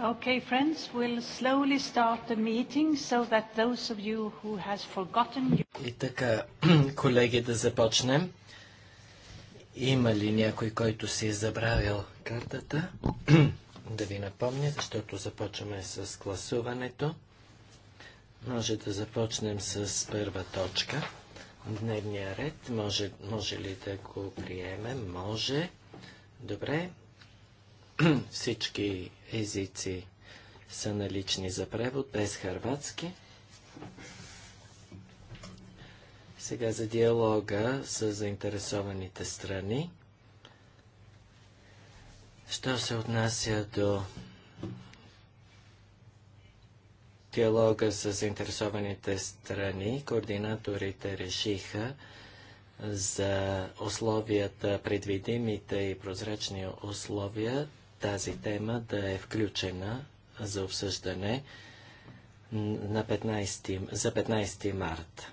Okay, friends, we'll slowly start the meeting so that those of you who has forgotten... И така, колеги, да започнем. Има ли някой, който си е забравил картата? да ви напомня, защото започваме с гласуването. Може да започнем с първа точка. Дневния ред, може, може ли да го приемем? Може. Добре, Всички езици са налични за превод, без харватски. Сега за диалога с заинтересованите страни. Що се отнася до диалога с заинтересованите страни, координаторите решиха за условията, предвидимите и прозрачни условия тази тема да е включена за обсъждане на 15, за 15 март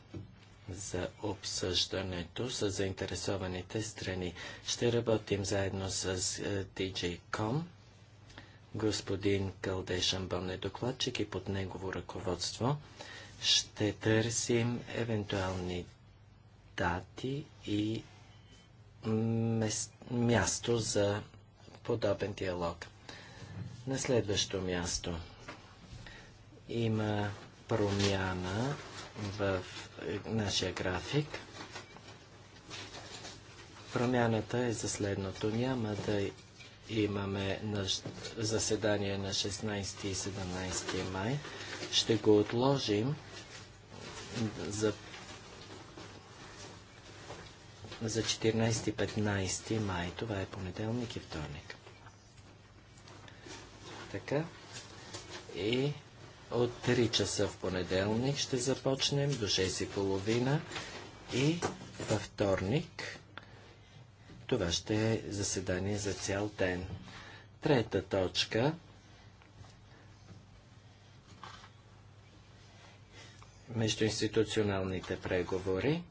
за обсъждането с заинтересованите страни. Ще работим заедно с DJ.com. Е, Господин Калдешамбон е докладчик и под негово ръководство ще търсим евентуални дати и място за подобен диалог. На следващо място има промяна в е, нашия график. Промяната е за следното. Няма да имаме заседание на 16 и 17 май. Ще го отложим за за 14-15 май. Това е понеделник и вторник. Така. И от 3 часа в понеделник ще започнем до 6.30 и във вторник това ще е заседание за цял ден. Трета точка междуинституционалните преговори.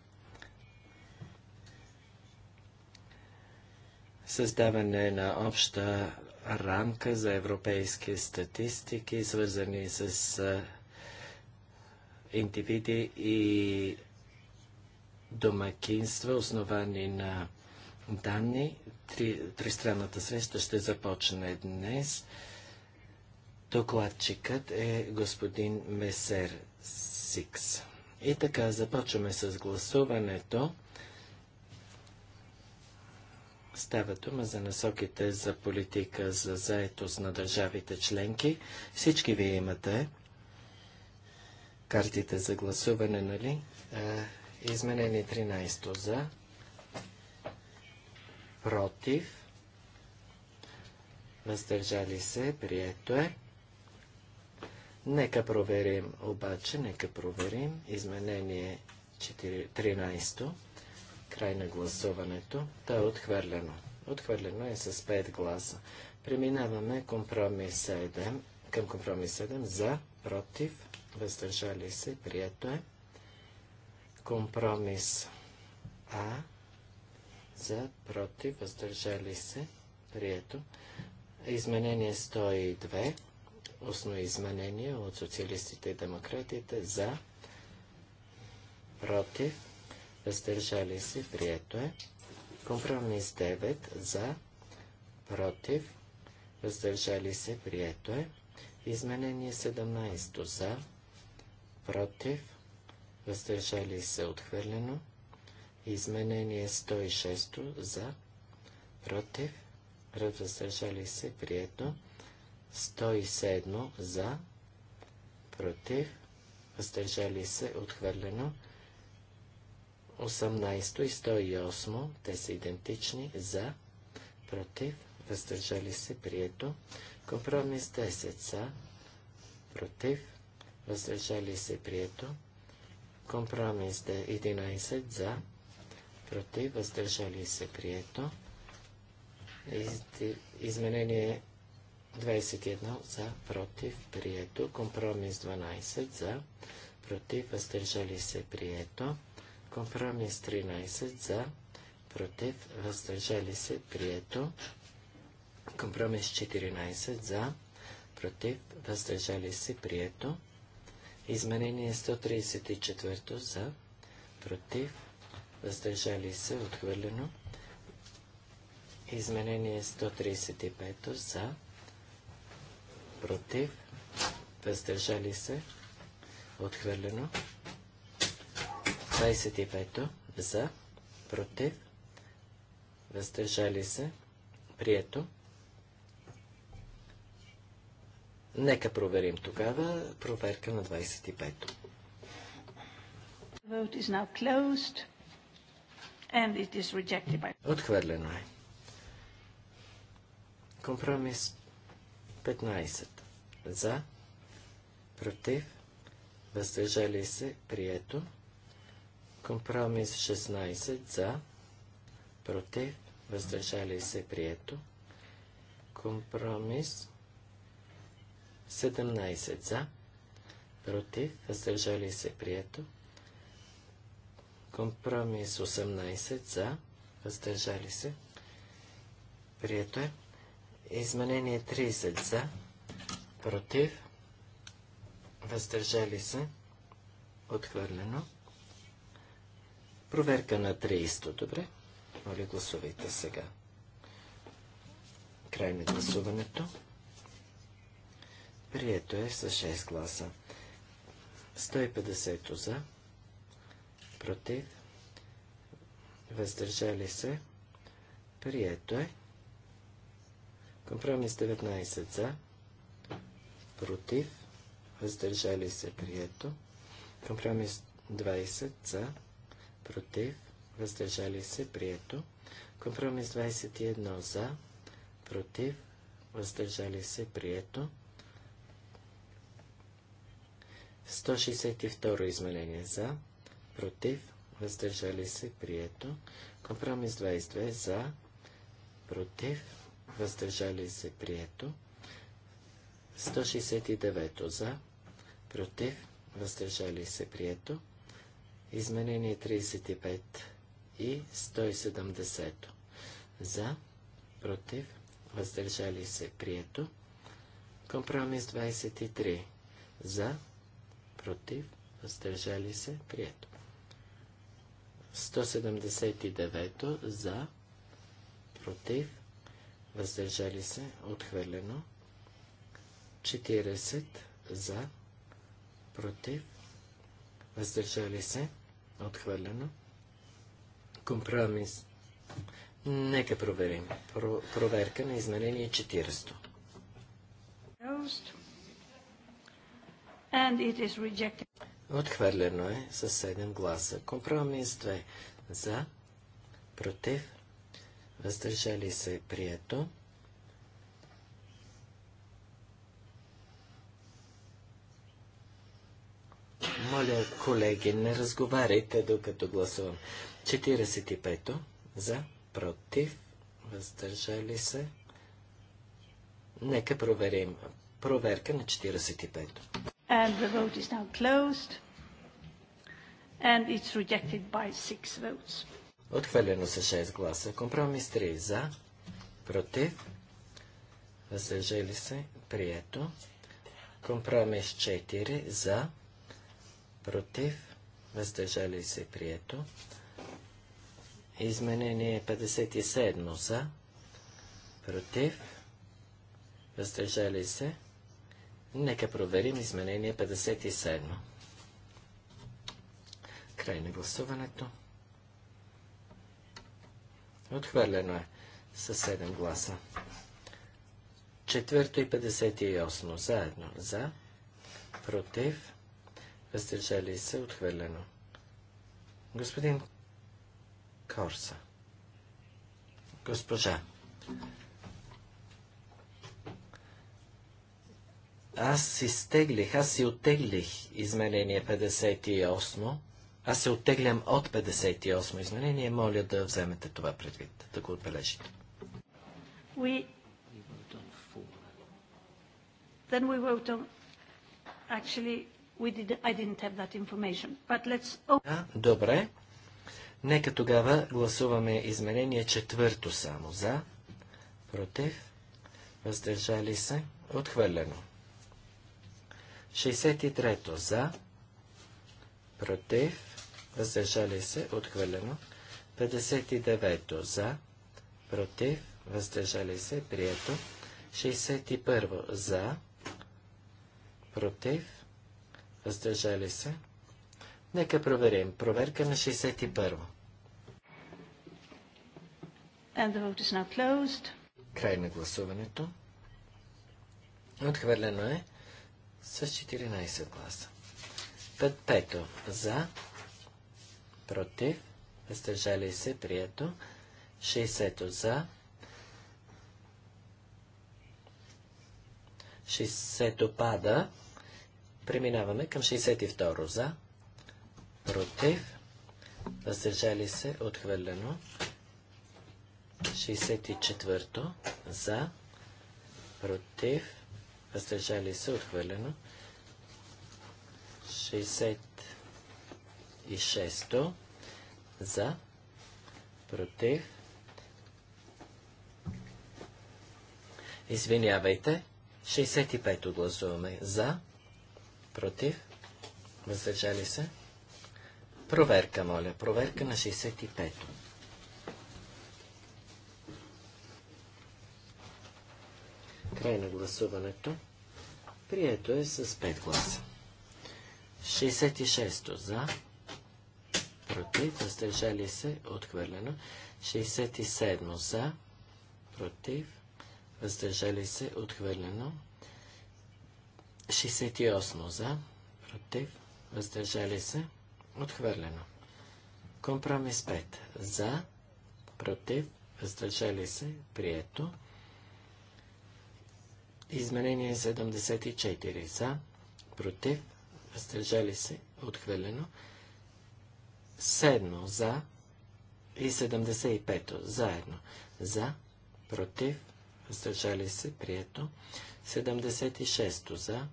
създаване на обща рамка за европейски статистики, свързани с индивиди и домакинства, основани на данни. тристранната среща ще започне днес. Докладчикът е господин Месер Сикс. И така, започваме с гласуването. Става дума за насоките за политика за заетост на държавите членки. Всички вие имате картите за гласуване, нали? Изменение 13 за, против, въздържали се, прието е. Нека проверим обаче, нека проверим изменение 13. Край на гласуването. То е отхвърлено. Отхвърлено е с 5 гласа. Преминаваме компромис 7, към компромис 7 за, против, въздържали се, прието е. Компромис А за, против, въздържали се, прието. Изменение 102, основно изменение от социалистите и демократите за, против, въздържали се, прието е. Компромис 9 за, против, въздържали се, прието е. Изменение 17 за, против, въздържали се, отхвърлено. Изменение 106 за, против, въздържали се, прието. 107 за, против, въздържали се, отхвърлено. 18 и 108, те са идентични, за, против, въздържали се, прието. Компромис 10 за, против, въздържали се, прието. Компромис 11 за, против, въздържали се, прието. Из, изменение 21 за, против, прието. Компромис 12 за, против, въздържали се, прието. Компромис 13 за, против, въздържали се, прието. Компромис 14 за, против, въздържали се, прието. Изменение 134 за, против, въздържали се, отхвърлено. Изменение 135 за, против, въздържали се, отхвърлено. 25. за, против, въздържали се, прието. Нека проверим тогава проверка на 25-то. Отхвърлено е. Компромис 15. За, против, въздържали се, прието. Компромис 16 за, против, въздържали се прието. Компромис 17 за, против, въздържали се прието. Компромис 18 за, въздържали се. Прието е. Изменение 30 за, против, въздържали се, отхвърлено. Проверка на 30 добре. Моля, гласувайте сега. Край на гласуването. Прието е с 6 гласа. 150 за, против, въздържали се, прието е. Компромис 19 за, против, въздържали се, прието. Компромис 20 за, против, въздържали се, прието. Компромис 21 за, против, въздържали се, прието. 162 изменение за, против, въздържали се, прието. Компромис 22 за, против, въздържали се, прието. 169 за, против, въздържали се, прието. Изменение 35 и 170. За, против, въздържали се, прието. Компромис 23. За, против, въздържали се, прието. 179 за, против, въздържали се, отхвърлено. 40 за, против, въздържали се, Отхвърлено. Компромис. Нека проверим. Про проверка на изменение 40. Отхвърлено е със 7 гласа. Компромис 2. За. Против. Въздържали се. Прието. Моля, колеги, не разговаряйте, докато гласувам. 45-то за, против, въздържали се. Нека проверим. Проверка на 45-то. And the vote is now closed. And it's rejected by six votes. Отхвърлено са 6 гласа. Компромис 3 за, против, въздържали се, прието. Компромис 4 за, против, въздържали се прието. Изменение 57 за, против, въздържали се. Нека проверим изменение 57. Край на гласуването. Отхвърлено е със 7 гласа. Четвърто и 58 заедно. За, против, въздържали се, отхвърлено. Господин Корса. Госпожа. Аз изтеглих, аз си оттеглих изменение 58. Аз се оттеглям от 58 изменение. Моля да вземете това предвид, да го отбележите. We... Then we vote on actually We did, I didn't have that information. But let's... Да, добре. Нека тогава гласуваме изменение четвърто само. За, против, въздържали се, отхвърлено. 63-то за, против, въздържали се, отхвърлено. 59-то за, против, въздържали се, прието. 61 то за, против, въздържали се. Нека проверим. Проверка на 61. And the vote is now closed. Край на гласуването. Отхвърлено е с 14 гласа. Пет пето за, против, въздържали се, прието. 60 за, 60 пада. Преминаваме към 62 за, против, въздържали се, отхвърлено. 64 за, против, въздържали се, отхвърлено. 66 за, против. Извинявайте, 65 гласуваме за, против, въздържали се. Проверка, моля. Проверка на 65-то. Край на гласуването. Прието е с 5 гласа. 66-то за, против, въздържали се, отхвърлено. 67 за, против, въздържали се, отхвърлено. 68 за, против, въздържали се, отхвърлено. Компромис 5 за, против, въздържали се, прието. Изменение 74 за, против, въздържали се, отхвърлено. 7 за и 75 заедно. За, против, въздържали се, прието. 76 за,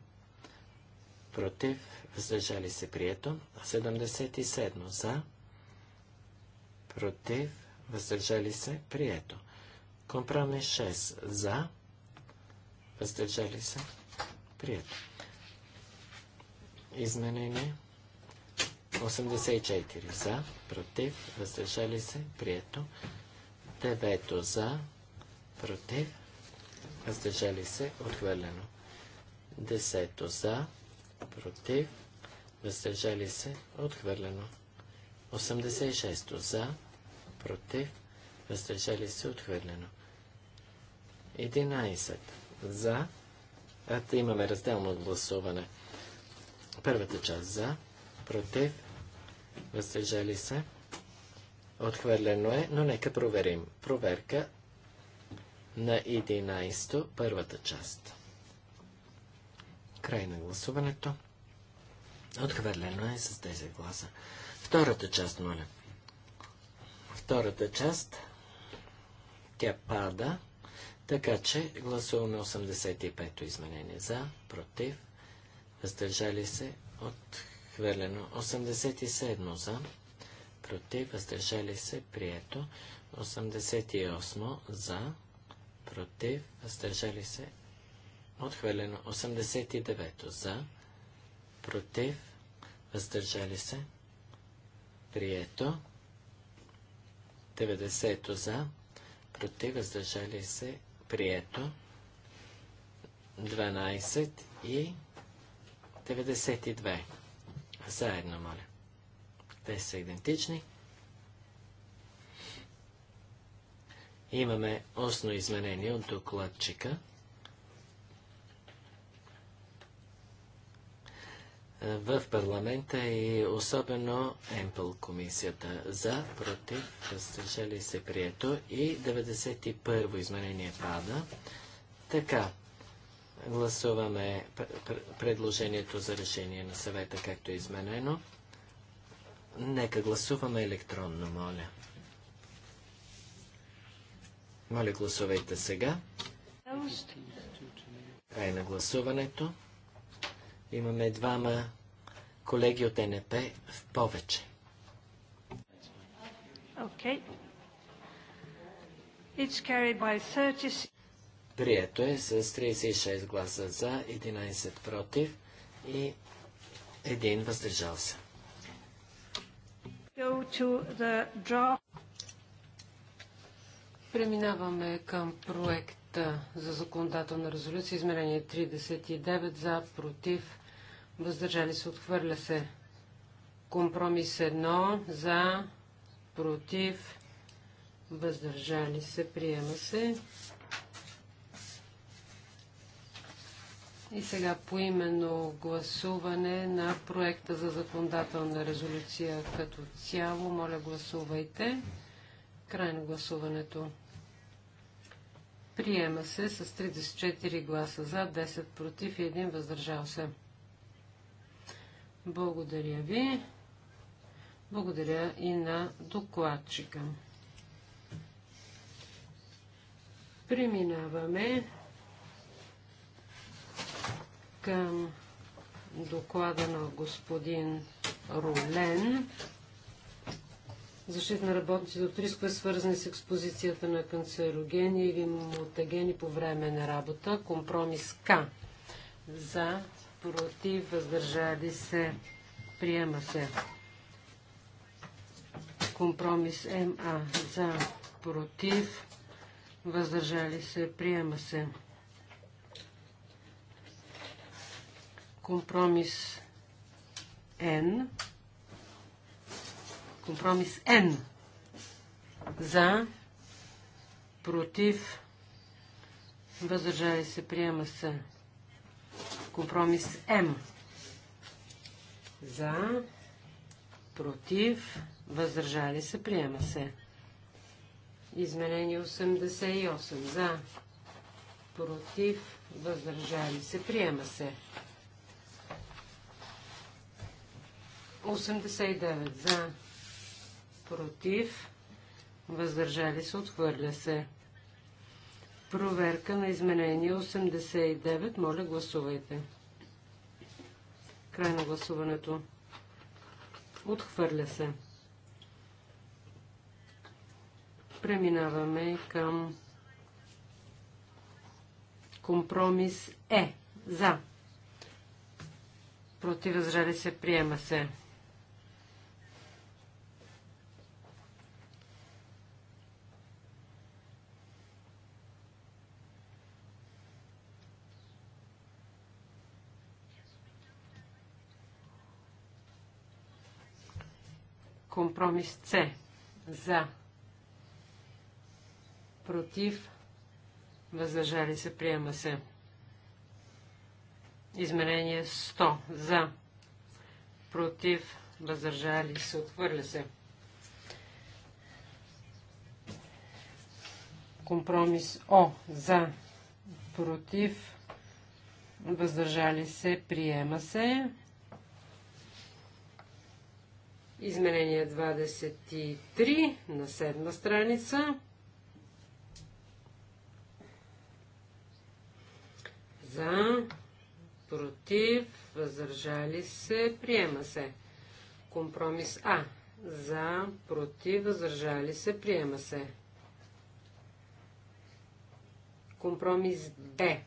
против, въздържали се прието. 77 за, против, въздържали се прието. Компромис 6 за, въздържали се прието. Изменение 84 за, против, въздържали се прието. 9 за, против, въздържали се, отхвърлено. Десето за, против, въздържали се, отхвърлено. 86 за, против, въздържали се, отхвърлено. 11 за, а имаме разделно гласуване. Първата част за, против, въздържали се, отхвърлено е, но нека проверим. Проверка на 11 първата част. Край на гласуването. Отхвърлено е с 10 гласа. Втората част, моля. Втората част, тя пада, така че гласуваме 85-то изменение за, против, въздържали се, отхвърлено. 87 за, против, въздържали се, прието. 88 за, против, въздържали се, Отхвърлено 89 за, против, въздържали се, прието. 90 за, против, въздържали се, прието. 12 и 92. Заедно, моля. Те са идентични. Имаме осно изменение от докладчика. в парламента и особено Емпъл комисията. За, против, въздържали се прието и 91-во изменение пада. Така, гласуваме предложението за решение на съвета, както е изменено. Нека гласуваме електронно, моля. Моля, гласувайте сега. Край на гласуването. Имаме двама колеги от НП в повече. Okay. It's carried by 30... Прието е с 36 гласа за, 11 против и един въздържал се. Преминаваме към проекта за законодателна резолюция. Измерение 39 за, против въздържали се, отхвърля се. Компромис 1 за, против, въздържали се, приема се. И сега по именно гласуване на проекта за законодателна резолюция като цяло. Моля, гласувайте. Край на гласуването. Приема се с 34 гласа за, 10 против и 1 въздържал се. Благодаря ви. Благодаря и на докладчика. Преминаваме към доклада на господин Рулен. Защита на работниците от рискове, свързани с експозицията на канцерогени или мутагени по време на работа. Компромис К. За, против, въздържали се, приема се. Компромис МА за, против, въздържали се, приема се. Компромис Н. Компромис Н. За, против, въздържали се, приема се. Компромис М. За, против, въздържали се, приема се. Изменение 88. За, против, въздържали се, приема се. 89. За, против, въздържали се, отхвърля се. Проверка на изменение 89. Моля, гласувайте. Край на гласуването. Отхвърля се. Преминаваме към компромис Е. За. Против възжали се. Приема се. Компромис С. За. Против. Въздържали се. Приема се. Измерение 100. За. Против. Въздържали се. Отхвърля се. Компромис О. За. Против. Въздържали се. Приема се. Изменение 23 на седма страница. За, против, въздържали се, приема се. Компромис А. За, против, въздържали се, приема се. Компромис Б.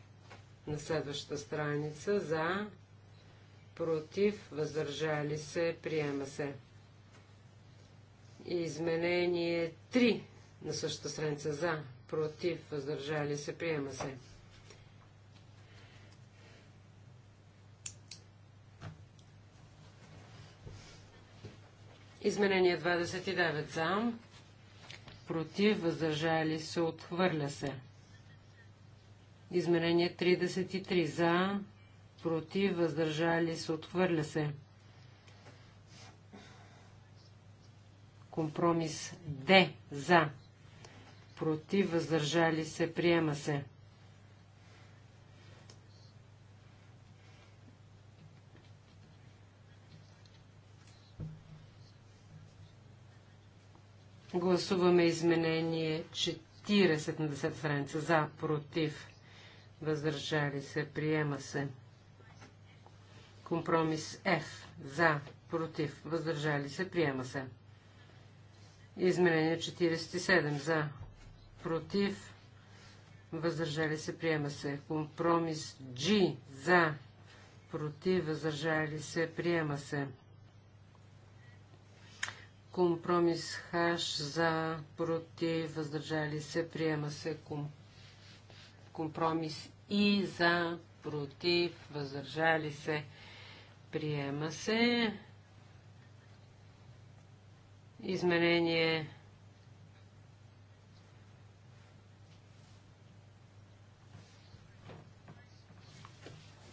На следващата страница. За, против, въздържали се, приема се. Изменение 3 на същата страница за, против, въздържали се, приема се. Изменение 29 за, против, въздържали се, отхвърля се. Изменение 33 за, против, въздържали се, отхвърля се. Компромис Д. За. Против. Въздържали се. Приема се. Гласуваме изменение 40 на 10 страница. За, против, въздържали се, приема се. Компромис F. За, против, въздържали се, приема се. Изменение 47 за, против, въздържали се, приема се. Компромис G за, против, въздържали се, приема се. Компромис H за, против, въздържали се, приема се. Компромис И за, против, въздържали се, приема се. Изменение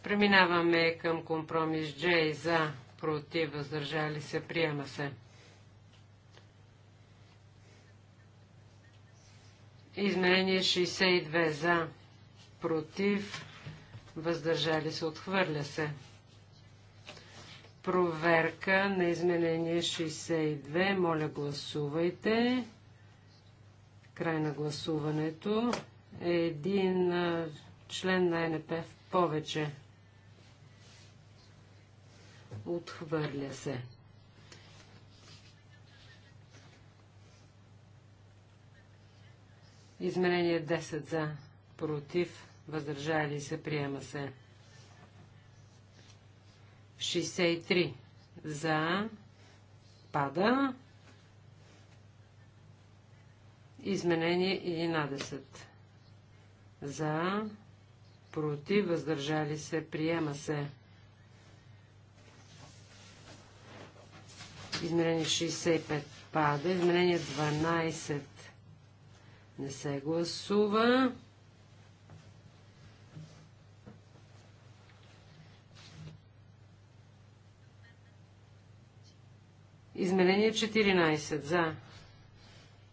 Преминаваме към компромис J за против, въздържали се, приема се. Изменение 62 за, против, въздържали се, отхвърля се проверка на изменение 62. Моля, гласувайте. Край на гласуването. Един член на НП в повече. Отхвърля се. Изменение 10 за, против, въздържали се, приема се. 63 за пада. Изменение 11 за против, въздържали се, приема се. Измерение 65 пада. Измерение 12 не се гласува. Изменение 14. За.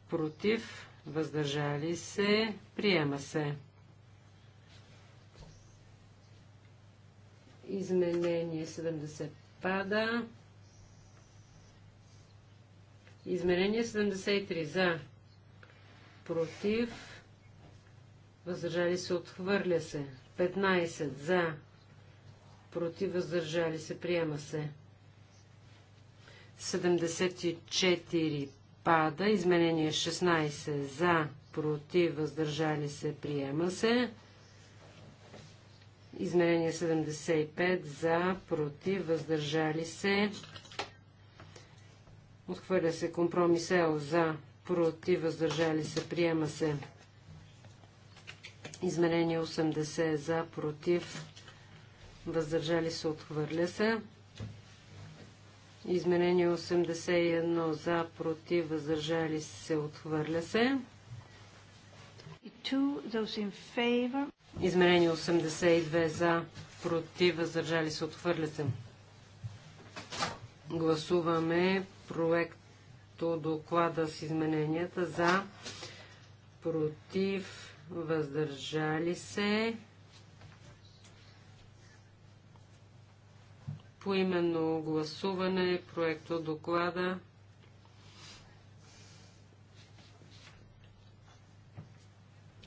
Против. Въздържали се. Приема се. Изменение 70 пада. Изменение 73 за. Против. Въздържали се. Отхвърля се. 15 за. Против. Въздържали се. Приема се. 74 пада. Изменение 16 за, против, въздържали се, приема се. Изменение 75 за, против, въздържали се. Отхвърля се компромис ЕО за, против, въздържали се, приема се. Изменение 80 за, против, въздържали се, отхвърля се. Изменение 81 за, против, въздържали се, отхвърля се. Изменение 82 за, против, въздържали се, отхвърля се. Гласуваме проекто доклада с измененията за, против, въздържали се. По именно гласуване, проекто доклада.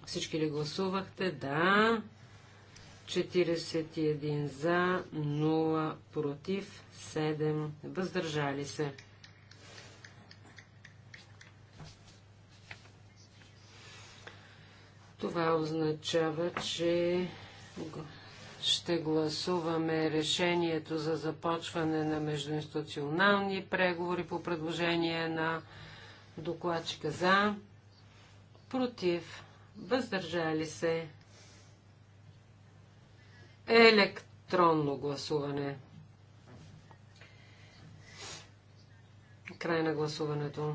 Всички ли гласувахте? Да. 41 за, 0 против, 7 въздържали се. Това означава, че ще гласуваме решението за започване на междуинституционални преговори по предложение на докладчика за, против, въздържали се, електронно гласуване. Край на гласуването.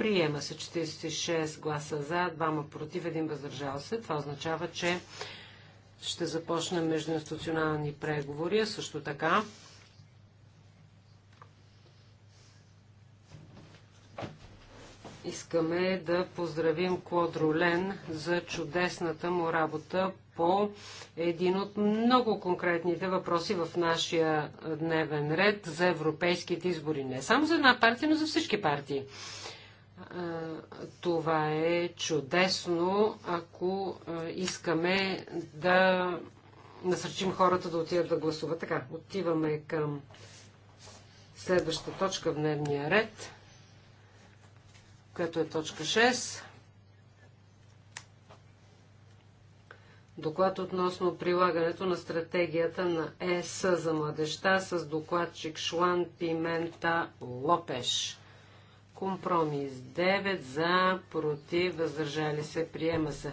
Приема се 46 гласа за, 2 против, 1 въздържал се. Това означава, че ще започнем междуинституционални преговори. Също така искаме да поздравим Клод Ролен за чудесната му работа по един от много конкретните въпроси в нашия дневен ред за европейските избори. Не само за една партия, но за всички партии това е чудесно, ако искаме да насърчим хората да отидат да гласуват. Така, отиваме към следващата точка в дневния ред, която е точка 6. Доклад относно прилагането на стратегията на ЕС за младеща с докладчик Шлан Пимента Лопеш. Компромис 9 за, против, въздържали се, приема се.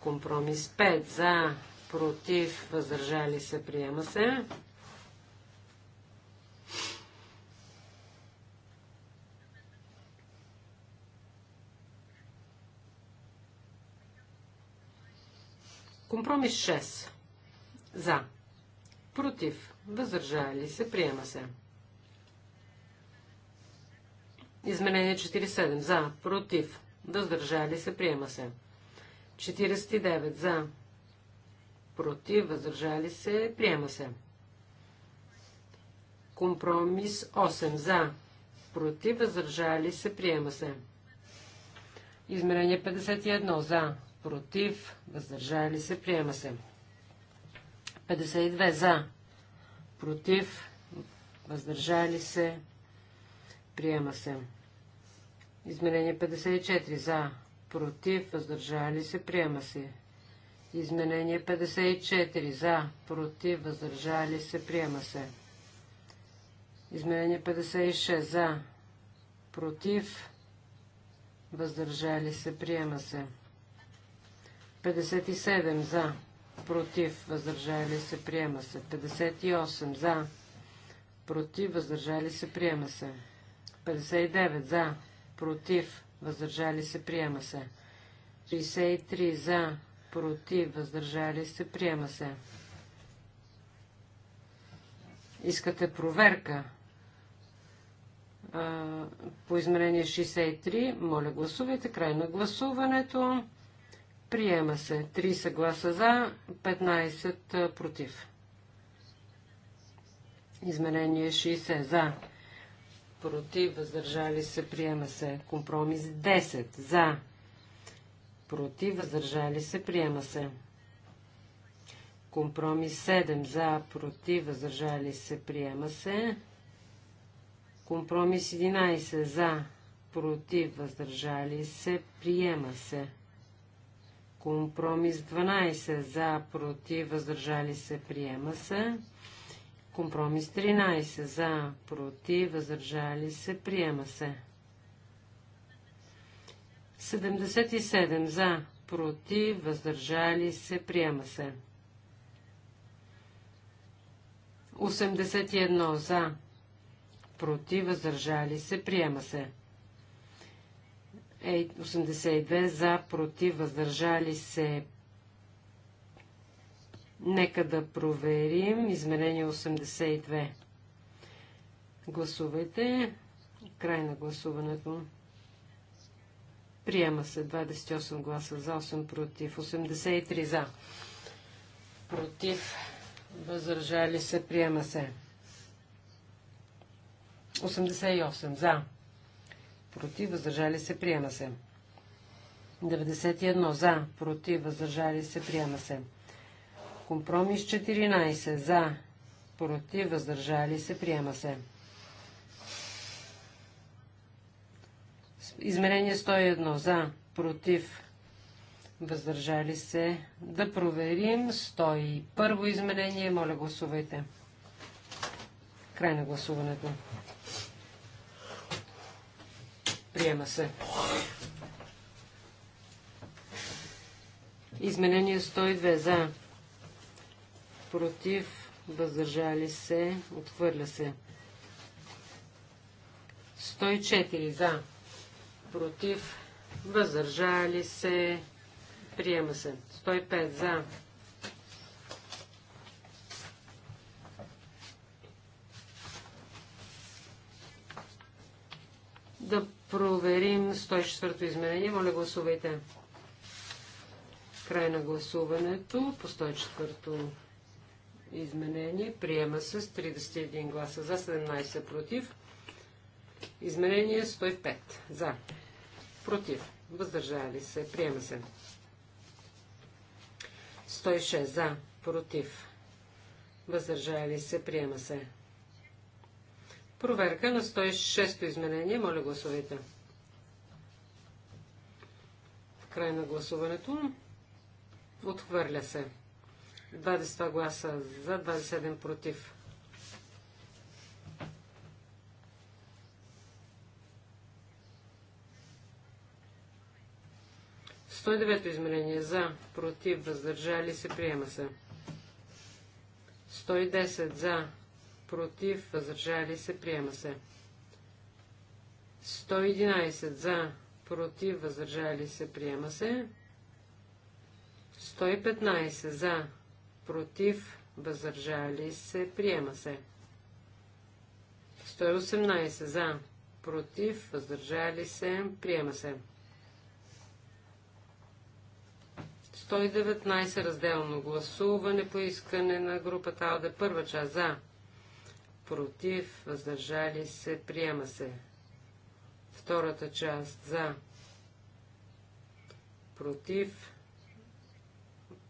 Компромис 5 за, против, въздържали се, приема се. Компромис 6. За. Против. Въздържали се. Приема се. Изменение 47. За. Против. Въздържали се. Приема се. 49. За. Против. Въздържали се. Приема се. Компромис 8. За. Против. Въздържали се. Приема се. Измерение 51. За. Против. Въздържали се. Приема се. 52. За. Против. Въздържали се. Приема се. Изменение 54 за, против, въздържали се, приема се. Изменение 54 за, против, въздържали се, приема се. Изменение 56 за, против, въздържали се, приема се. 57 за, против, въздържали се, приема се. 58 за, против, въздържали се, приема се. 59 за, против, въздържали се, приема се. 63 за, против, въздържали се, приема се. Искате проверка а, по измерение 63. Моля, гласувайте. Край на гласуването. Приема се. 30 гласа за, 15 против. Измерение 60 за против, въздържали се, приема се. Компромис 10 за, против, въздържали се, приема се. Компромис 7 за, против, въздържали се, приема се. Компромис 11 за, против, въздържали се, приема се. Компромис 12 за, против, въздържали се, приема се. Компромис 13. За, против, въздържали се, приема се. 77. За, против, въздържали се, приема се. 81. За, против, въздържали се, приема се. 82. За, против, въздържали се, Нека да проверим изменение 82. Гласувайте. Край на гласуването. Приема се 28 гласа за, 8 против, 83 за. Против, възражали се, приема се. 88 за. Против, въздържали се, приема се. 91 за. Против, въздържали се, приема се. Компромис 14. За. Против. Въздържали се. Приема се. Изменение 101. За. Против. Въздържали се. Да проверим. 101 изменение. Моля, гласувайте. Край на гласуването. Приема се. Изменение 102 за, против, въздържали се, отхвърля се. 104 за, против, въздържали се, приема се. 105 за, Да проверим 104-то изменение. Моля, гласувайте. Край на гласуването по 104-то Изменение приема се с 31 гласа за, 17 против. Изменение 105 за, против, въздържали се, приема се. 106 за, против, въздържали се, приема се. Проверка на 106-то изменение. Моля гласовете. Край на гласуването. Отхвърля се. 22 гласа за, 27 против. Сто девето измерение за, против, въздържали се, приема се. 110 за, против, въздържали се, приема се. 111 за, против, въздържали се, приема се. 115 за, против, въздържали се, приема се. 118 за, против, въздържали се, приема се. 119 разделно гласуване по искане на групата АЛДЕ. Първа част за, против, въздържали се, приема се. Втората част за, против,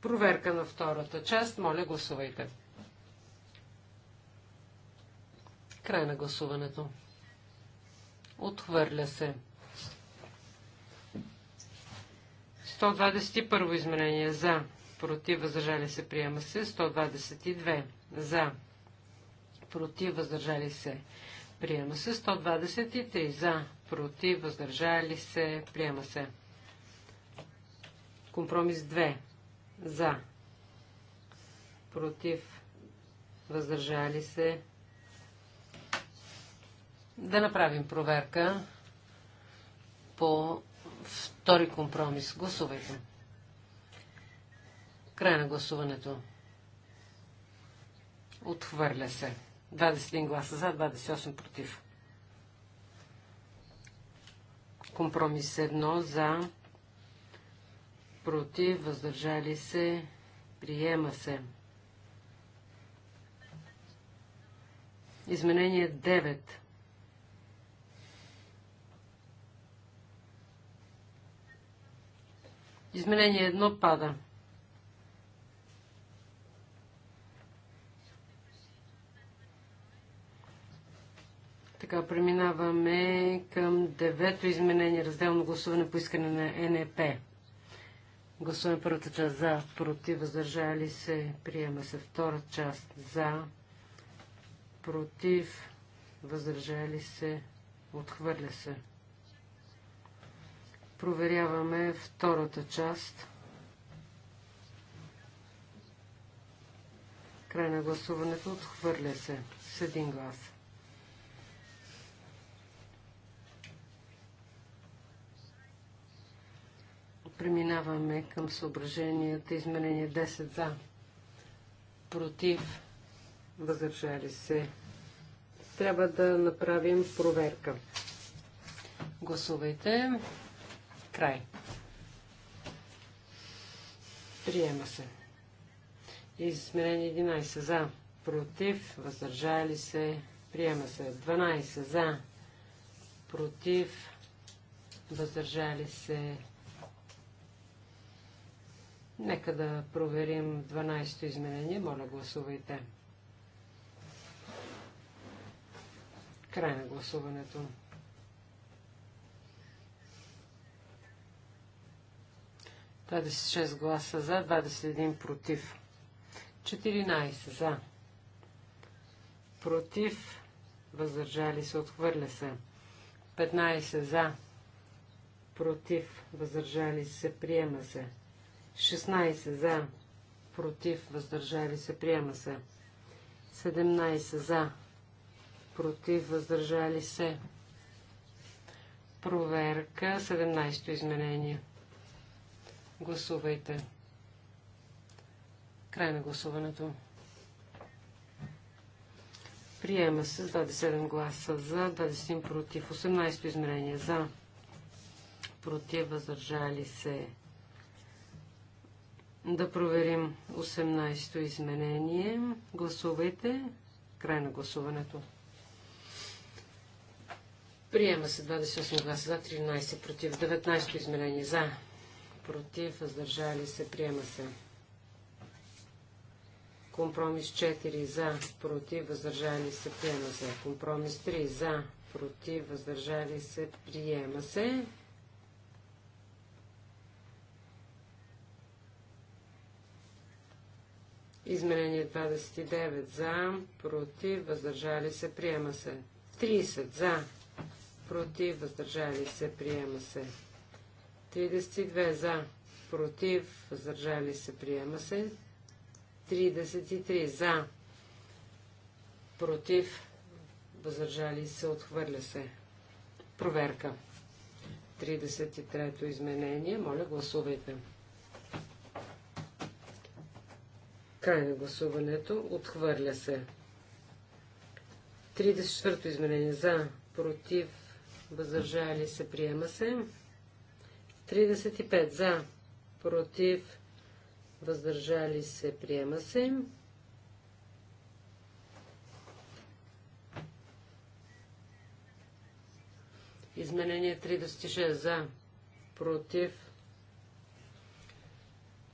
Проверка на втората част. Моля, гласувайте. Край на гласуването. Отхвърля се. 121 изменение за. Против, въздържали се, приема се. 122 за. Против, въздържали се, приема се. 123 за. Против, въздържали се, приема се. Компромис 2 за. Против. Въздържали се. Да направим проверка по втори компромис. Гласувайте. Край на гласуването. Отхвърля се. 21 гласа за, 28 против. Компромис 1 за против, въздържали се, приема се. Изменение 9. Изменение 1 пада. Така, преминаваме към девето изменение, разделно гласуване по искане на НЕП. Гласуваме първата част за, против, въздържали се, приема се втора част за, против, въздържали се, отхвърля се. Проверяваме втората част. Край на гласуването отхвърля се с един глас. Преминаваме към съображенията. Изменение 10 за. Против. Въздържали се. Трябва да направим проверка. Гласувайте. Край. Приема се. Изменение 11 за. Против. Въздържали се. Приема се. 12 за. Против. Въздържали се. Нека да проверим 12-то изменение. Моля, гласувайте. Край на гласуването. Двадесет 6 гласа за, 21 против. 14 за. Против. Въздържали се. Отхвърля се. 15 за. Против. Въздържали се. Приема се. 16 за, против, въздържали се, приема се. 17 за, против, въздържали се. Проверка, 17-то изменение. Гласувайте. Край на гласуването. Приема се с 27 гласа за, 20 против, 18 измерение за, против, въздържали се. Да проверим 18-то изменение. Гласувайте. Край на гласуването. Приема се 28 гласа за, 13 против, 19 изменение за, против, въздържали се, приема се. Компромис 4 за, против, въздържали се, приема се. Компромис 3 за, против, въздържали се, приема се. Изменение 29 за, против, въздържали се, приема се. 30 за, против, въздържали се, приема се. 32 за, против, въздържали се, приема се. 33 за, против, въздържали се, отхвърля се. Проверка. 33-то изменение. Моля, гласувайте. Край на гласуването. Отхвърля се. 34-то изменение. За, против, въздържали се, приема се. 35. За, против, въздържали се, приема се. 36. За, против,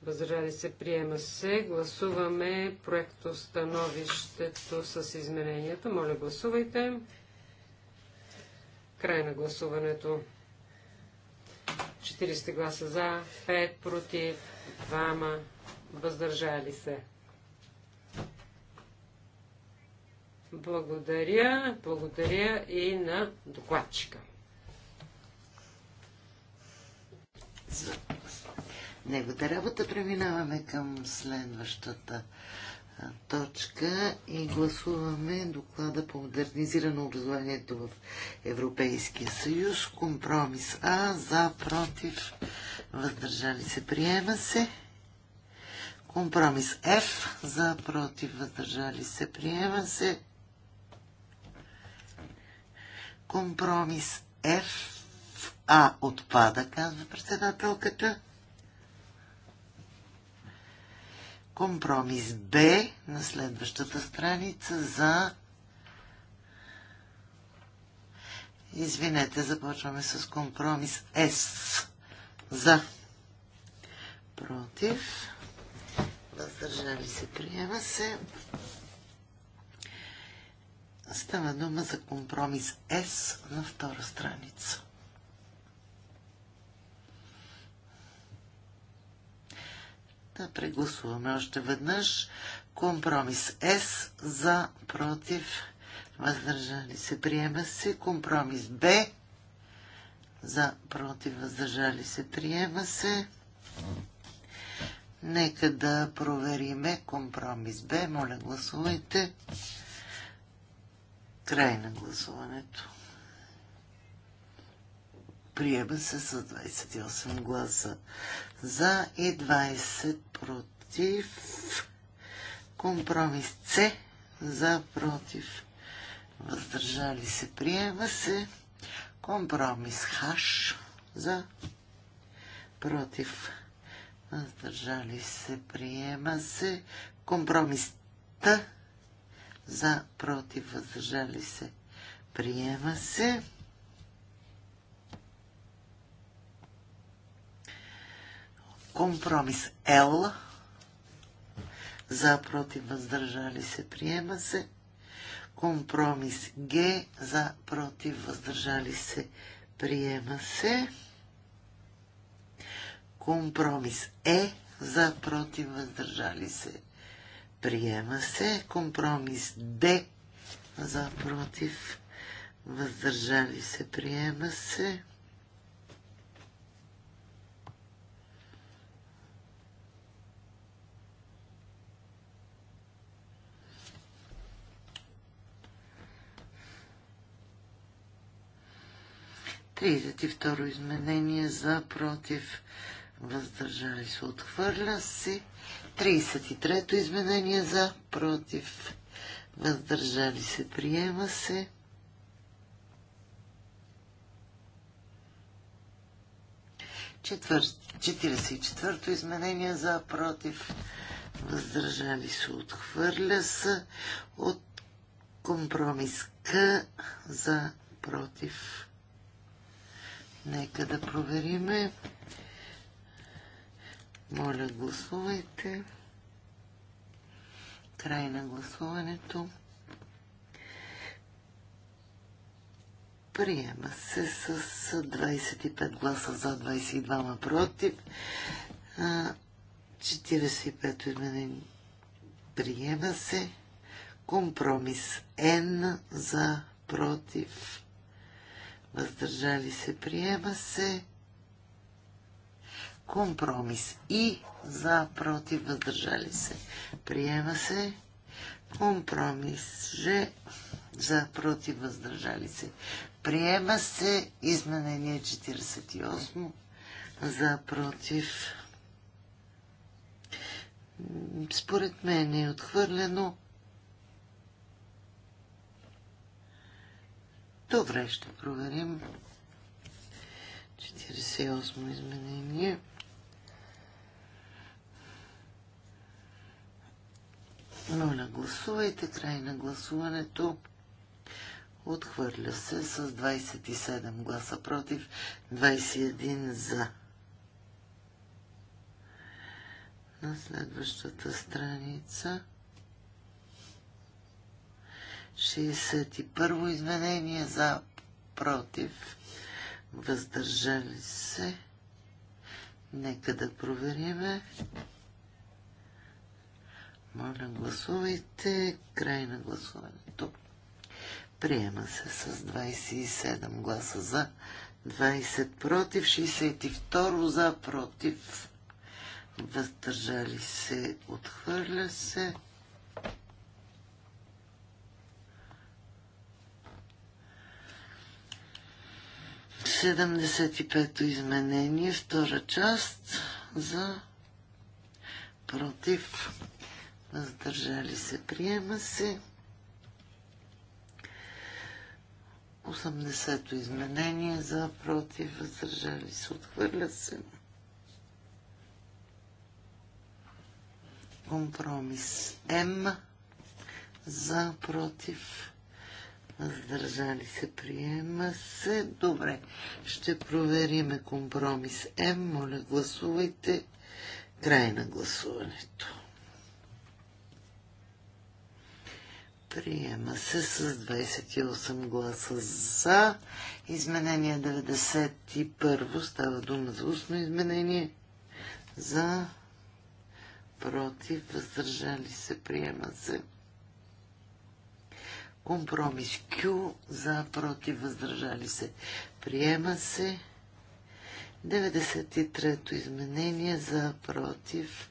Въздържали се, приема се. Гласуваме проекто становището с измененията. Моля, гласувайте. Край на гласуването. 40 гласа за, 5 против, 2 въздържали се. Благодаря, благодаря и на докладчика неговата работа. Преминаваме към следващата точка и гласуваме доклада по модернизирано образованието в Европейския съюз. Компромис А, за, против, въздържали се, приема се. Компромис F, за, против, въздържали се, приема се. Компромис F, А отпада, казва председателката. Компромис Б на следващата страница за Извинете, започваме с компромис С. За. Против. Въздържали се. Приема се. Става дума за компромис С на втора страница. Да прегласуваме още веднъж. Компромис С за против. Въздържали се. Приема се. Компромис Б за против. Въздържали се. Приема се. Нека да провериме компромис Б. Моля, гласувайте. Край на гласуването. Приема се с 28 гласа за и 20 против. Компромис С за против. Въздържали се. Приема се. Компромис Х за против. Въздържали се. Приема се. Компромис Т за против. Въздържали се. Приема се. Компромис Л. За, против, въздържали се, приема се. Компромис Г. За, против, въздържали се, приема се. Компромис Е. За, против, въздържали се, приема се. Компромис Д. За, против, въздържали се, приема се. 32 изменение за против въздържали се отхвърля се. 33-то изменение за против въздържали се приема се. Четвър... 44-то изменение за против въздържали се отхвърля се от компромиска за против Нека да провериме. Моля, гласувайте. Край на гласуването. Приема се с 25 гласа за, 22 против. 45 имене Приема се. Компромис N за против въздържали се, приема се. Компромис и за, против, въздържали се, приема се. Компромис же за, против, въздържали се, приема се. Изменение 48 за, против. Според мен е отхвърлено. Добре, ще проверим. 48 изменение. Моля, гласувайте край на гласуването. Отхвърля се с 27 гласа против, 21 за. На следващата страница 61 изменение за против. Въздържали се. Нека да провериме. Моля, гласувайте. Край на гласуването. Приема се с 27 гласа за, 20 против, 62 за, против. Въздържали се, отхвърля се. 75-то изменение, втора част за против. Въздържали се, приема се. 80-то изменение за против, въздържали се, отхвърля се. Компромис М за против, въздържали се, приема се. Добре, ще провериме компромис М. Моля, гласувайте. Край на гласуването. Приема се с 28 гласа за. Изменение 91 става дума за устно изменение. За, против, въздържали се, приема се. Компромис Q за против въздържали се. Приема се. 93-то изменение за против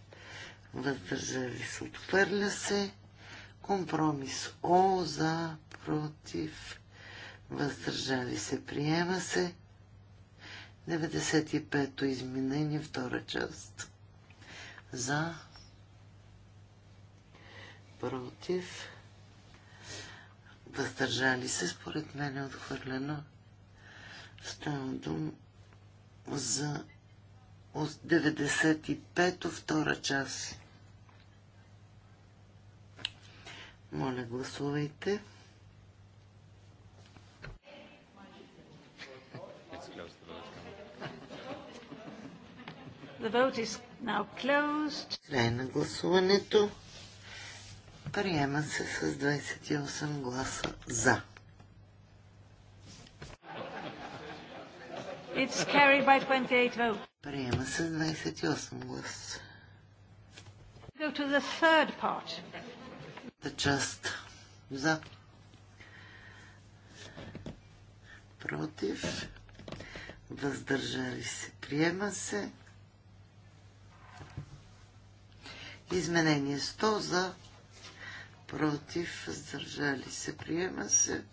въздържали се. Отхвърля се. Компромис О за против въздържали се. Приема се. 95-то изменение втора част за против въздържали се, според мен е отхвърлено. Става дума за 95-то втора част. Моля, гласувайте. The vote is now closed. Край на гласуването. Приема се с 28 гласа за. It's carried by 28 votes. Приема се 28 гласа. Go to the third part. The част за. Против. Въздържали се. Приема се. Изменение 100 за против, въздържали се, приема се.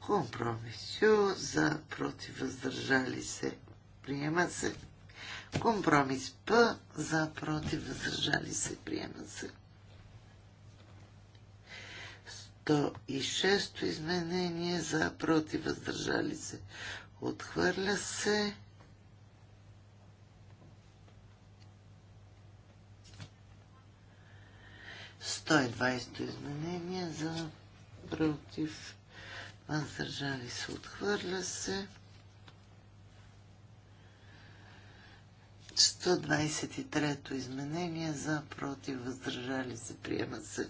Компромисю за против, въздържали се, приема се. Компромис П за против, въздържали се, приема се. 106 изменение за против, въздържали се, отхвърля се. 120 изменения за против. Въздържали се. Отхвърля се. 123-то изменение за против въздържали се приема се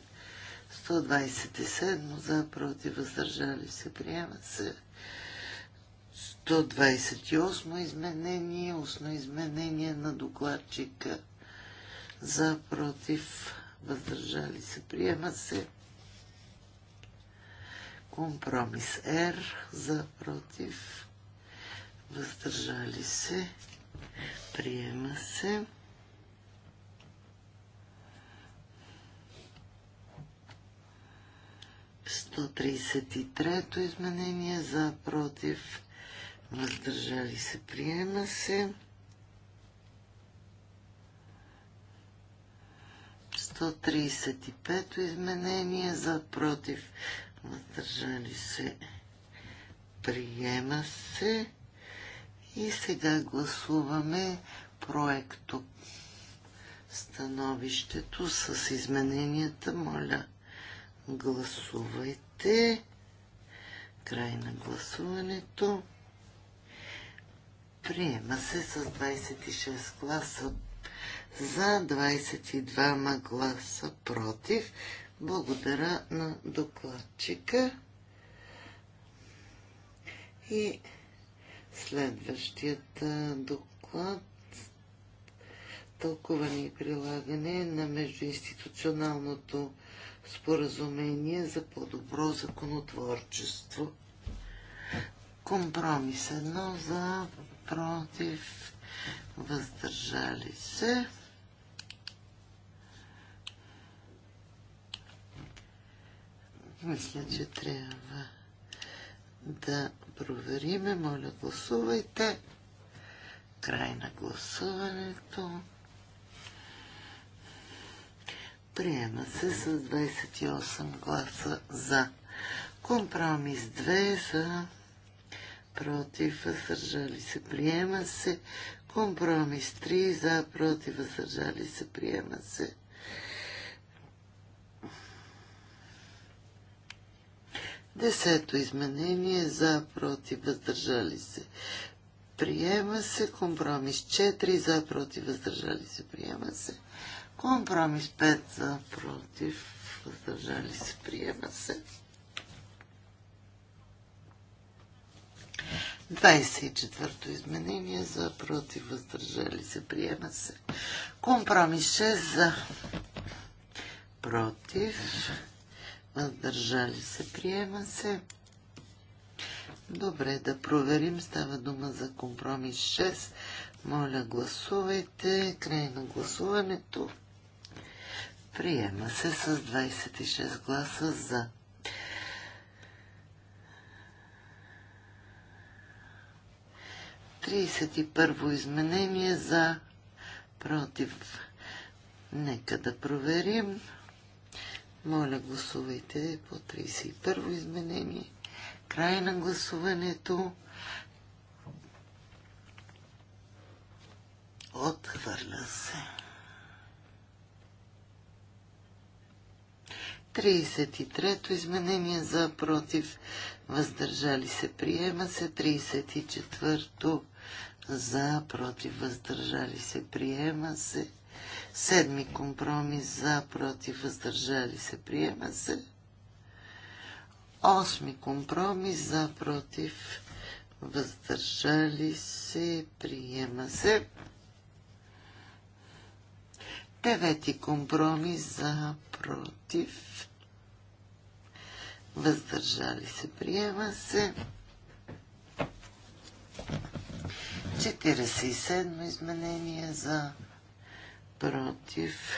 127 за против въздържали се приема се 128 изменение, устно изменение на докладчика за против въздържали се, приема се. Компромис R за против, въздържали се, приема се. Сто трето изменение за против, въздържали се, приема се. 135 изменение за против. Въздържали се. Приема се. И сега гласуваме проекто становището с измененията. Моля, гласувайте. Край на гласуването. Приема се с 26 гласа за 22 гласа против. Благодаря на докладчика. И следващият доклад тълкуване и прилагане на междуинституционалното споразумение за по-добро законотворчество. Компромис едно за против въздържали се. Мисля, че трябва да провериме. Моля, гласувайте. Край на гласуването. Приема се с 28 гласа за. Компромис 2 за. Против, въздържали се. Приема се. Компромис 3 за. Против, въздържали се. Приема се. Десето изменение за против въздържали се. Приема се компромис 4 за против въздържали се. Приема се. Компромис 5 за против въздържали се. Приема се. 24-то изменение за против въздържали се. Приема се. Компромис 6 за против въздържали се, приема се. Добре, да проверим. Става дума за компромис 6. Моля, гласувайте. Край на гласуването. Приема се с 26 гласа за. Тридесет и първо изменение за против. Нека да проверим. Моля, гласувайте по 31 во изменение. Край на гласуването. Отхвърля се. 33-то изменение за против. Въздържали се. Приема се. 34-то за против. Въздържали се. Приема се. Седми компромис за, против, въздържали се, приема се. Осми компромис за, против, въздържали се, приема се. Девети компромис за, против, въздържали се, приема се. 47 изменение за против,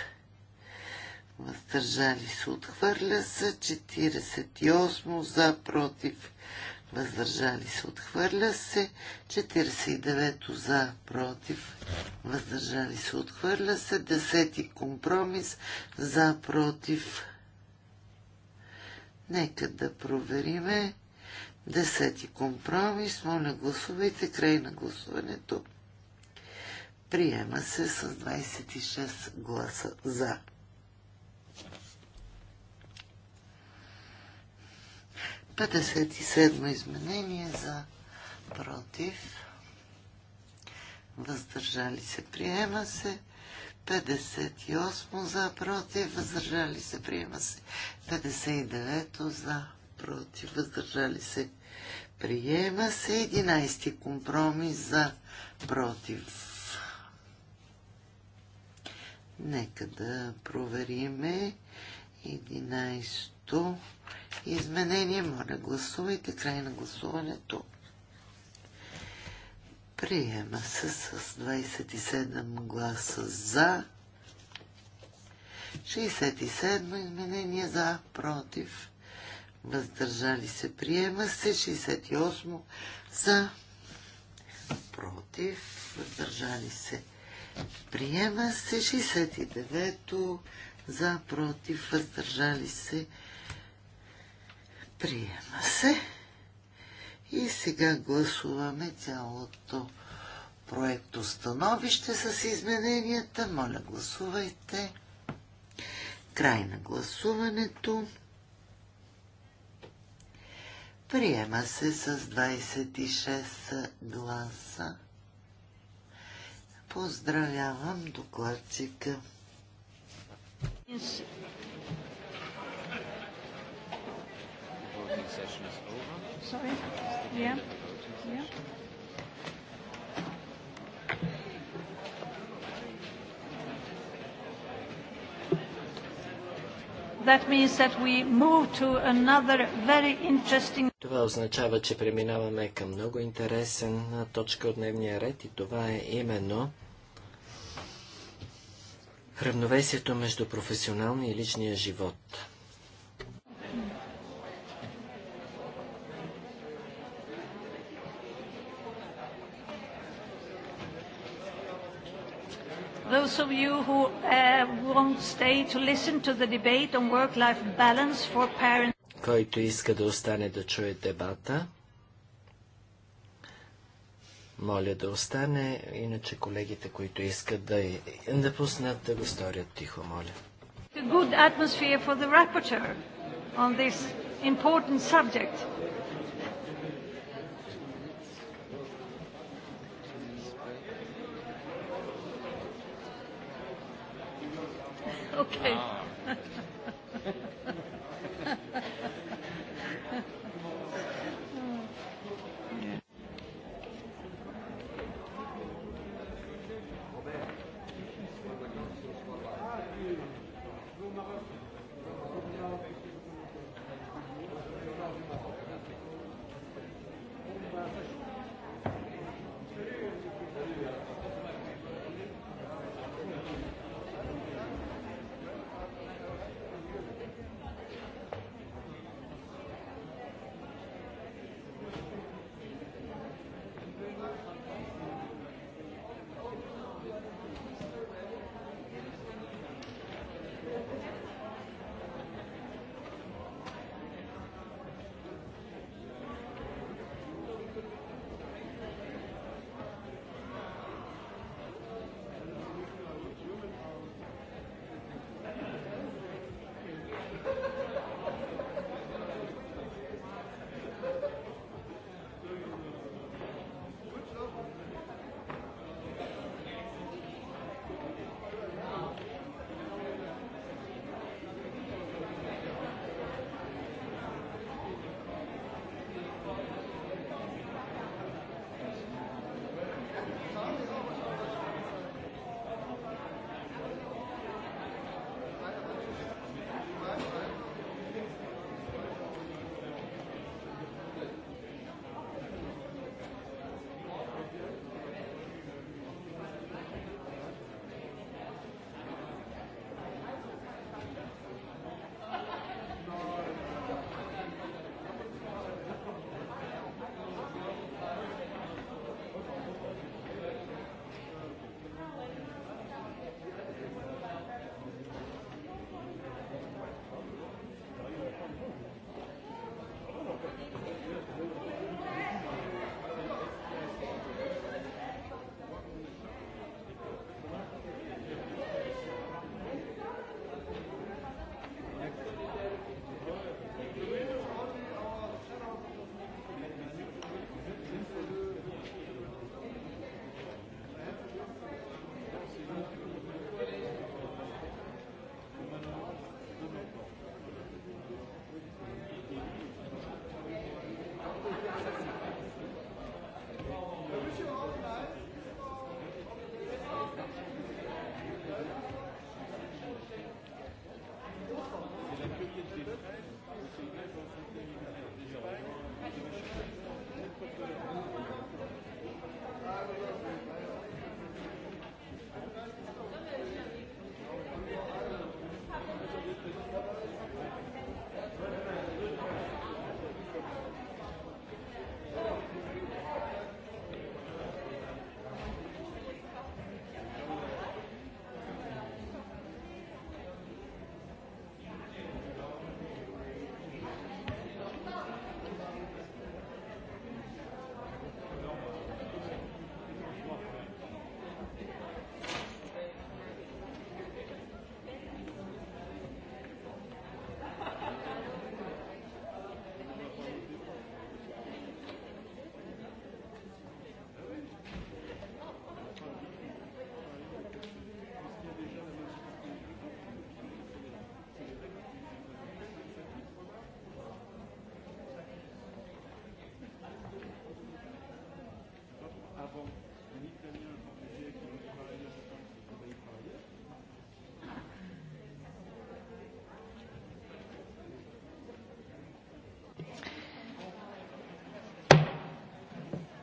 въздържали се, отхвърля се, 48 за, против, въздържали се, отхвърля се, 49 за, против, въздържали се, отхвърля се, 10 компромис, за, против. Нека да провериме. 10 компромис, моля гласувайте край на гласуването. Приема се с 26 гласа за. Петдесет и седмо изменение за против. Въздържали се. Приема се. 58 за против. Въздържали се. Приема се. 59 за против. Въздържали се. Приема се. 11 компромис за против Нека да провериме 11-то изменение. Моля, гласувайте. Край на гласуването. Приема се с 27 гласа за. 67 изменение за, против. Въздържали се. Приема се 68 за, против. Въздържали се. Приема се 69-то за, против, въздържали се. Приема се. И сега гласуваме цялото проекто становище с измененията. Моля, гласувайте. Край на гласуването. Приема се с 26 гласа. Поздравявам докладчика. Yeah. Yeah. Interesting... Това означава, че преминаваме към много интересен точка от дневния ред и това е именно равновесието между професионалния и личния живот. Those of you who uh, won't stay to listen to the debate on work-life balance for parents. Който иска да остане да чуе дебата, моля да остане, иначе колегите, които искат да напуснат, да го сторят тихо, моля. A good atmosphere for the rapporteur on this important subject. okay.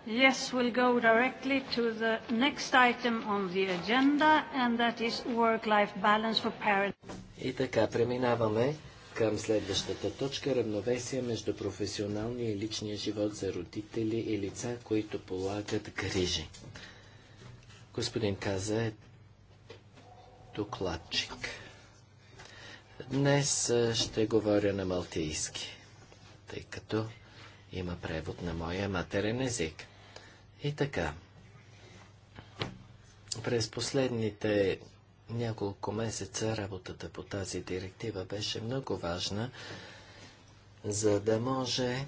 Yes, we'll go directly to the next item on the agenda, and that is work-life balance for parents. И така, преминаваме към следващата точка – равновесие между професионалния и личния живот за родители и лица, които полагат грижи. Господин Каза е докладчик. Днес ще говоря на малтийски, тъй като има превод на моя матерен език. И така, през последните няколко месеца работата по тази директива беше много важна, за да може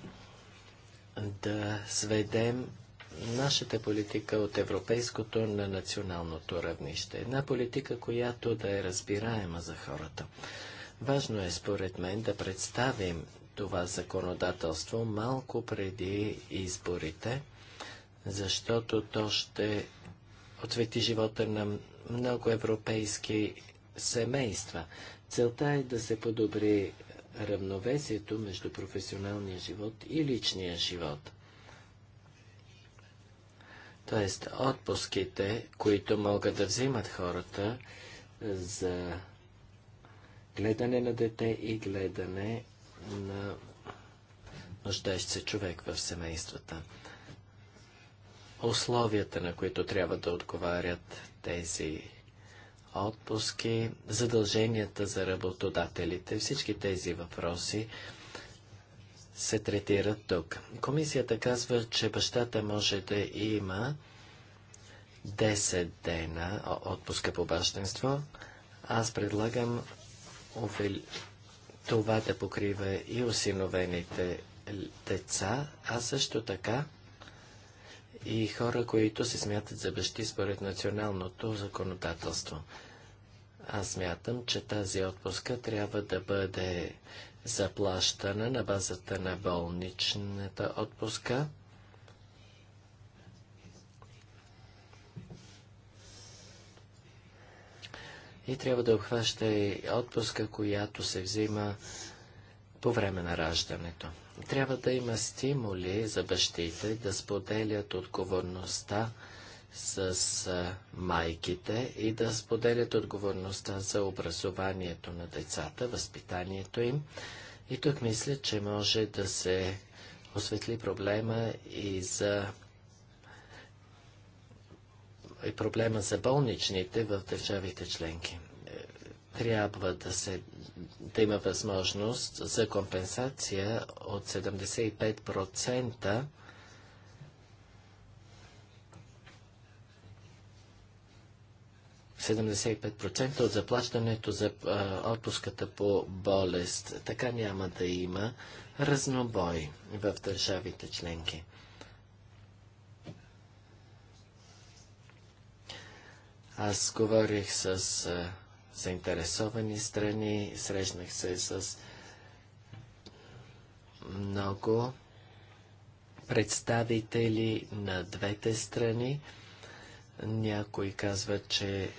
да сведем нашата политика от европейското на националното равнище. Една политика, която да е разбираема за хората. Важно е, според мен, да представим това законодателство малко преди изборите – защото то ще ответи живота на много европейски семейства. Целта е да се подобри равновесието между професионалния живот и личния живот. Тоест, отпуските, които могат да взимат хората за гледане на дете и гледане на нуждаещ се човек в семействата условията, на които трябва да отговарят тези отпуски, задълженията за работодателите. Всички тези въпроси се третират тук. Комисията казва, че бащата може да има 10 дена отпуска по бащенство. Аз предлагам това да покрива и осиновените деца, а също така и хора, които се смятат за бащи според националното законодателство. Аз смятам, че тази отпуска трябва да бъде заплащана на базата на болничната отпуска. И трябва да обхваща и отпуска, която се взима по време на раждането. Трябва да има стимули за бащите да споделят отговорността с майките и да споделят отговорността за образованието на децата, възпитанието им. И тук мисля, че може да се осветли проблема и за и проблема за болничните в държавите членки. Е, трябва да се да има възможност за компенсация от 75% ,75 от заплащането за отпуската по болест. Така няма да има разнобой в държавите членки. Аз говорих с заинтересовани страни, срещнах се с много представители на двете страни. Някои казват, че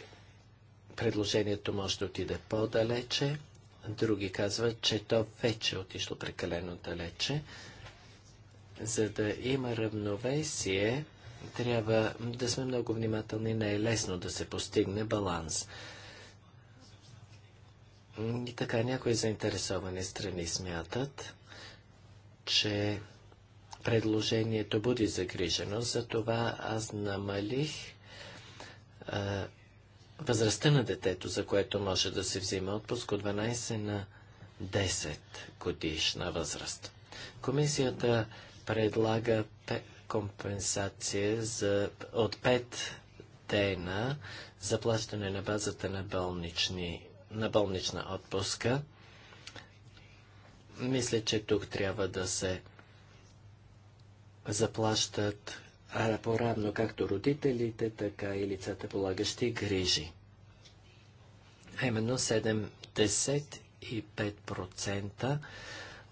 предложението може да отиде по-далече, други казват, че то вече е отишло прекалено далече. За да има равновесие, трябва да сме много внимателни, не е лесно да се постигне баланс. И така някои заинтересовани страни смятат, че предложението буди загрижено, затова аз намалих а, възрастта на детето, за което може да се взима отпуск от 12 на 10 годишна възраст. Комисията предлага компенсация за, от 5 дена за плащане на базата на болнични на болнична отпуска. Мисля, че тук трябва да се заплащат по-равно както родителите, така и лицата полагащи грижи. А именно 75%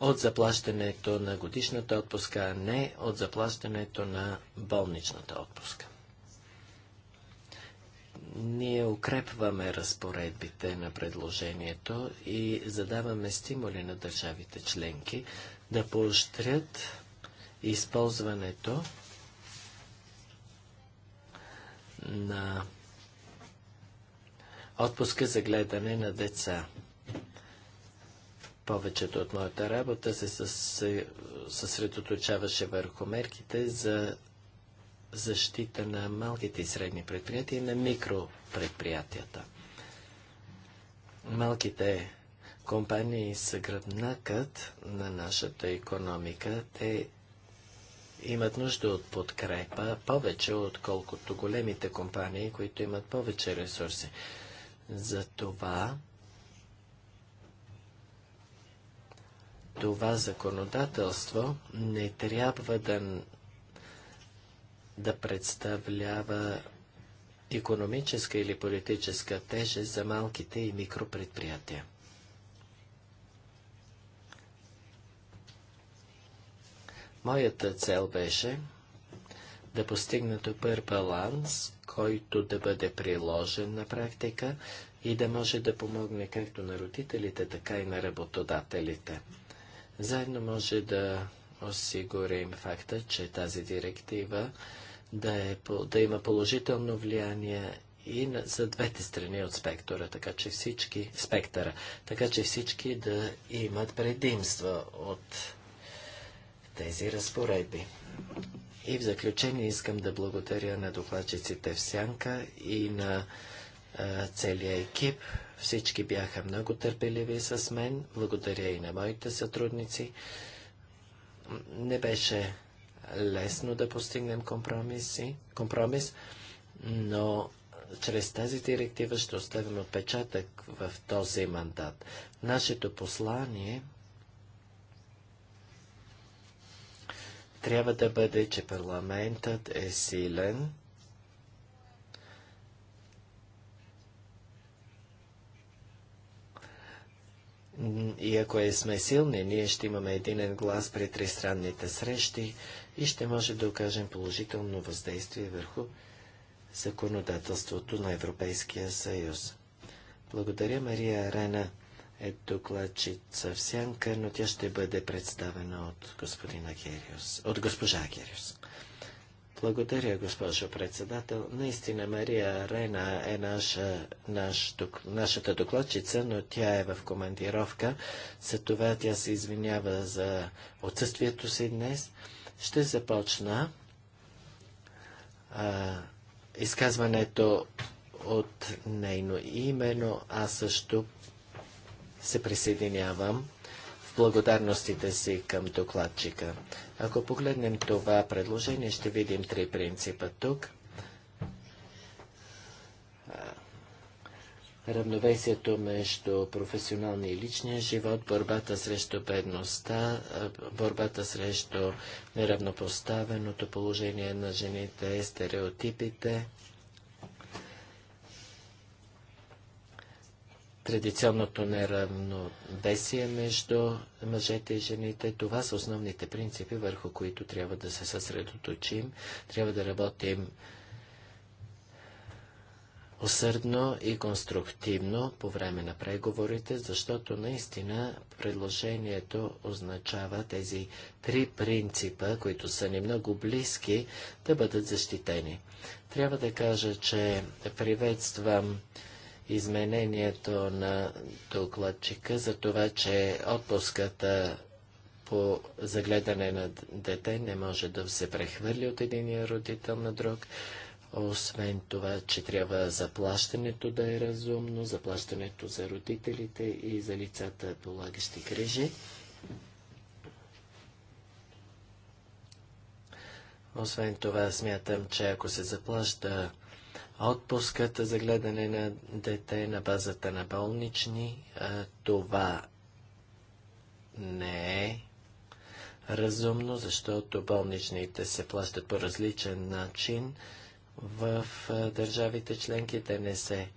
от заплащането на годишната отпуска, а не от заплащането на болничната отпуска ние укрепваме разпоредбите на предложението и задаваме стимули на държавите членки да поощрят използването на отпуска за гледане на деца. Повечето от моята работа се съсредоточаваше върху мерките за защита на малките и средни предприятия и на микропредприятията. Малките компании са гръбнакът на нашата економика. Те имат нужда от подкрепа повече, отколкото големите компании, които имат повече ресурси. Затова това законодателство не трябва да да представлява економическа или политическа тежест за малките и микропредприятия. Моята цел беше да постигна добър баланс, който да бъде приложен на практика и да може да помогне както на родителите, така и на работодателите. Заедно може да осигурим факта, че тази директива да, е, да има положително влияние и на, за двете страни от спектъра, така че всички, спектъра, така че всички да имат предимства от тези разпоредби. И в заключение искам да благодаря на докладчиците в Сянка и на а, целия екип. Всички бяха много търпеливи с мен. Благодаря и на моите сътрудници. Не беше лесно да постигнем компромиси, компромис, но чрез тази директива ще оставим отпечатък в този мандат. Нашето послание трябва да бъде, че парламентът е силен, И ако е сме силни, ние ще имаме единен глас при тристранните срещи и ще може да окажем положително въздействие върху законодателството на Европейския съюз. Благодаря, Мария Арена е докладчица в сянка, но тя ще бъде представена от господина Гериус, от госпожа Гериус. Благодаря, госпожо председател. Наистина Мария Рена е наша, наш, док, нашата докладчица, но тя е в командировка. За това тя се извинява за отсъствието си днес. Ще започна а, изказването от нейно именно. Аз също се присъединявам в благодарностите си към докладчика. Ако погледнем това предложение, ще видим три принципа тук равновесието между професионалния и личния живот, борбата срещу бедността, борбата срещу неравнопоставеното положение на жените, стереотипите, традиционното неравновесие между мъжете и жените. Това са основните принципи, върху които трябва да се съсредоточим. Трябва да работим усърдно и конструктивно по време на преговорите, защото наистина предложението означава тези три принципа, които са ни много близки, да бъдат защитени. Трябва да кажа, че приветствам изменението на докладчика за това, че отпуската по загледане на дете не може да се прехвърли от единия родител на друг. Освен това, че трябва заплащането да е разумно, заплащането за родителите и за лицата полагащи грижи. Освен това, смятам, че ако се заплаща отпуската за гледане на дете на базата на болнични, това не е разумно, защото болничните се плащат по различен начин в държавите членките не се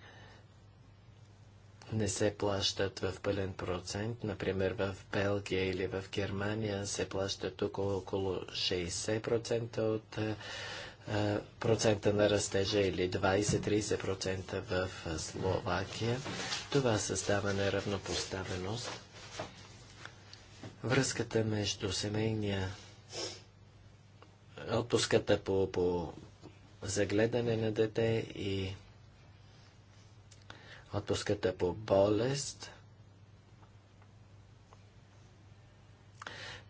не се плащат в пълен процент. Например, в Белгия или в Германия се плащат около, около 60% от а, процента на растежа или 20-30% в Словакия. Това създава неравнопоставеност. Връзката между семейния отпуската по, по за гледане на дете и отпуската по болест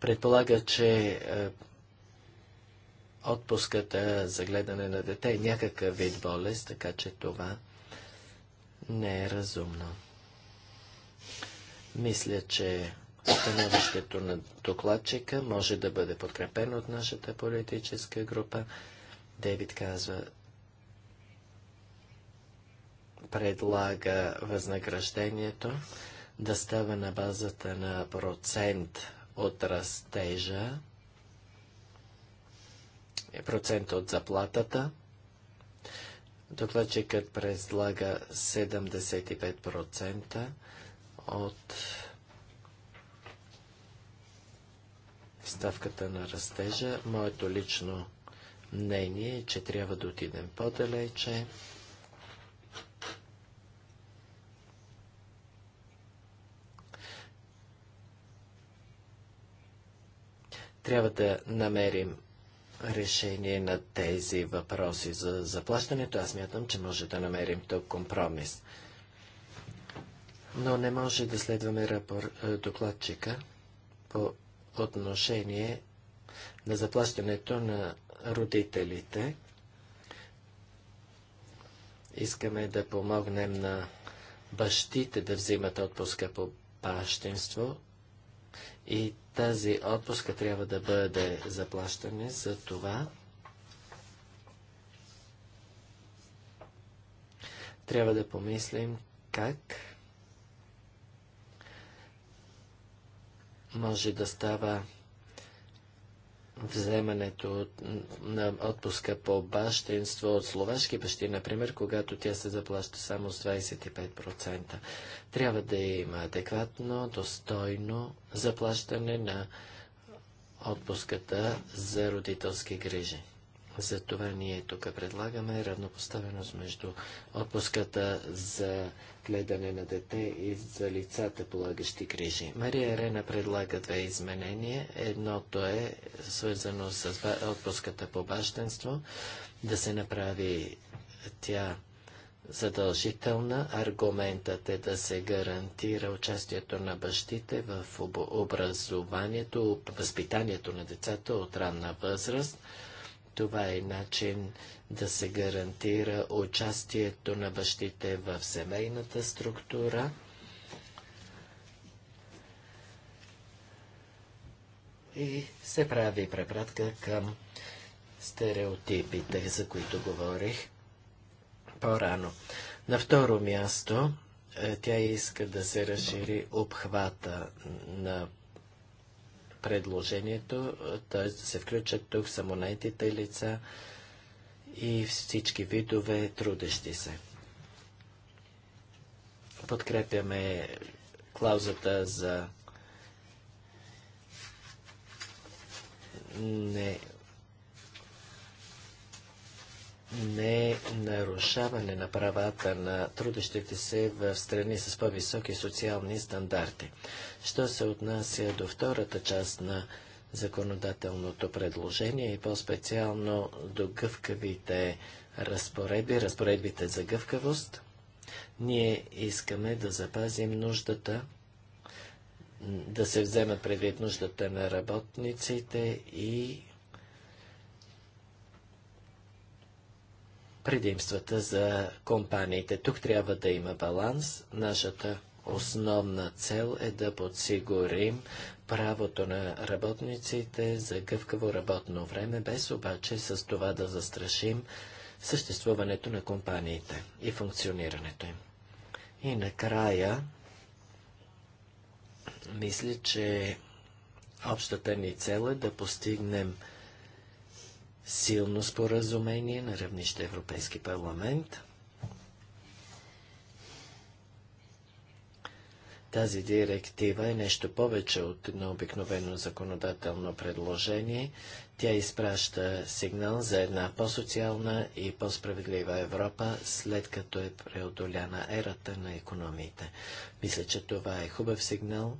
предполага, че е, отпуската за гледане на дете е някакъв вид болест, така че това не е разумно. Мисля, че становището на докладчика може да бъде подкрепено от нашата политическа група. Девид казва, предлага възнаграждението да става на базата на процент от растежа, процент от заплатата. Докладчикът предлага 75% от ставката на растежа. Моето лично мнение, че трябва да отидем по-далече. Трябва да намерим решение на тези въпроси за заплащането. Аз мятам, че може да намерим тук компромис. Но не може да следваме рапор, е, докладчика по отношение на заплащането на родителите. Искаме да помогнем на бащите да взимат отпуска по бащинство и тази отпуска трябва да бъде заплащане за това. Трябва да помислим как може да става вземането от, на отпуска по бащинство от словашки бащи, например, когато тя се заплаща само с 25%. Трябва да има адекватно, достойно заплащане на отпуската за родителски грижи. Затова ние тук предлагаме равнопоставеност между отпуската за гледане на дете и за лицата полагащи грижи. Мария Рена предлага две изменения. Едното е свързано с отпуската по бащенство, да се направи тя задължителна. Аргументът е да се гарантира участието на бащите в образованието, възпитанието на децата от ранна възраст – това е начин да се гарантира участието на бащите в семейната структура. И се прави препратка към стереотипите, за които говорих по-рано. На второ място е, тя иска да се разшири обхвата на предложението, т.е. да се включат тук самонайтите лица и всички видове трудещи се. Подкрепяме клаузата за не не нарушаване на правата на трудещите се в страни с по-високи социални стандарти. Що се отнася до втората част на законодателното предложение и по-специално до гъвкавите разпоредби, разпоредбите за гъвкавост, ние искаме да запазим нуждата да се вземат предвид нуждата на работниците и предимствата за компаниите. Тук трябва да има баланс. Нашата основна цел е да подсигурим правото на работниците за гъвкаво работно време, без обаче с това да застрашим съществуването на компаниите и функционирането им. И накрая, мисля, че общата ни цел е да постигнем силно споразумение на равнище Европейски парламент. Тази директива е нещо повече от едно обикновено законодателно предложение. Тя изпраща сигнал за една по-социална и по-справедлива Европа, след като е преодоляна ерата на економиите. Мисля, че това е хубав сигнал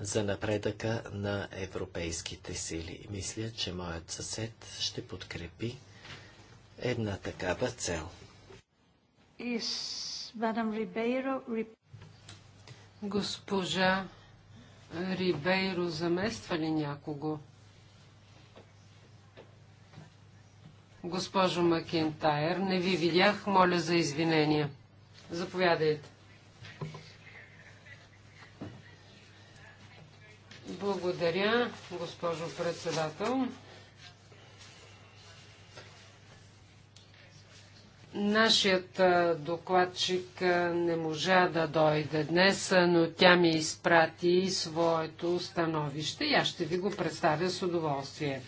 за напредъка на европейските сили. Мисля, че моят съсед ще подкрепи една такава цел. Госпожа Рибейро замества ли някого? Госпожо Макентайр, не ви видях, моля за извинения. Заповядайте. Благодаря, госпожо председател. Нашият докладчик не можа да дойде днес, но тя ми изпрати своето становище и аз ще ви го представя с удоволствие.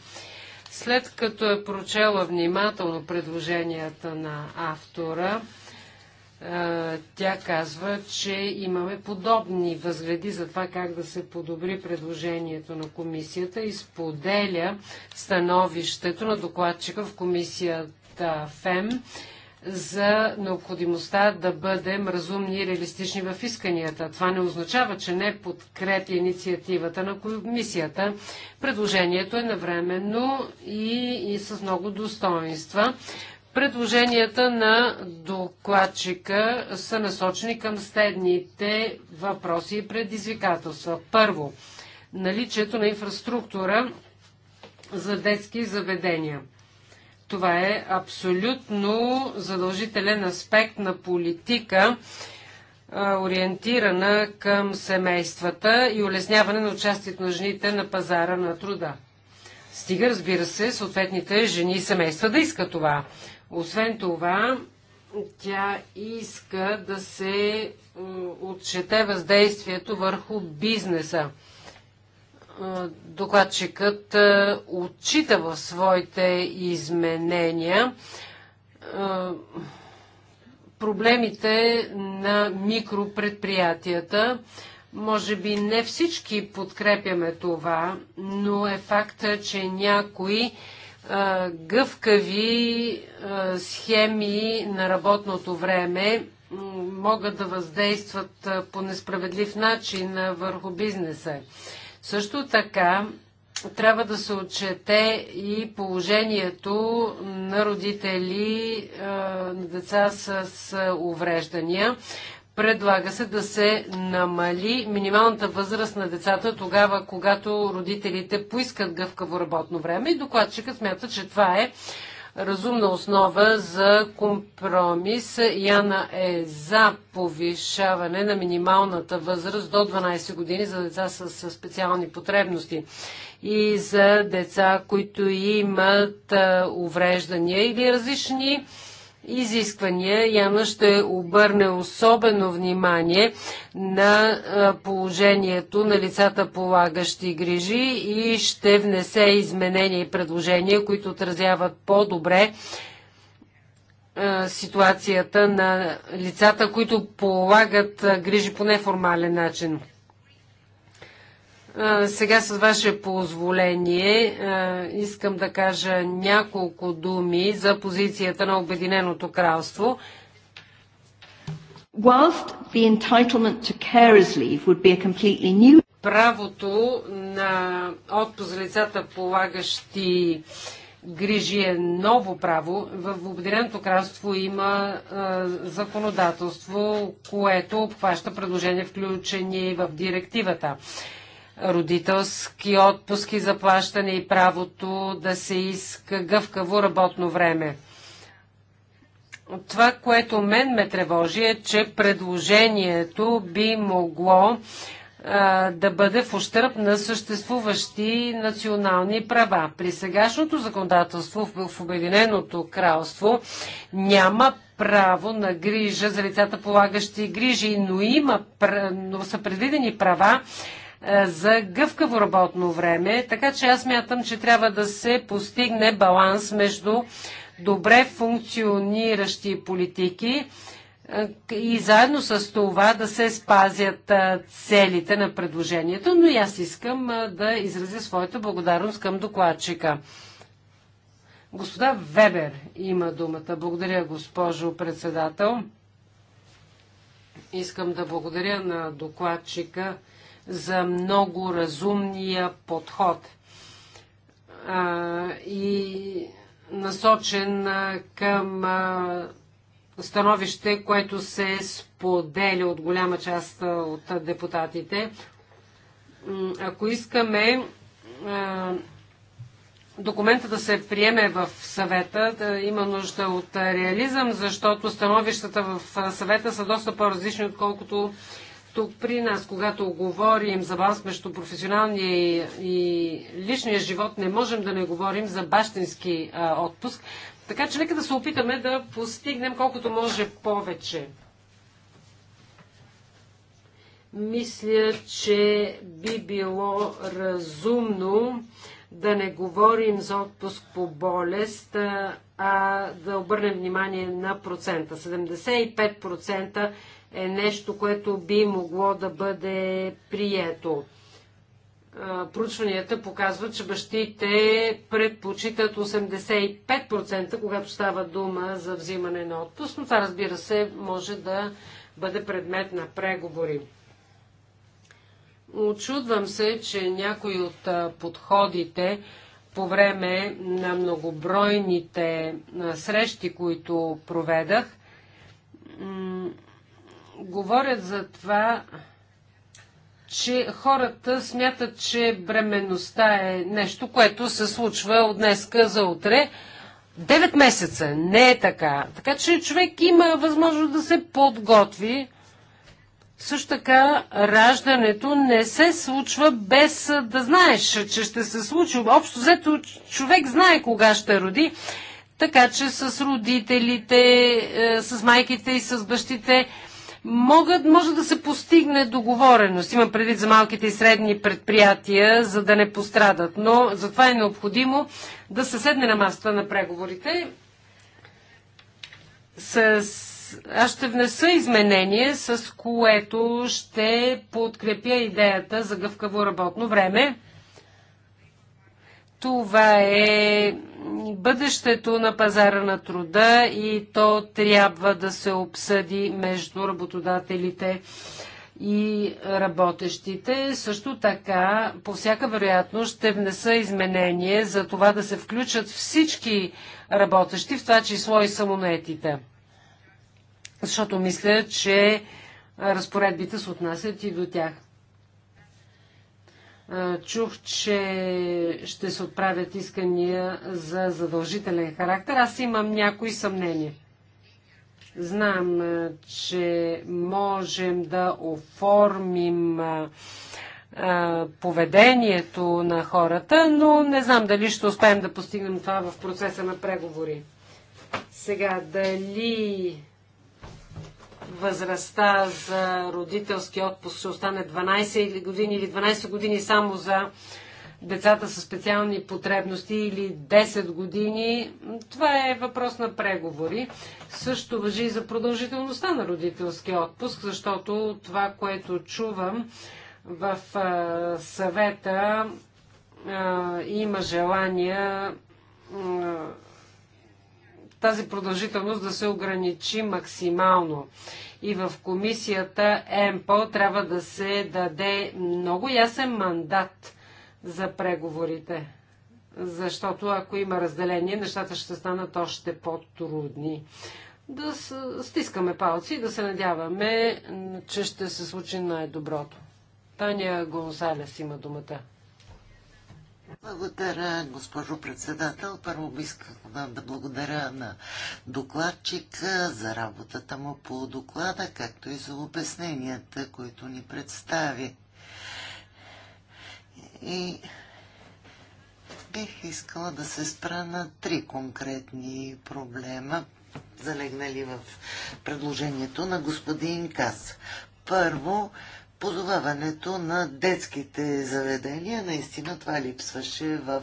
След като е прочела внимателно предложенията на автора, е, тя казва, че имаме подобни възгледи за това как да се подобри предложението на комисията и споделя становището на докладчика в комисията ФЕМ за необходимостта да бъдем разумни и реалистични в исканията. Това не означава, че не подкрепи инициативата на комисията. Предложението е навременно и, и с много достоинства. Предложенията на докладчика са насочени към следните въпроси и предизвикателства. Първо, наличието на инфраструктура за детски заведения. Това е абсолютно задължителен аспект на политика, ориентирана към семействата и улесняване на участието на жените на пазара на труда. Стига, разбира се, съответните жени и семейства да искат това. Освен това, тя иска да се отчете въздействието върху бизнеса. Докладчикът отчита в своите изменения проблемите на микропредприятията. Може би не всички подкрепяме това, но е факт, че някои гъвкави схеми на работното време могат да въздействат по несправедлив начин върху бизнеса. Също така трябва да се отчете и положението на родители на деца с увреждания. Предлага се да се намали минималната възраст на децата тогава, когато родителите поискат гъвкаво работно време и докладчикът смята, че това е разумна основа за компромис. Яна е за повишаване на минималната възраст до 12 години за деца с специални потребности и за деца, които имат увреждания или различни изисквания. Яна ще обърне особено внимание на положението на лицата полагащи грижи и ще внесе изменения и предложения, които отразяват по-добре ситуацията на лицата, които полагат грижи по неформален начин. Сега с ваше позволение искам да кажа няколко думи за позицията на Обединеното кралство. Whilst the entitlement to carers leave would be a completely new правото на отпуск за лицата, полагащи грижи е ново право. В Обединеното кралство има е, законодателство, което обхваща предложения, включени в директивата родителски отпуски за плащане и правото да се иска гъвкаво работно време. Това, което мен ме тревожи е, че предложението би могло а, да бъде в ущърп на съществуващи национални права. При сегашното законодателство в, в Обединеното кралство няма право на грижа за лицата полагащи грижи, но, има, но са предвидени права е, за гъвкаво работно време, така че аз мятам, че трябва да се постигне баланс между добре функциониращи политики е, и заедно с това да се спазят е, целите на предложението, но и аз искам да изразя своята благодарност към докладчика. Господа Вебер има думата. Благодаря, госпожо председател. Искам да благодаря на докладчика за много разумния подход а, и насочен а, към а, становище, което се споделя от голяма част от депутатите. Ако искаме документа да се приеме в съвета, да има нужда от реализъм, защото становищата в съвета са доста по-различни, отколкото тук при нас, когато говорим за баланс между професионалния и, личния живот, не можем да не говорим за бащински а, отпуск. Така че нека да се опитаме да постигнем колкото може повече. Мисля, че би било разумно да не говорим за отпуск по болест, а да обърнем внимание на процента. 75% е нещо, което би могло да бъде прието. Проучванията показват, че бащите предпочитат 85%, когато става дума за взимане на отпуск, но това разбира се може да бъде предмет на преговори. Очудвам се, че някои от подходите по време на многобройните срещи, които проведах, говорят за това, че хората смятат, че бременността е нещо, което се случва от днеска за утре. Девет месеца. Не е така. Така че човек има възможност да се подготви. Също така, раждането не се случва без да знаеш, че ще се случи. Общо взето, човек знае кога ще роди. Така че с родителите, е, с майките и с бащите могат, може да се постигне договореност. Има предвид за малките и средни предприятия, за да не пострадат. Но затова е необходимо да се седне на масата на преговорите. С... Аз ще внеса изменение, с което ще подкрепя идеята за гъвкаво работно време. Това е бъдещето на пазара на труда и то трябва да се обсъди между работодателите и работещите. Също така, по всяка вероятност, ще внеса изменение за това да се включат всички работещи, в това число и самонетите. Защото мисля, че разпоредбите се отнасят и до тях чух, че ще се отправят искания за задължителен характер. Аз имам някои съмнения. Знам, че можем да оформим поведението на хората, но не знам дали ще успеем да постигнем това в процеса на преговори. Сега, дали възрастта за родителски отпуск ще остане 12 години или 12 години само за децата със специални потребности или 10 години, това е въпрос на преговори. Също въжи и за продължителността на родителския отпуск, защото това, което чувам в а, съвета, а, има желания а, тази продължителност да се ограничи максимално. И в комисията ЕМПО трябва да се даде много ясен мандат за преговорите. Защото ако има разделение, нещата ще станат още по-трудни. Да стискаме палци и да се надяваме, че ще се случи най-доброто. Таня Гонсалес има думата. Благодаря, госпожо председател. Първо би исках да, да благодаря на докладчика за работата му по доклада, както и за обясненията, които ни представи. И бих искала да се спра на три конкретни проблема, залегнали в предложението на господин Кас. Първо, позоваването на детските заведения. Наистина това липсваше в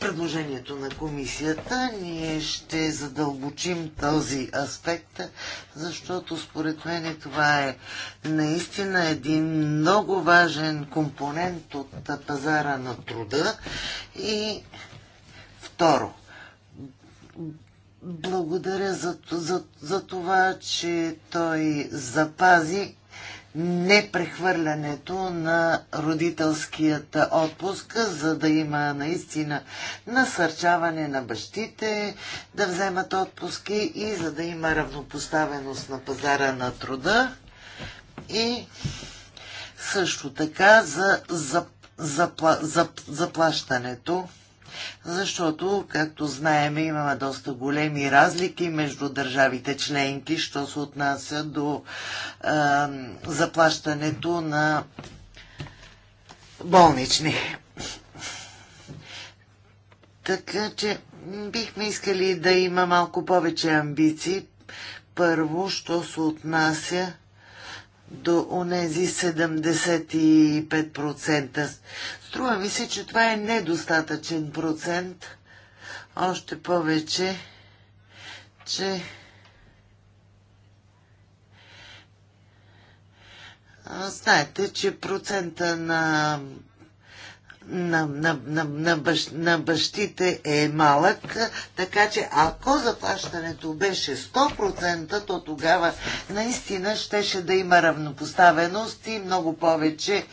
предложението на комисията. Ние ще задълбочим този аспект, защото според мен това е наистина един много важен компонент от пазара на труда. И второ, благодаря за, за, за това, че той запази непрехвърлянето на родителският отпуск, за да има наистина насърчаване на бащите да вземат отпуски и за да има равнопоставеност на пазара на труда и също така за, за, за, за, за заплащането защото, както знаем, имаме доста големи разлики между държавите членки, що се отнася до е, заплащането на болнични. Така че бихме искали да има малко повече амбиции. Първо, що се отнася до онези 75% Струва ми се, че това е недостатъчен процент. Още повече, че знаете, че процента на на, на, на, на, бащ, на бащите е малък, така че ако заплащането беше 100%, то тогава наистина щеше да има равнопоставеност и много повече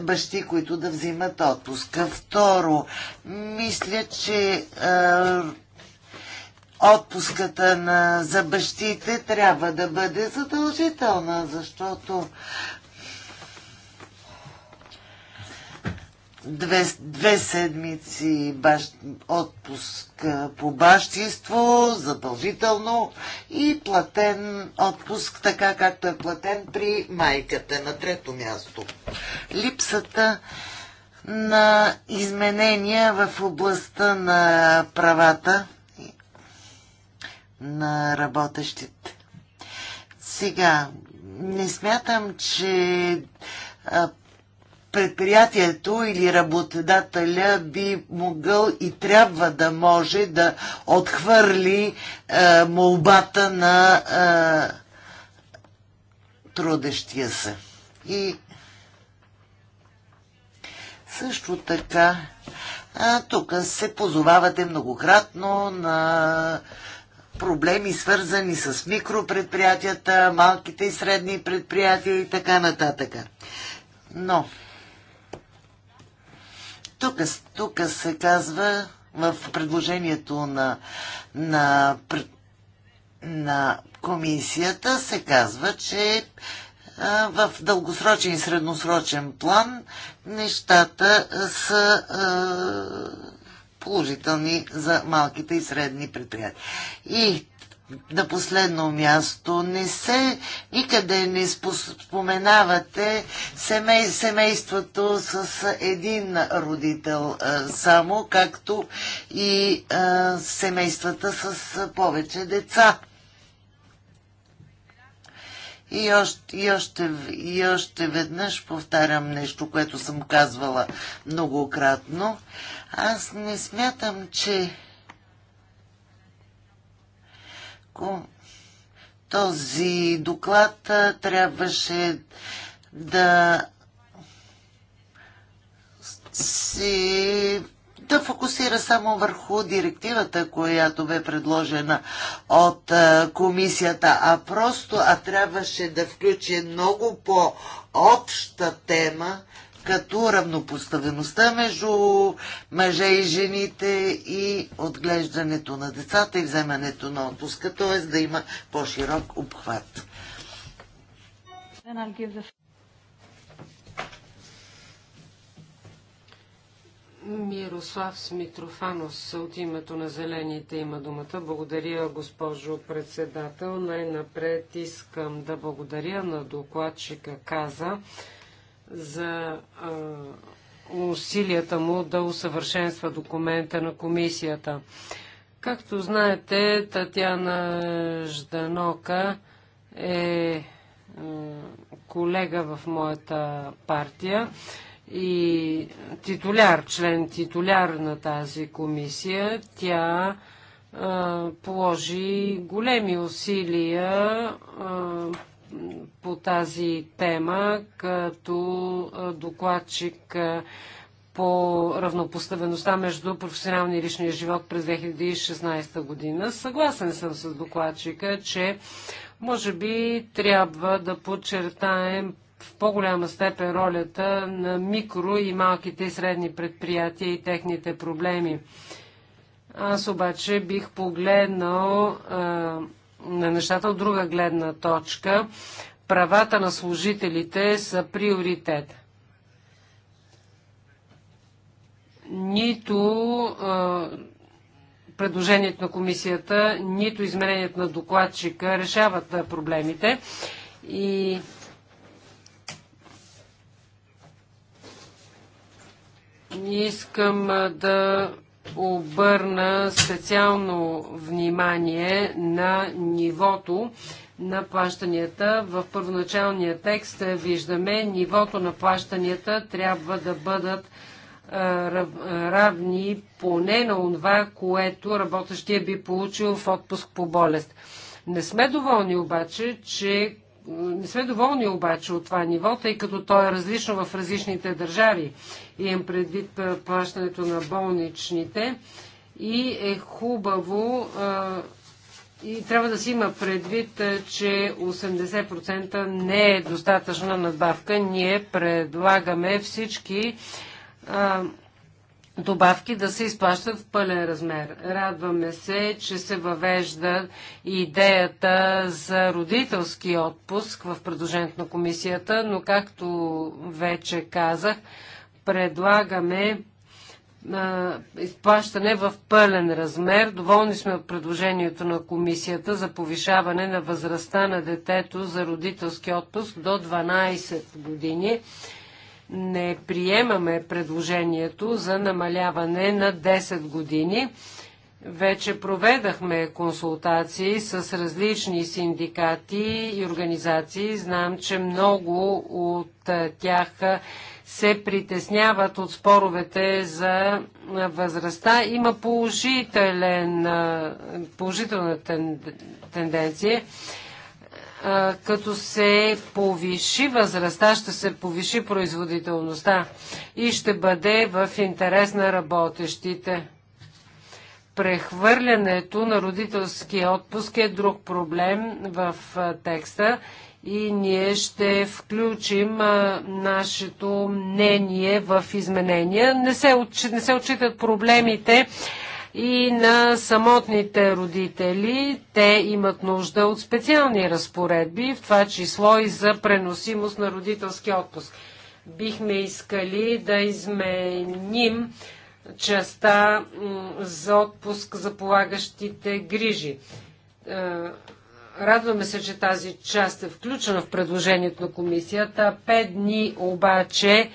бащи, които да взимат отпуска. Второ, мисля, че отпуската на, за бащите трябва да бъде задължителна, защото две, две седмици баш, отпуск по бащинство, задължително и платен отпуск, така както е платен при майката. На трето място. Липсата на изменения в областта на правата на работещите. Сега, не смятам, че предприятието или работодателя би могъл и трябва да може да отхвърли е, молбата на е, трудещия се. И също така, а, тук се позовавате многократно на проблеми, свързани с микропредприятията, малките и средни предприятия и така нататък. Но тук, тук се казва в предложението на, на, на комисията се казва, че в дългосрочен и средносрочен план нещата са положителни за малките и средни предприятия. И на последно място не се, никъде не споменавате семей, семейството с един родител само, както и а, семействата с повече деца. И още, и, още, и още веднъж повтарям нещо, което съм казвала многократно. Аз не смятам, че ако този доклад трябваше да се да фокусира само върху директивата, която бе предложена от комисията, а просто а трябваше да включи много по-обща тема, като равнопоставеността между мъже и жените и отглеждането на децата и вземането на отпуска, т.е. да има по-широк обхват. Мирослав Смитрофанос от името на Зелените има думата. Благодаря, госпожо председател. Най-напред искам да благодаря на докладчика Каза за а, усилията му да усъвършенства документа на комисията. Както знаете, Татьяна Жданока е колега в моята партия и титуляр, член титуляр на тази комисия. Тя а, положи големи усилия а, по тази тема като докладчик по равнопоставеността между професионалния и личния живот през 2016 година. Съгласен съм с докладчика, че може би трябва да подчертаем в по-голяма степен ролята на микро и малките и средни предприятия и техните проблеми. Аз обаче бих погледнал на нещата от друга гледна точка. Правата на служителите са приоритет. Нито предложението на комисията, нито изменението на докладчика решават проблемите. И искам да обърна специално внимание на нивото на плащанията. В първоначалния текст виждаме нивото на плащанията трябва да бъдат равни поне на това, което работещия би получил в отпуск по болест. Не сме доволни обаче, че не сме доволни обаче от това ниво, тъй като то е различно в различните държави имам предвид плащането на болничните. И е хубаво и трябва да си има предвид, че 80% не е достатъчна надбавка. Ние предлагаме всички добавки да се изплащат в пълен размер. Радваме се, че се въвежда идеята за родителски отпуск в предложението на комисията, но както вече казах, предлагаме изплащане в пълен размер. Доволни сме от предложението на комисията за повишаване на възрастта на детето за родителски отпуск до 12 години. Не приемаме предложението за намаляване на 10 години. Вече проведахме консултации с различни синдикати и организации. Знам, че много от тях се притесняват от споровете за възрастта. Има положителен, положителна тенденция. Като се повиши възрастта, ще се повиши производителността и ще бъде в интерес на работещите. Прехвърлянето на родителски отпуск е друг проблем в текста и ние ще включим а, нашето мнение в изменения. Не се, не се отчитат проблемите и на самотните родители. Те имат нужда от специални разпоредби, в това число и за преносимост на родителски отпуск. Бихме искали да изменим частта за отпуск за полагащите грижи Радваме се, че тази част е включена в предложението на комисията. Пет дни обаче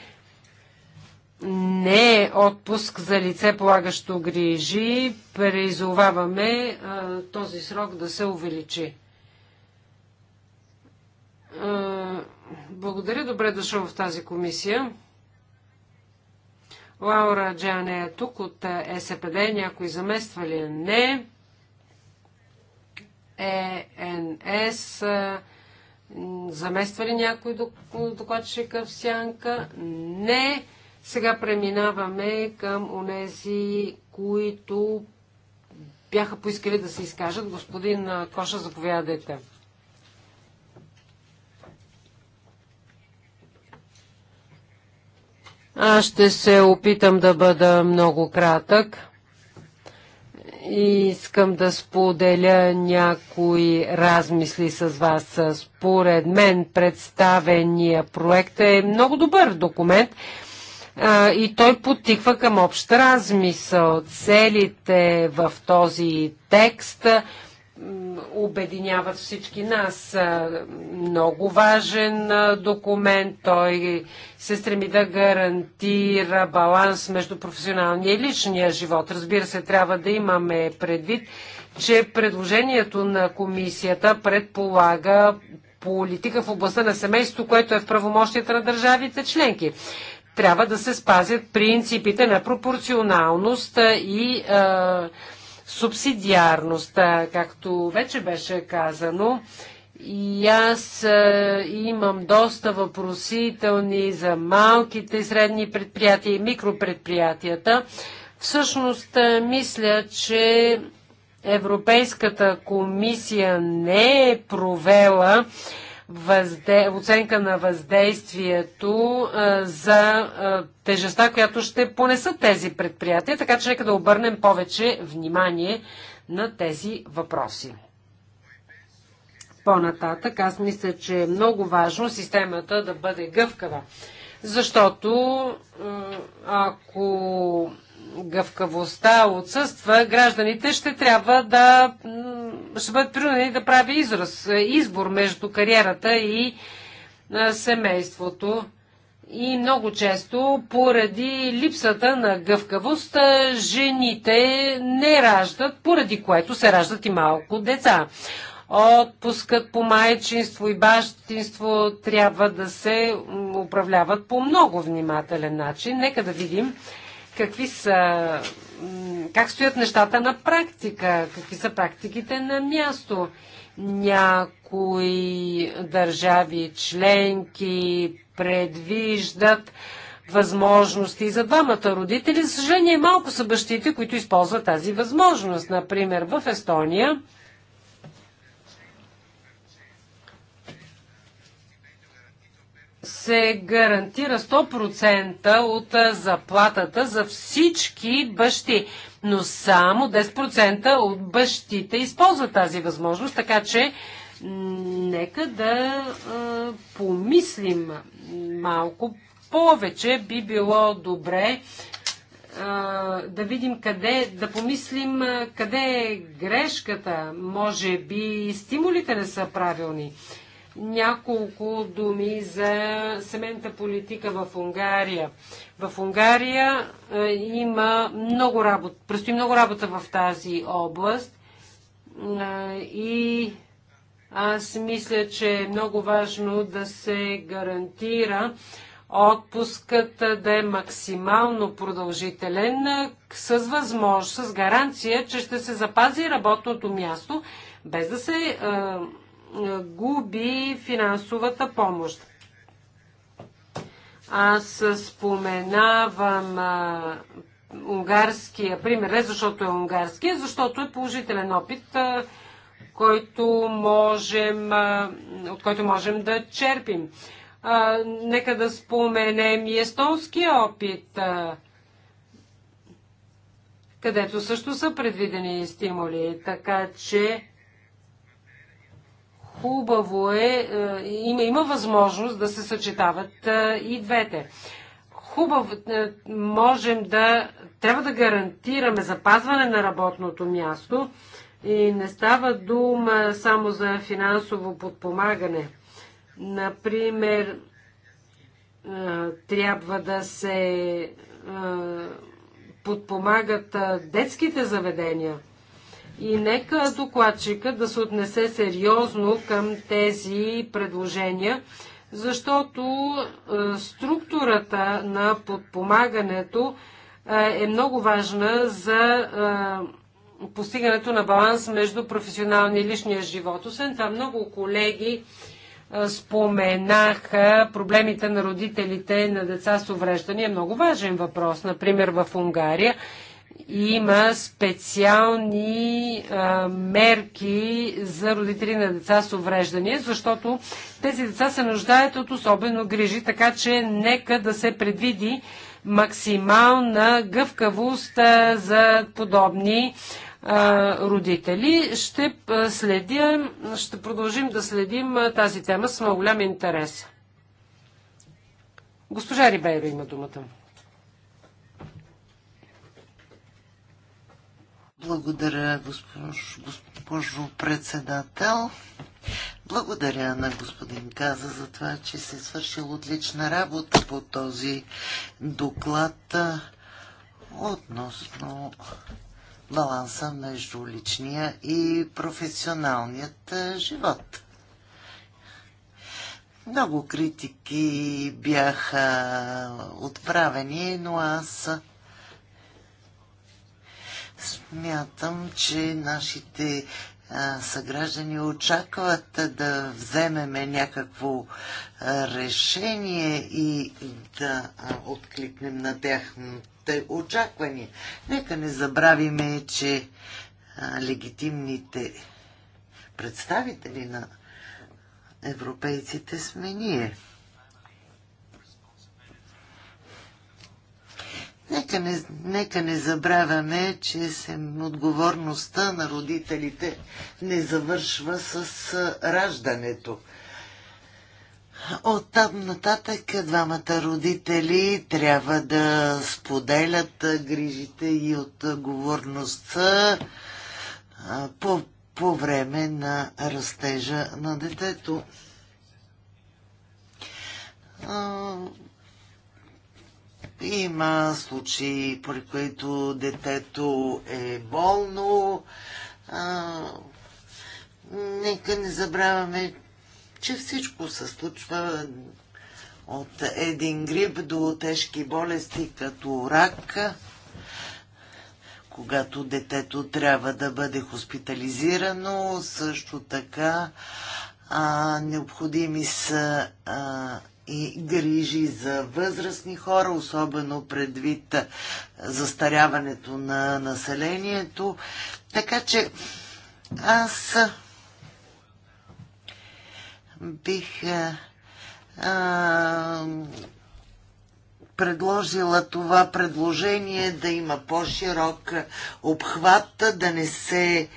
не е отпуск за лице полагащо грижи. Призоваваме а, този срок да се увеличи. А, благодаря, добре дошъл в тази комисия. Лаура Джан е тук от СПД. Някой замества ли? Е? Не. ЕНС. Замества ли някой докладчика в сянка? Не. Сега преминаваме към онези, които бяха поискали да се изкажат. Господин Коша, заповядайте. Аз ще се опитам да бъда много кратък. Искам да споделя някои размисли с вас. Според мен представения проект е много добър документ а, и той потиква към общ размисъл. Целите в този текст обединяват всички нас. Много важен документ. Той се стреми да гарантира баланс между професионалния и личния живот. Разбира се, трябва да имаме предвид, че предложението на комисията предполага политика в областта на семейството, което е в правомощията на държавите членки. Трябва да се спазят принципите на пропорционалност и е, субсидиарността, както вече беше казано. И аз е, имам доста въпросителни за малките и средни предприятия и микропредприятията. Всъщност, е, мисля, че Европейската комисия не е провела възде... оценка на въздействието а, за а, тежестта, която ще понесат тези предприятия, така че нека да обърнем повече внимание на тези въпроси. По-нататък, аз мисля, че е много важно системата да бъде гъвкава, защото ако гъвкавостта отсъства, гражданите ще трябва да ще бъдат принудени да прави израз, избор между кариерата и семейството. И много често, поради липсата на гъвкавост, жените не раждат, поради което се раждат и малко деца. Отпускът по майчинство и бащинство трябва да се управляват по много внимателен начин. Нека да видим какви са, как стоят нещата на практика, какви са практиките на място. Някои държави членки предвиждат възможности за двамата родители. За съжаление, малко са бащите, които използват тази възможност. Например, в Естония се гарантира 100% от заплатата за всички бащи, но само 10% от бащите използват тази възможност, така че нека да а, помислим малко повече. Би било добре а, да видим къде, да помислим къде е грешката. Може би стимулите не са правилни. Няколко думи за семейната политика в Унгария. В Унгария е, има много работа, предстои много работа в тази област е, и аз мисля, че е много важно да се гарантира отпускът да е максимално продължителен, е, с възможност, с гаранция, че ще се запази работното място, без да се губи финансовата помощ. Аз споменавам унгарския пример, не защото е унгарски, защото е положителен опит, който можем, от който можем да черпим. А, нека да споменем и естонския опит, а, където също са предвидени стимули, така че Хубаво е, е, има, има възможност да се съчетават е, и двете. Хубаво, е, можем да, трябва да гарантираме запазване на работното място и не става дума само за финансово подпомагане. Например, трябва да се подпомагат детските заведения – и нека докладчика да се отнесе сериозно към тези предложения, защото е, структурата на подпомагането е, е много важна за е, постигането на баланс между професионалния и личния живот. Освен това, много колеги споменаха проблемите на родителите на деца с увреждания. Много важен въпрос. Например, в Унгария има специални а, мерки за родители на деца с увреждания, защото тези деца се нуждаят от особено грижи, така че нека да се предвиди максимална гъвкавост а, за подобни а, родители. Ще следя, ще продължим да следим тази тема с много голям интерес. Госпожа Рибейро има думата. Благодаря, госпожо, госпожо председател. Благодаря на господин Каза за това, че се е свършил отлична работа по този доклад относно баланса между личния и професионалният живот. Много критики бяха отправени, но аз Смятам, че нашите съграждани очакват да вземеме някакво решение и да откликнем на тяхните очаквания. Нека не забравиме, че легитимните представители на европейците сме ние. Нека не, нека не забравяме, че отговорността на родителите не завършва с раждането. От там нататък двамата родители трябва да споделят грижите и отговорността по, по време на растежа на детето има случаи, при които детето е болно. А, нека не забравяме, че всичко се случва от един грип до тежки болести, като рак, когато детето трябва да бъде хоспитализирано, също така а, необходими са а, и грижи за възрастни хора, особено предвид застаряването на населението. Така че аз бих а, предложила това предложение да има по-широк обхват, да не се а,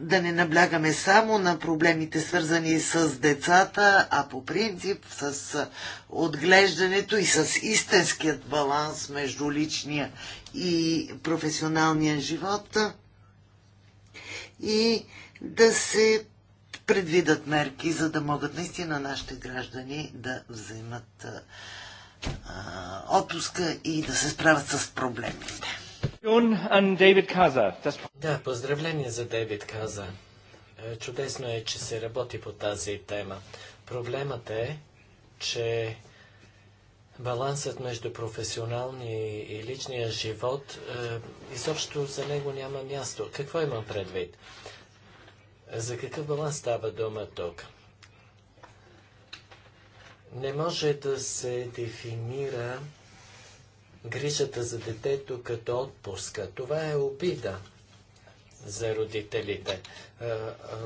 да не наблягаме само на проблемите свързани с децата, а по принцип с отглеждането и с истинският баланс между личния и професионалния живот и да се предвидат мерки, за да могат наистина нашите граждани да вземат а, отпуска и да се справят с проблемите. Да, поздравление за Дейвид Каза. Е, чудесно е, че се работи по тази тема. Проблемът е, че балансът между професионалния и личния живот е, изобщо за него няма място. Какво имам предвид? За какъв баланс става дума тук? Не може да се дефинира грижата за детето като отпуска. Това е обида за родителите.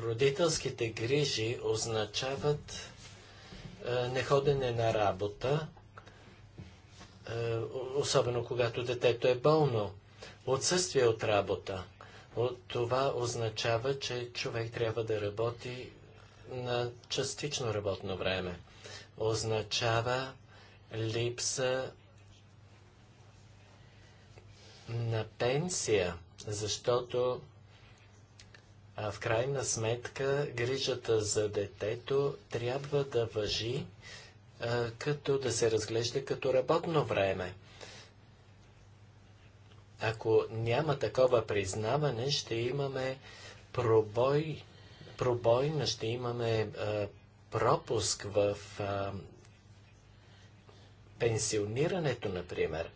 Родителските грижи означават неходене на работа, особено когато детето е болно. Отсъствие от работа. От това означава, че човек трябва да работи на частично работно време. Означава липса на пенсия, защото а в крайна сметка грижата за детето трябва да въжи а, като да се разглежда като работно време. Ако няма такова признаване, ще имаме пробой, пробойна, ще имаме а, пропуск в а, пенсионирането, например.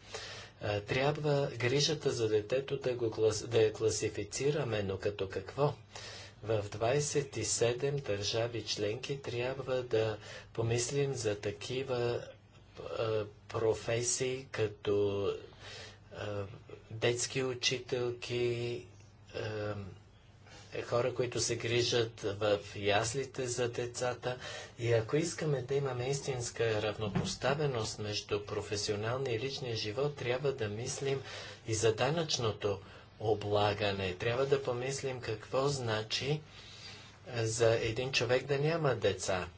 Трябва грижата за детето да, го да я класифицираме, но като какво? В 27 държави членки трябва да помислим за такива а, професии, като а, детски учителки, а, е хора, които се грижат в яслите за децата. И ако искаме да имаме истинска равнопоставеност между професионалния и личния живот, трябва да мислим и за данъчното облагане. Трябва да помислим какво значи за един човек да няма деца.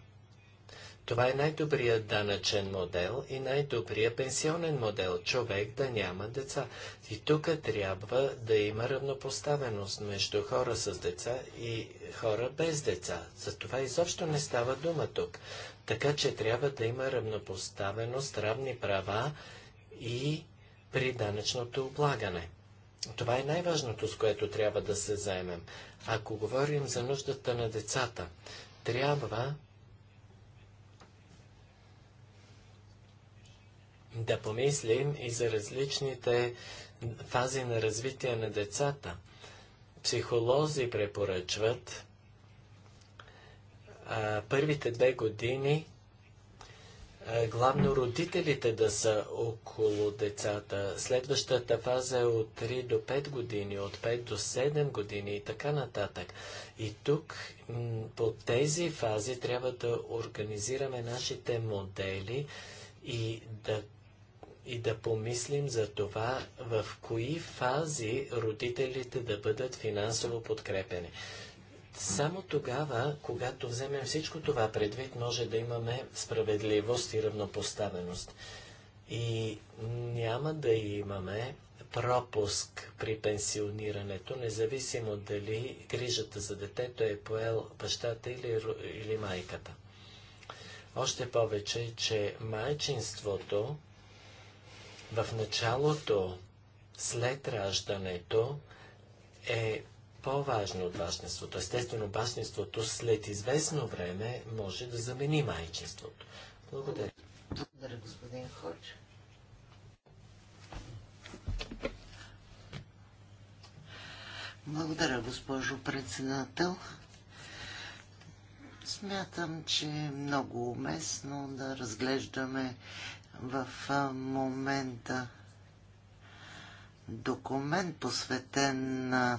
Това е най-добрият данъчен модел и най-добрият пенсионен модел човек да няма деца. И тук трябва да има равнопоставеност между хора с деца и хора без деца. За това изобщо не става дума тук. Така че трябва да има равнопоставеност, равни права и при данъчното облагане. Това е най-важното, с което трябва да се заемем. Ако говорим за нуждата на децата, трябва да помислим и за различните фази на развитие на децата. Психолози препоръчват а, първите две години а, главно родителите да са около децата. Следващата фаза е от 3 до 5 години, от 5 до 7 години и така нататък. И тук по тези фази трябва да организираме нашите модели и да и да помислим за това в кои фази родителите да бъдат финансово подкрепени. Само тогава, когато вземем всичко това предвид, може да имаме справедливост и равнопоставеност. И няма да имаме пропуск при пенсионирането, независимо дали грижата за детето е поел бащата или, или майката. Още повече, че майчинството в началото, след раждането, е по-важно от бащинството. Естествено, бащинството след известно време може да замени майчинството. Благодаря. Благодаря, господин Ходж. Благодаря, госпожо председател. Смятам, че е много уместно да разглеждаме в момента документ, посветен на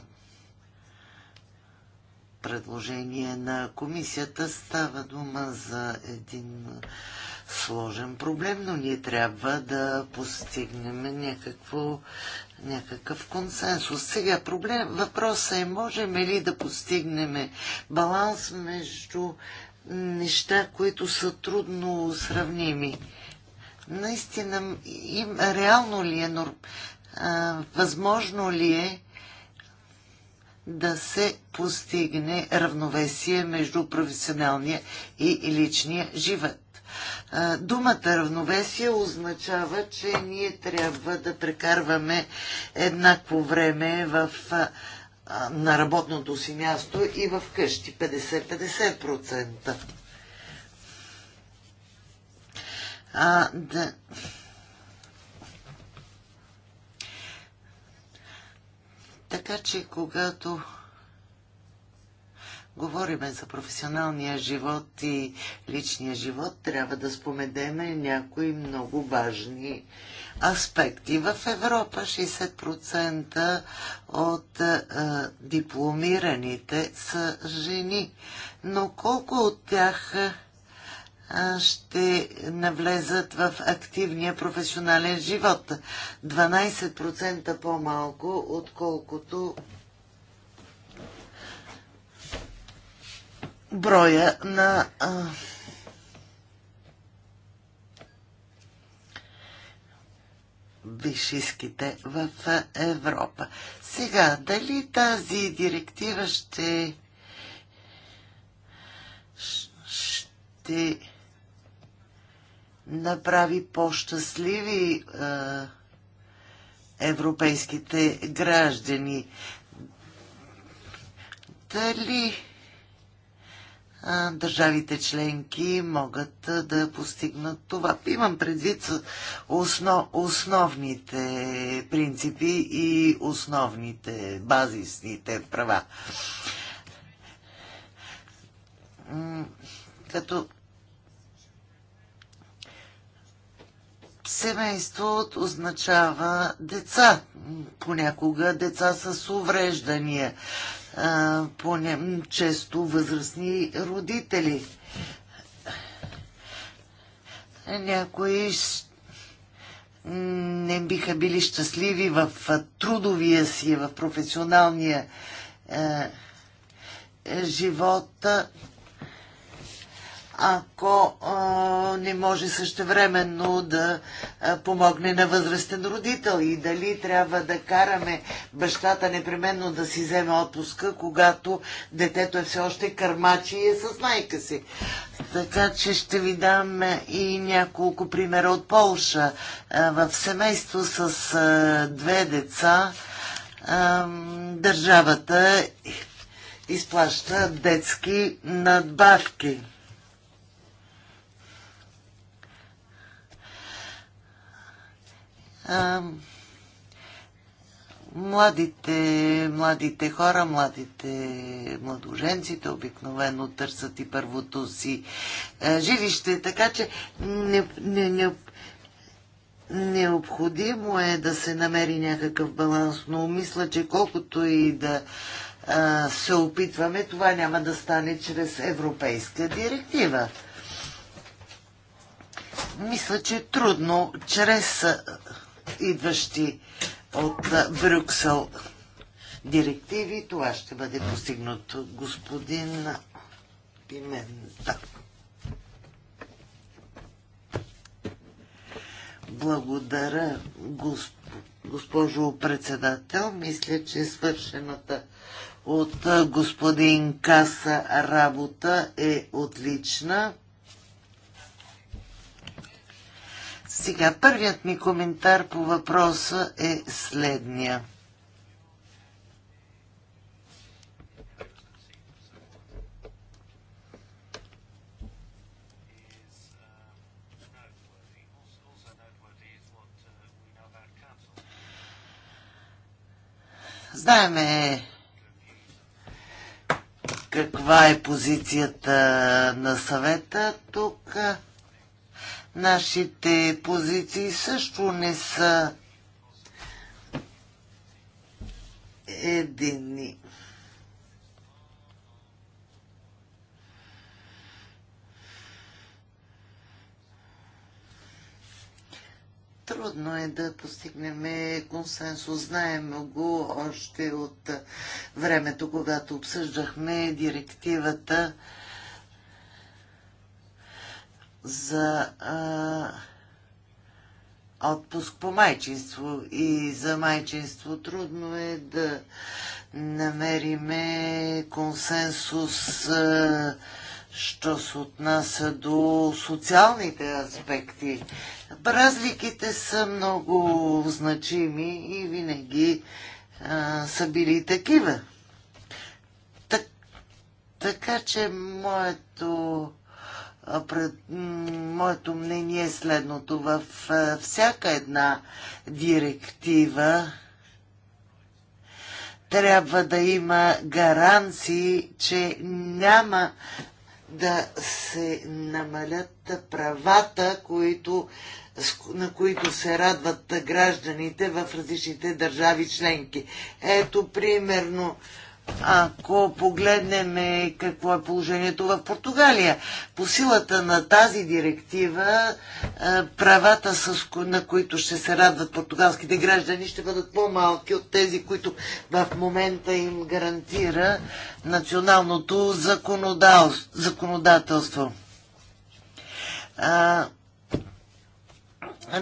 предложение на комисията. Става дума за един сложен проблем, но ние трябва да постигнем някакво, някакъв консенсус. Сега проблем, въпросът е, можем ли да постигнем баланс между неща, които са трудно сравними наистина им, реално ли е, а, възможно ли е да се постигне равновесие между професионалния и личния живот. Думата равновесие означава, че ние трябва да прекарваме еднакво време в, на работното си място и в къщи 50-50%. а, да. Така че, когато говориме за професионалния живот и личния живот, трябва да споменеме някои много важни аспекти. В Европа 60% от а, дипломираните са жени, но колко от тях ще навлезат в активния професионален живот. 12% по-малко, отколкото броя на вишиските в Европа. Сега, дали тази директива ще ще направи по-щастливи е, европейските граждани. Дали държавите членки могат е, да постигнат това. Имам предвид основ, основните принципи и основните базисните права. Като Семейство означава деца. Понякога деца с увреждания, поне, често възрастни родители. Някои не биха били щастливи в трудовия си, в професионалния живот ако а, не може същевременно да а, помогне на възрастен родител и дали трябва да караме бащата непременно да си вземе отпуска, когато детето е все още кърмачи и е с майка си. Така че ще ви дам и няколко примера от Полша. в семейство с а, две деца а, държавата изплаща детски надбавки. а, младите, младите хора, младите младоженците обикновено търсят и първото си а, жилище, така че не, не, не, необходимо е да се намери някакъв баланс, но мисля, че колкото и да а, се опитваме, това няма да стане чрез европейска директива. Мисля, че е трудно чрез идващи от Брюксел директиви. Това ще бъде постигнато господин Пимента. Благодаря, госпожо председател. Мисля, че свършената от господин Каса работа е отлична. Сега, първият ми коментар по въпроса е следния. Знаеме каква е позицията на съвета тук. Нашите позиции също не са едини. Трудно е да постигнем консенсус. Знаем го още от времето, когато обсъждахме директивата за а, отпуск по майчинство и за майчинство трудно е да намериме консенсус, а, що се отнася до социалните аспекти. Разликите са много значими и винаги а, са били такива. Так, така че моето пред, моето мнение е следното. В всяка една директива трябва да има гаранции, че няма да се намалят правата, които, на които се радват гражданите в различните държави членки. Ето, примерно, ако погледнем какво е положението в Португалия, по силата на тази директива е, правата, на които ще се радват португалските граждани, ще бъдат по-малки от тези, които в момента им гарантира националното законодателство.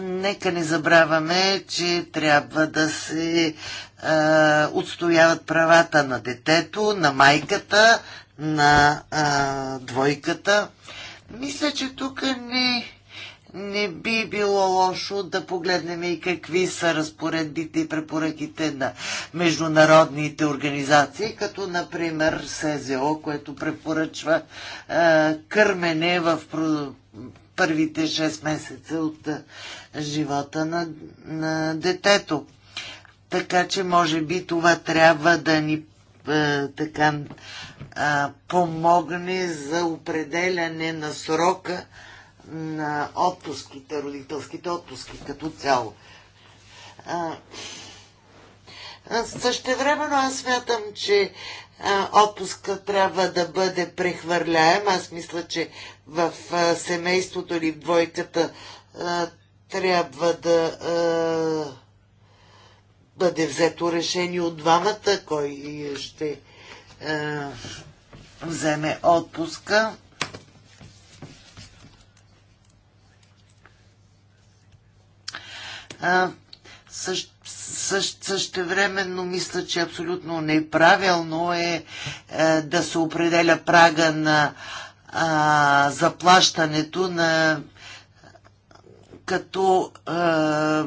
Нека не забравяме, че трябва да се а, отстояват правата на детето, на майката, на а, двойката. Мисля, че тук не, не би било лошо да погледнем и какви са разпоредбите и препоръките на международните организации, като например СЗО, което препоръчва а, кърмене в първите 6 месеца от живота на, на детето. Така че, може би, това трябва да ни така помогне за определяне на срока на отпуските, родителските отпуски като цяло. времено аз смятам, че отпуска трябва да бъде прехвърляем. Аз мисля, че в семейството или в двойката трябва да бъде взето решение от двамата, кой ще вземе отпуска. също също, времено мисля, че абсолютно неправилно е, е да се определя прага на а, заплащането на като а,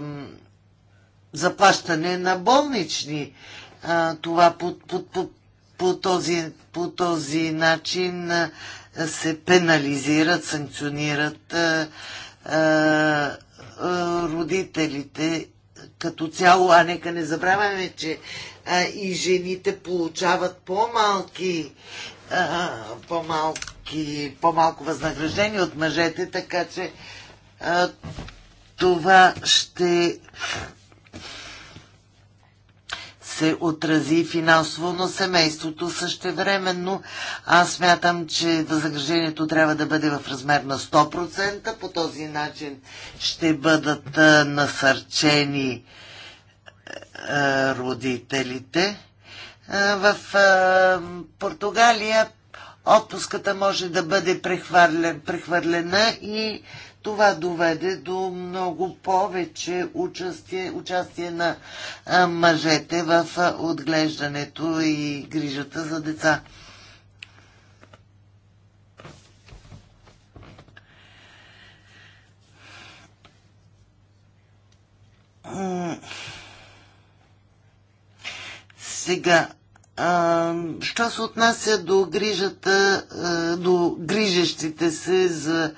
заплащане на болнични. А, това по, по, по, по, този, по този начин а, се пенализират, санкционират а, а, родителите като цяло, а нека не забравяме, че а, и жените получават по-малки по-малки, по-малко възнаграждение от мъжете, така че а, това ще се отрази финансово на семейството. Същевременно аз мятам, че възнаграждението трябва да бъде в размер на 100%. По този начин ще бъдат насърчени родителите. В Португалия отпуската може да бъде прехвърлена и това доведе до много повече участие, участие на мъжете в отглеждането и грижата за деца. Сега, а, що се отнася до грижата, а, до грижещите се за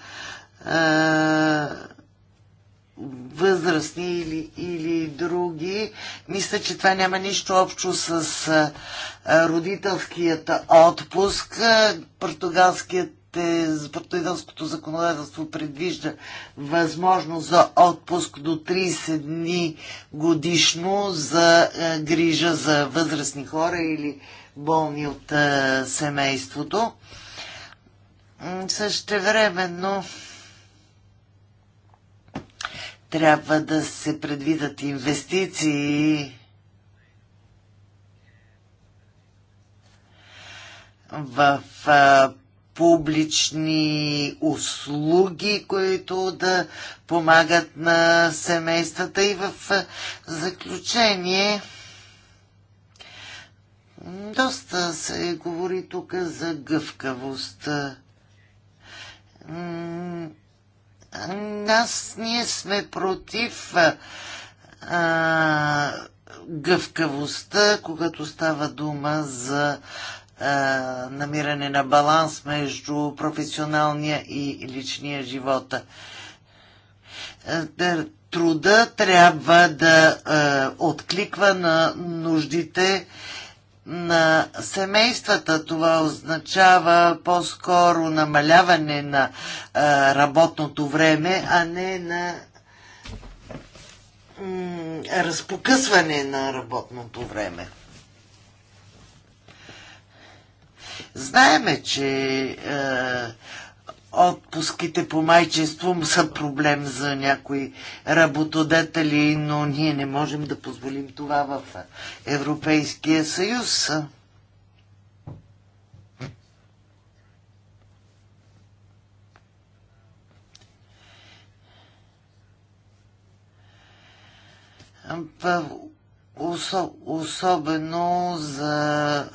възрастни или, или други. Мисля, че това няма нищо общо с родителският отпуск. Португалският е, португалското законодателство предвижда възможност за отпуск до 30 дни годишно за грижа за възрастни хора или болни от семейството. Същевременно времено трябва да се предвидат инвестиции в публични услуги, които да помагат на семействата и в заключение доста се говори тук за гъвкавост нас ние сме против а, гъвкавостта, когато става дума за а, намиране на баланс между професионалния и личния живота. Труда трябва да а, откликва на нуждите на семействата. Това означава по-скоро намаляване на а, работното време, а не на разпокъсване на работното време. Знаеме, че е, отпуските по майчество са проблем за някои работодатели, но ние не можем да позволим това в Европейския съюз. Особено за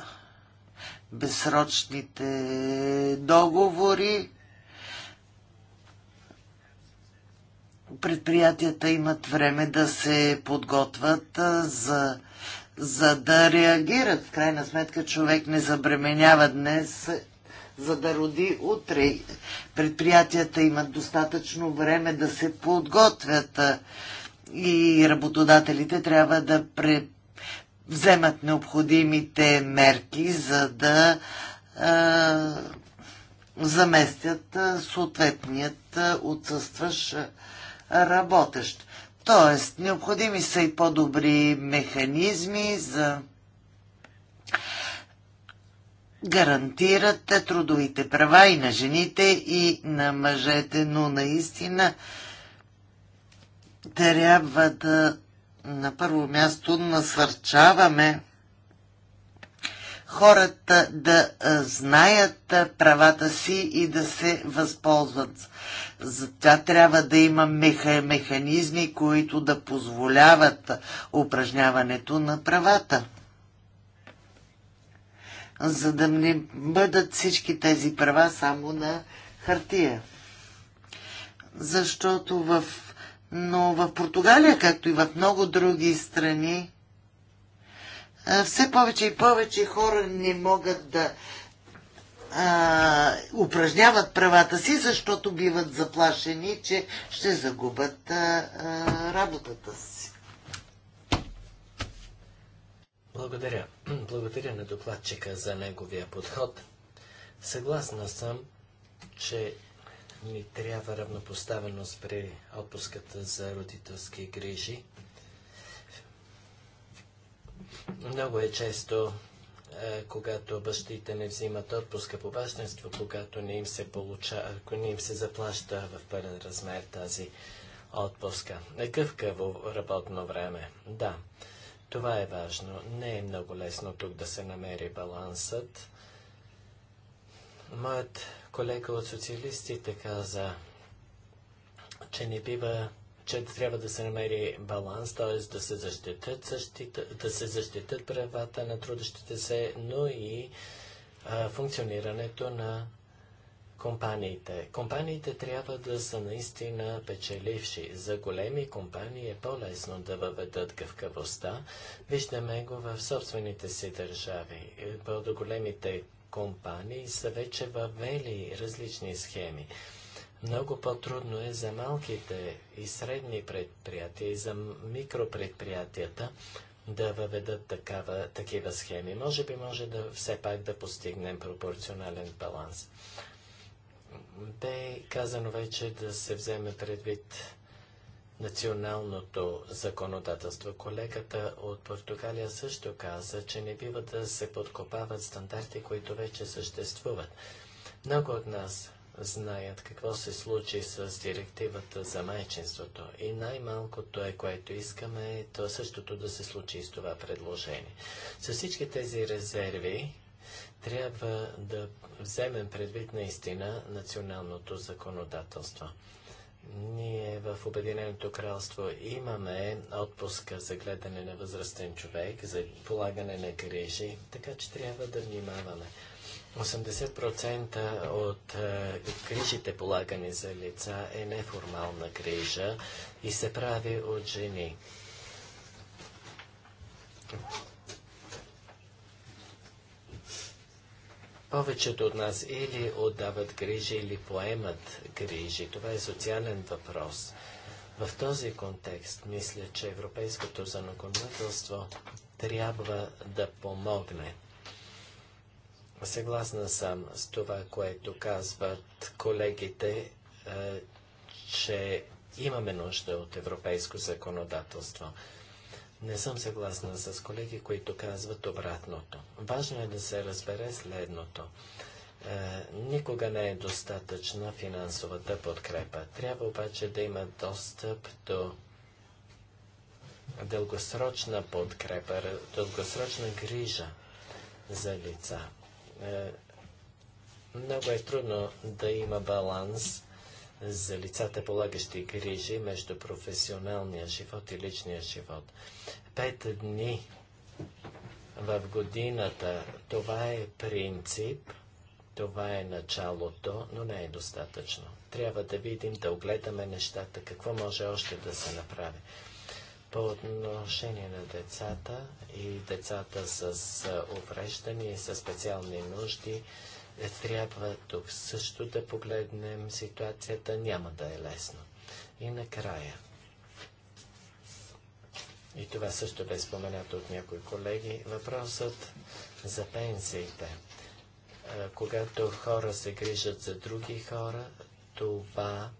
безсрочните договори предприятията имат време да се подготвят за, за да реагират. В крайна сметка човек не забременява днес, за да роди утре. Предприятията имат достатъчно време да се подготвят и работодателите трябва да пре, вземат необходимите мерки, за да заместят съответният отсъстващ работещ. Тоест, необходими са и по-добри механизми за гарантират трудовите права и на жените, и на мъжете, но наистина трябва да на първо място насърчаваме хората да знаят правата си и да се възползват. Затова трябва да има меха, механизми, които да позволяват упражняването на правата. За да не бъдат всички тези права само на хартия. Защото в... Но в Португалия, както и в много други страни, все повече и повече хора не могат да а, упражняват правата си, защото биват заплашени, че ще загубят а, а, работата си. Благодаря. Благодаря на докладчика за неговия подход. Съгласна съм, че ни трябва равнопоставеност при отпуската за родителски грижи. Много е често е, когато бащите не взимат отпуска по бащенство, когато не им се, получа, ако не им се заплаща в пълен размер тази отпуска. Е, гъвкаво работно време. Да, това е важно. Не е много лесно тук да се намери балансът. Моят колега от социалистите каза, че не бива че трябва да се намери баланс, т.е. да се защитят, защита, да се защитят правата на трудещите се, но и а, функционирането на компаниите. Компаниите трябва да са наистина печеливши. За големи компании е по-лесно да въведат гъвкавостта. Виждаме го в собствените си държави. Е, По-големите компании са вече въвели различни схеми. Много по-трудно е за малките и средни предприятия и за микропредприятията да въведат такава, такива схеми. Може би може да все пак да постигнем пропорционален баланс. Бе казано вече да се вземе предвид националното законодателство. Колегата от Португалия също каза, че не бива да се подкопават стандарти, които вече съществуват. Много от нас знаят какво се случи с директивата за майчинството. И най-малкото е, което искаме, е то същото да се случи и с това предложение. С всички тези резерви трябва да вземем предвид наистина националното законодателство. Ние в Обединеното кралство имаме отпуска за гледане на възрастен човек, за полагане на грижи, така че трябва да внимаваме. 80% е, от грижите полагани за лица е неформална грижа и се прави от жени. Повечето от нас или отдават грижи, или поемат грижи. Това е социален въпрос. В този контекст мисля, че европейското законодателство трябва да помогне. Съгласна съм с това, което казват колегите, е, че имаме нужда от европейско законодателство. Не съм съгласна с колеги, които казват обратното. Важно е да се разбере следното. Е, никога не е достатъчна финансовата подкрепа. Трябва обаче да има достъп до дългосрочна подкрепа, дългосрочна грижа за лица. Е, много е трудно да има баланс за лицата полагащи грижи между професионалния живот и личния живот. Пет дни в годината това е принцип, това е началото, но не е достатъчно. Трябва да видим, да огледаме нещата, какво може още да се направи. По отношение на децата и децата с увреждания и с специални нужди, е, трябва тук също да погледнем ситуацията. Няма да е лесно. И накрая. И това също бе споменато от някои колеги. Въпросът за пенсиите. Когато хора се грижат за други хора, това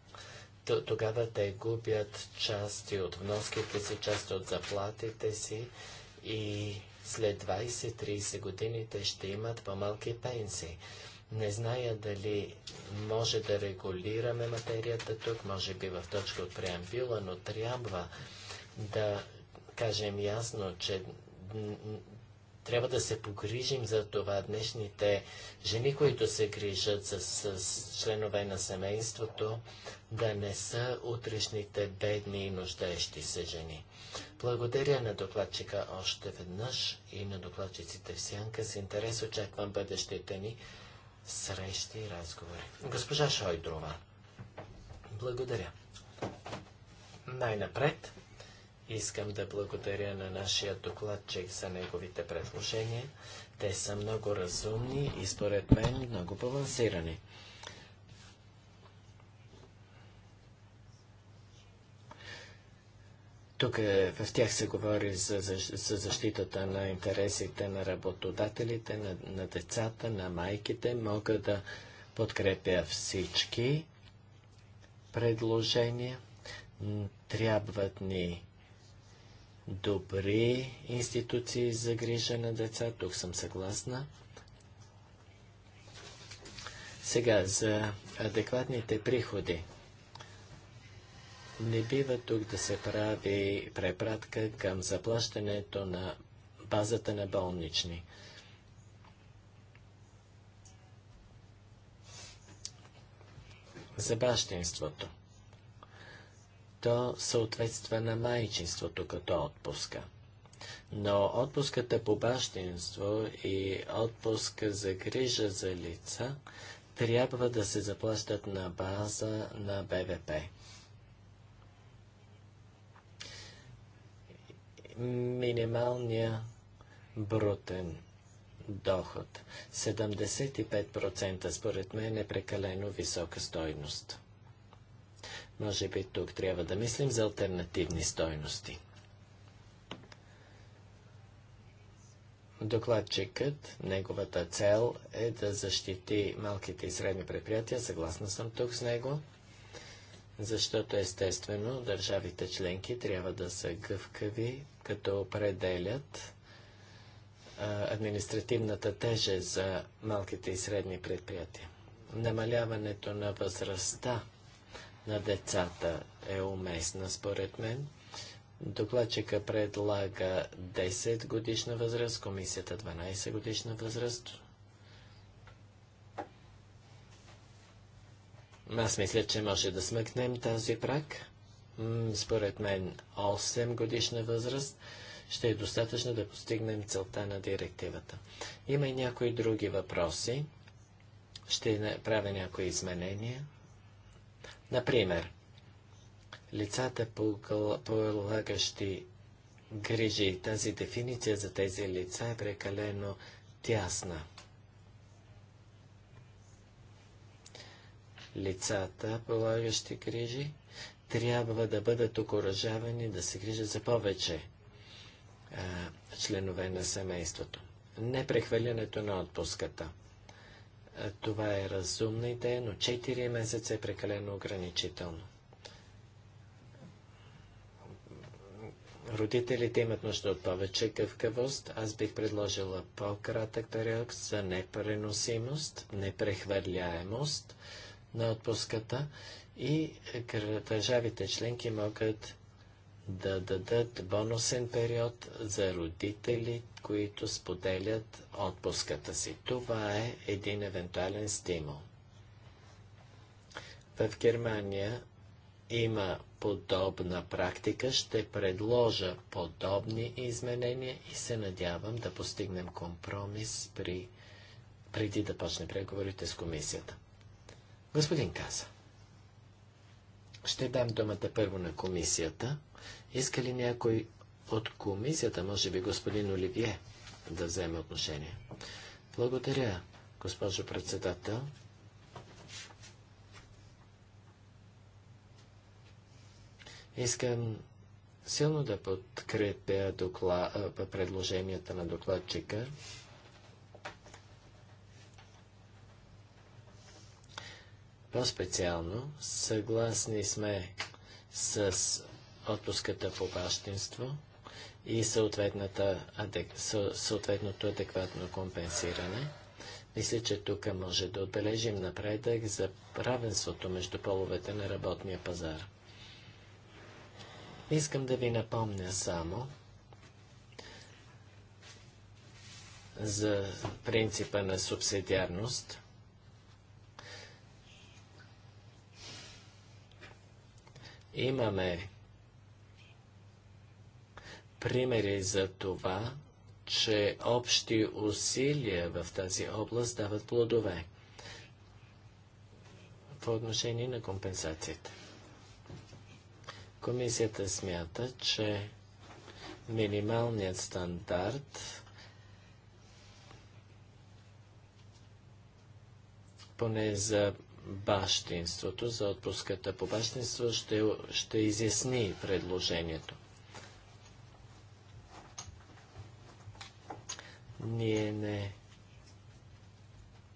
тогава те губят части от вноските си, части от заплатите си и след 20-30 години те ще имат по-малки пенсии. Не зная дали може да регулираме материята тук, може би в точка от преамбюла, но трябва да кажем ясно, че трябва да се погрижим за това. Днешните жени, които се грижат с, с членове на семейството, да не са утрешните бедни и нуждаещи се жени. Благодаря на докладчика още веднъж и на докладчиците в Сянка. С интерес очаквам бъдещите ни срещи и разговори. Госпожа Шойдрова, благодаря. Най-напред Искам да благодаря на нашия докладчик за неговите предложения. Те са много разумни и според мен много балансирани. Тук е, в тях се говори за, за, за защитата на интересите на работодателите, на, на децата, на майките. Мога да подкрепя всички предложения. Трябват ни добри институции за грижа на деца. Тук съм съгласна. Сега за адекватните приходи. Не бива тук да се прави препратка към заплащането на базата на болнични. За бащинството то съответства на майчинството като отпуска. Но отпуската по бащинство и отпуска за грижа за лица трябва да се заплащат на база на БВП. Минималния брутен доход. 75% според мен е прекалено висока стойност. Може би тук трябва да мислим за альтернативни стойности. Докладчикът, неговата цел е да защити малките и средни предприятия, съгласна съм тук с него, защото естествено държавите членки трябва да са гъвкави, като определят а, административната тежест за малките и средни предприятия. Намаляването на възрастта на децата е уместна според мен. Докладчика предлага 10 годишна възраст, комисията 12 годишна възраст. Аз мисля, че може да смъкнем тази прак. Според мен 8 годишна възраст ще е достатъчно да постигнем целта на директивата. Има и някои други въпроси. Ще правя някои изменения. Например, лицата, полагащи грижи, тази дефиниция за тези лица е прекалено тясна. Лицата, полагащи грижи, трябва да бъдат окоръжавани да се грижат за повече а, членове на семейството. Не прехвърлянето на отпуската. Това е разумна идея, но 4 месеца е прекалено ограничително. Родителите имат нужда от повече гъвкавост. Аз бих предложила по-кратък период за непреносимост, непрехвърляемост на отпуската и държавите членки могат да дадат бонусен период за родители, които споделят отпуската си. Това е един евентуален стимул. В Германия има подобна практика, ще предложа подобни изменения и се надявам да постигнем компромис при, преди да почне преговорите с комисията. Господин Каза, ще дам думата първо на комисията иска ли някой от комисията, може би господин Оливие, да вземе отношение? Благодаря, госпожо председател. Искам силно да подкрепя докла... предложенията на докладчика. По-специално, съгласни сме с отпуската по бащинство и съответното адекватно компенсиране. Мисля, че тук може да отбележим напредък за равенството между половете на работния пазар. Искам да ви напомня само за принципа на субсидиарност. Имаме примери за това, че общи усилия в тази област дават плодове по отношение на компенсацията. Комисията смята, че минималният стандарт поне за бащинството, за отпуската по бащинство, ще, ще изясни предложението. Ние не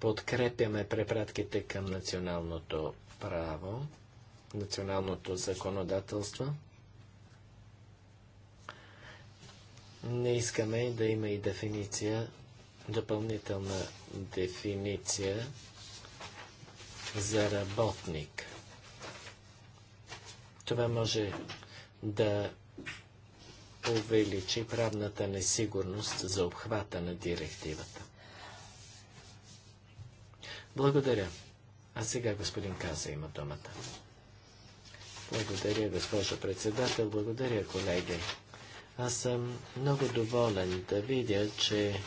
подкрепяме препратките към националното право, националното законодателство. Не искаме да има и дефиниция, допълнителна дефиниция за работник. Това може да увеличи правната несигурност за обхвата на директивата. Благодаря. А сега господин Каза има думата. Благодаря, госпожо председател. Благодаря, колеги. Аз съм много доволен да видя, че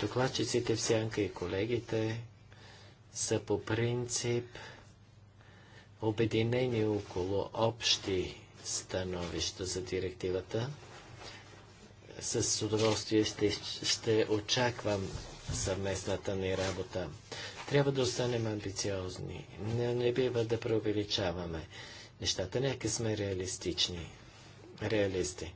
докладчиците в Сянка и колегите са по принцип обединени около общи становища за директивата. С удоволствие ще, ще очаквам съвместната ни работа. Трябва да останем амбициозни. Не, не бива да преувеличаваме нещата. Нека сме реалистични. Реалисти.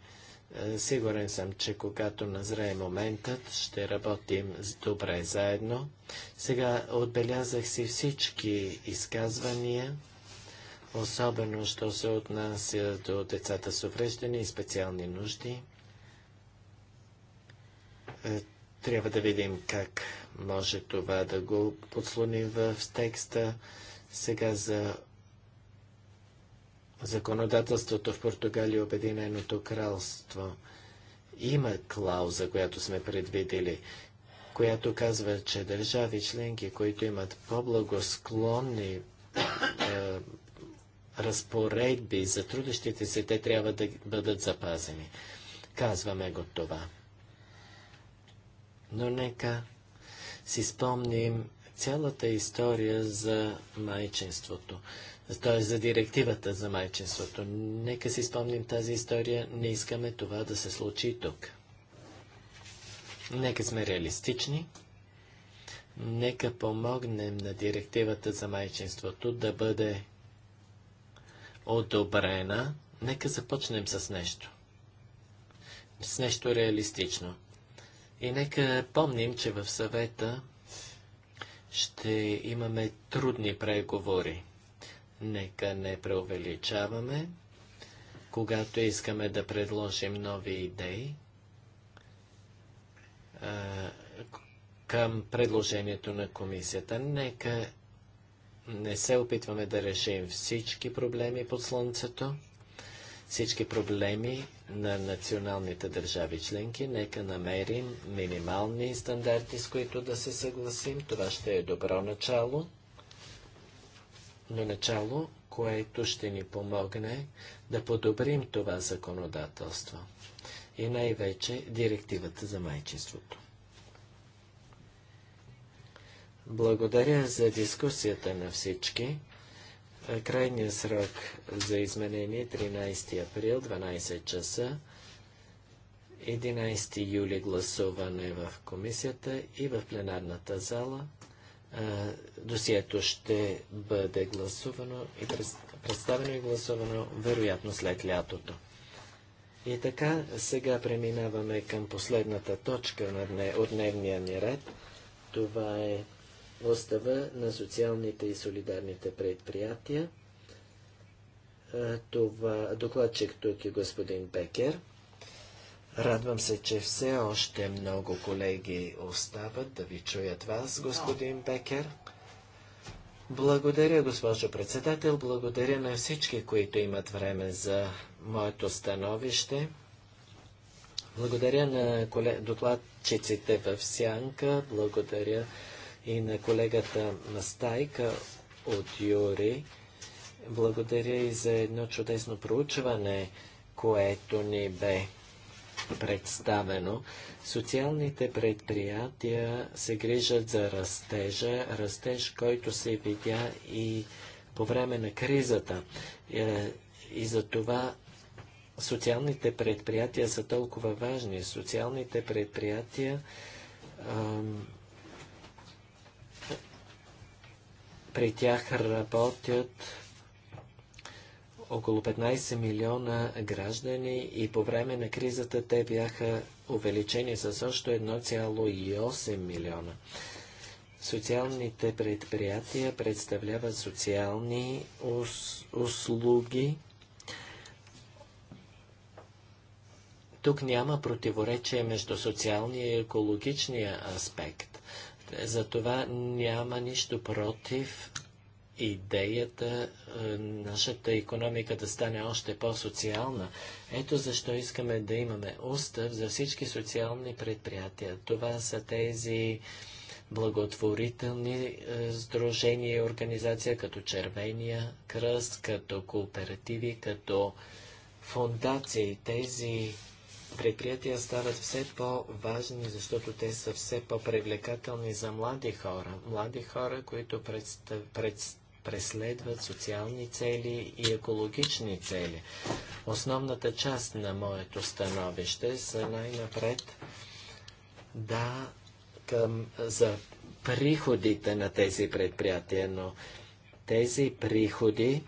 Е, сигурен съм, че когато назрее моментът, ще работим добре заедно. Сега отбелязах си всички изказвания, особено що се отнася до децата с увреждане и специални нужди. Е, трябва да видим как може това да го подслоним в текста. Сега за законодателството в Португалия и Обединеното кралство. Има клауза, която сме предвидели, която казва, че държави членки, които имат по-благосклонни е, разпоредби за трудещите се, те трябва да бъдат запазени. Казваме го това. Но нека си спомним цялата история за майчинството, т.е. за директивата за майчинството. Нека си спомним тази история, не искаме това да се случи и тук. Нека сме реалистични, нека помогнем на директивата за майчинството да бъде одобрена, нека започнем с нещо. С нещо реалистично. И нека помним, че в съвета ще имаме трудни преговори. Нека не преувеличаваме, когато искаме да предложим нови идеи към предложението на комисията. Нека не се опитваме да решим всички проблеми под слънцето всички проблеми на националните държави членки. Нека намерим минимални стандарти, с които да се съгласим. Това ще е добро начало, но начало, което ще ни помогне да подобрим това законодателство и най-вече директивата за майчеството. Благодаря за дискусията на всички. Е, Крайния срок за изменение 13 е април, 12 часа. 11 юли гласуване в комисията и в пленарната зала. Е, досието ще бъде гласувано и представено и гласувано вероятно след лятото. И така, сега преминаваме към последната точка от дневния ни ред. Това е устава на социалните и солидарните предприятия. Това докладчик тук е господин Бекер. Радвам се, че все още много колеги остават да ви чуят вас, господин Бекер. Благодаря, госпожо председател. Благодаря на всички, които имат време за моето становище. Благодаря на докладчиците в Сянка. Благодаря и на колегата Мастайка от Юри. Благодаря и за едно чудесно проучване, което ни бе представено. Социалните предприятия се грижат за растежа, растеж, който се видя и по време на кризата. Е, и за това социалните предприятия са толкова важни. Социалните предприятия При тях работят около 15 милиона граждани и по време на кризата те бяха увеличени с още 1,8 милиона. Социалните предприятия представляват социални ус услуги. Тук няма противоречие между социалния и екологичния аспект. Затова няма нищо против идеята е, нашата економика да стане още по-социална. Ето защо искаме да имаме устав за всички социални предприятия. Това са тези благотворителни е, сдружения и организация, като Червения кръст, като кооперативи, като фундации. Тези предприятия стават все по-важни, защото те са все по-привлекателни за млади хора. Млади хора, които представ... Пред... преследват социални цели и екологични цели. Основната част на моето становище са най-напред да към, за приходите на тези предприятия, но тези приходи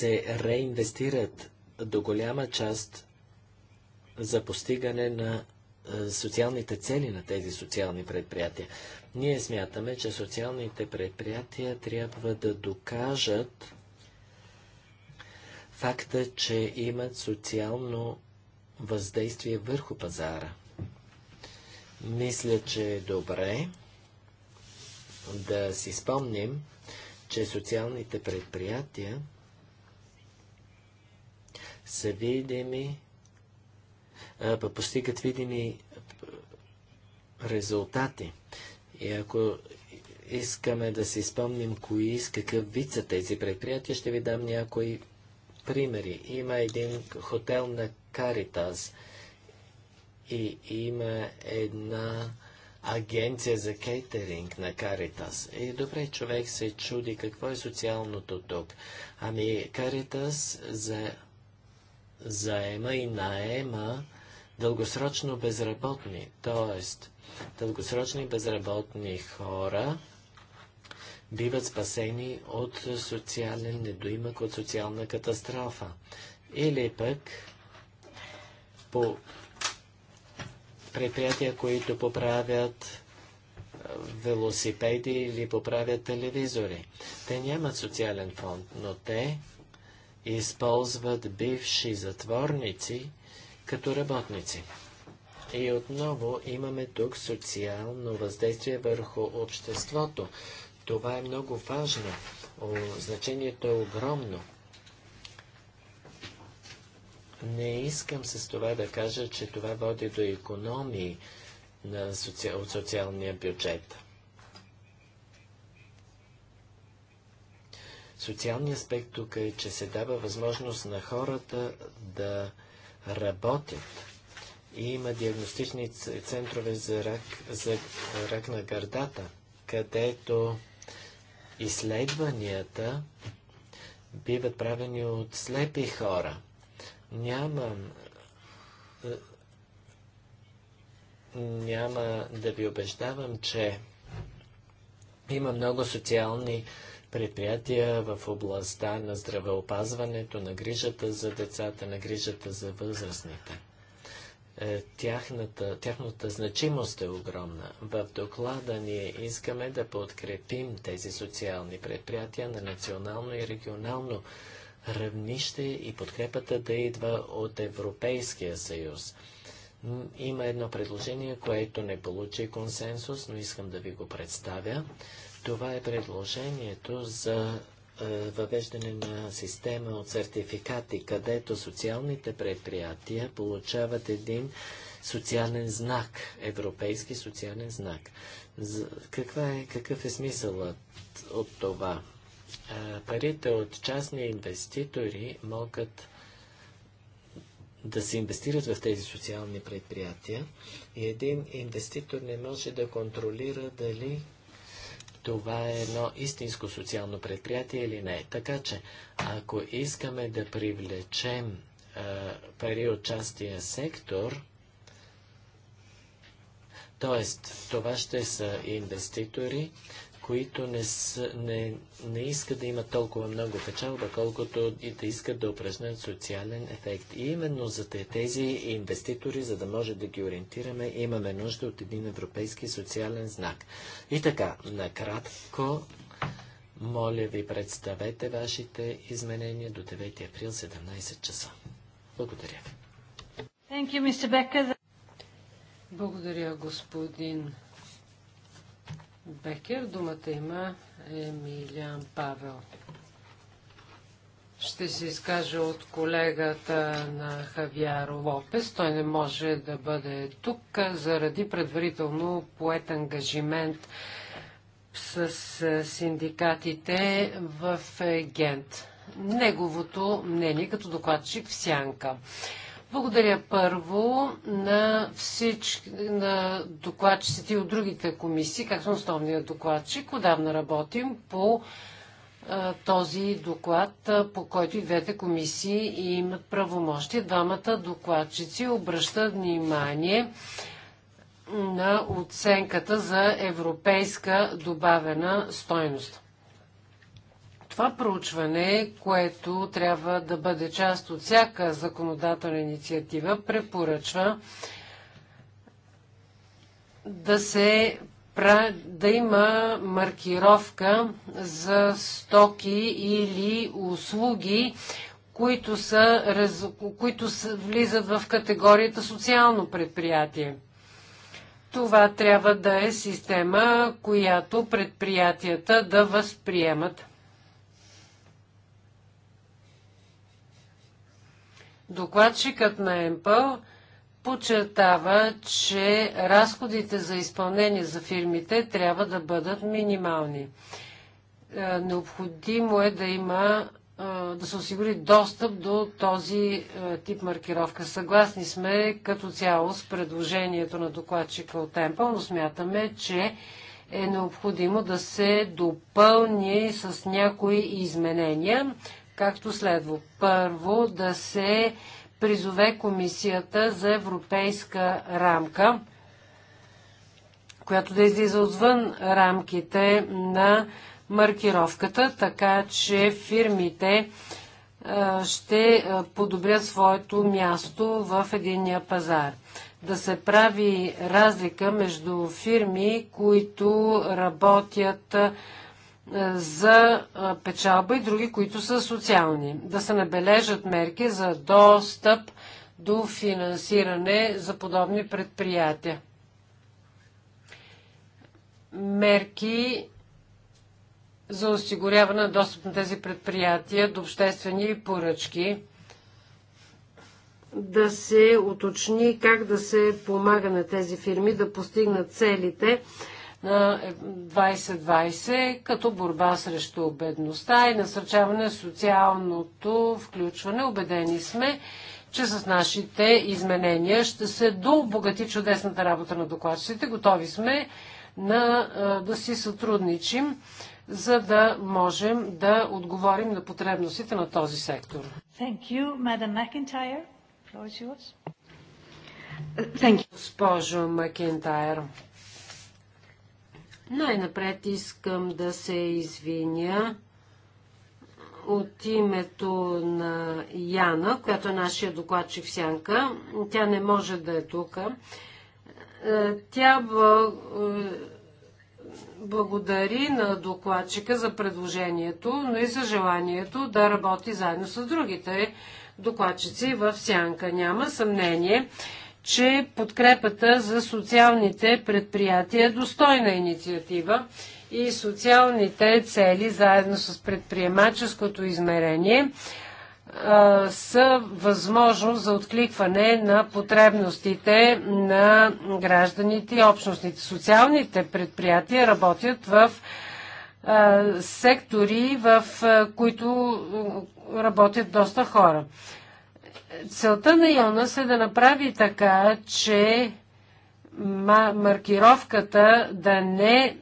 се реинвестират до голяма част за постигане на социалните цели на тези социални предприятия. Ние смятаме, че социалните предприятия трябва да докажат факта, че имат социално въздействие върху пазара. Мисля, че е добре да си спомним, че социалните предприятия са видими, постигат видими резултати. И ако искаме да си спомним кои с какъв вид са тези предприятия, ще ви дам някои примери. Има един хотел на Каритас и има една агенция за кейтеринг на Каритас. И добре, човек се чуди какво е социалното тук. Ами Каритас за заема и наема дългосрочно безработни, т.е. дългосрочни безработни хора биват спасени от социален недоимък, от социална катастрофа. Или пък по предприятия, които поправят велосипеди или поправят телевизори. Те нямат социален фонд, но те използват бивши затворници като работници. И отново имаме тук социално въздействие върху обществото. Това е много важно. значението е огромно. Не искам с това да кажа, че това води до економии на соци... от социалния бюджет. Социалният аспект тук е, че се дава възможност на хората да работят. И има диагностични центрове за рак, за рак на гърдата, където изследванията биват правени от слепи хора. Няма, е, няма да ви убеждавам, че има много социални предприятия в областта на здравеопазването, на грижата за децата, на грижата за възрастните. Е, тяхната, тяхната значимост е огромна. В доклада ние искаме да подкрепим тези социални предприятия на национално и регионално равнище и подкрепата да идва от Европейския съюз. Има едно предложение, което не получи консенсус, но искам да ви го представя. Това е предложението за е, въвеждане на система от сертификати, където социалните предприятия получават един социален знак, европейски социален знак. За, каква е, какъв е смисълът от това? Е, парите от частни инвеститори могат да се инвестират в тези социални предприятия и един инвеститор не може да контролира дали това е едно истинско социално предприятие или не. Така че, ако искаме да привлечем а, пари от частия сектор, т.е. това ще са инвеститори, които не, с, не, не искат да имат толкова много печалба, колкото и да искат да упражнят социален ефект. И именно за тези инвеститори, за да може да ги ориентираме, имаме нужда от един европейски социален знак. И така, накратко, моля ви, представете вашите изменения до 9 април 17 часа. Благодаря ви. Благодаря, господин Бекер. Думата има Емилиан Павел. Ще се изкажа от колегата на Хавяро Лопес. Той не може да бъде тук заради предварително поет ангажимент с е, синдикатите в е, Гент. Неговото мнение като докладчик в Сянка. Благодаря първо на всички, на докладчиците от другите комисии, както основния докладчик. Отдавна работим по а, този доклад, а, по който и двете комисии имат правомощи. Двамата докладчици обръщат внимание на оценката за европейска добавена стойност това проучване, което трябва да бъде част от всяка законодателна инициатива, препоръчва да се да има маркировка за стоки или услуги, които, са, които са, влизат в категорията социално предприятие. Това трябва да е система, която предприятията да възприемат. Докладчикът на МПЛ подчертава, че разходите за изпълнение за фирмите трябва да бъдат минимални. Е, необходимо е да има е, да се осигури достъп до този е, тип маркировка. Съгласни сме като цяло с предложението на докладчика от Темпъл, но смятаме, че е необходимо да се допълни с някои изменения както следва. Първо да се призове Комисията за европейска рамка, която да излиза отвън рамките на маркировката, така че фирмите ще подобрят своето място в единния пазар. Да се прави разлика между фирми, които работят е, за е, печалба и други, които са социални. Да се набележат мерки за достъп до финансиране за подобни предприятия. Мерки за осигуряване на достъп на тези предприятия до обществени поръчки. Да се уточни как да се помага на тези фирми да постигнат целите на 2020 като борба срещу бедността и насърчаване на социалното включване. Обедени сме, че с нашите изменения ще се дообогати чудесната работа на докладчиците. Готови сме на, да си сътрудничим, за да можем да отговорим на потребностите на този сектор. Thank you, Madam McIntyre. Thank you. Госпожо Макентайр, най-напред искам да се извиня от името на Яна, която е нашия докладчик в Сянка. Тя не може да е тук. Е, тя е, благодари на докладчика за предложението, но и за желанието да работи заедно с другите докладчици в Сянка. Няма съмнение, че подкрепата за социалните предприятия е достойна инициатива и социалните цели, заедно с предприемаческото измерение, са възможност за откликване на потребностите на гражданите и общностите. Социалните предприятия работят в сектори, в които работят доста хора. Целта на Йонас е да направи така, че маркировката да не,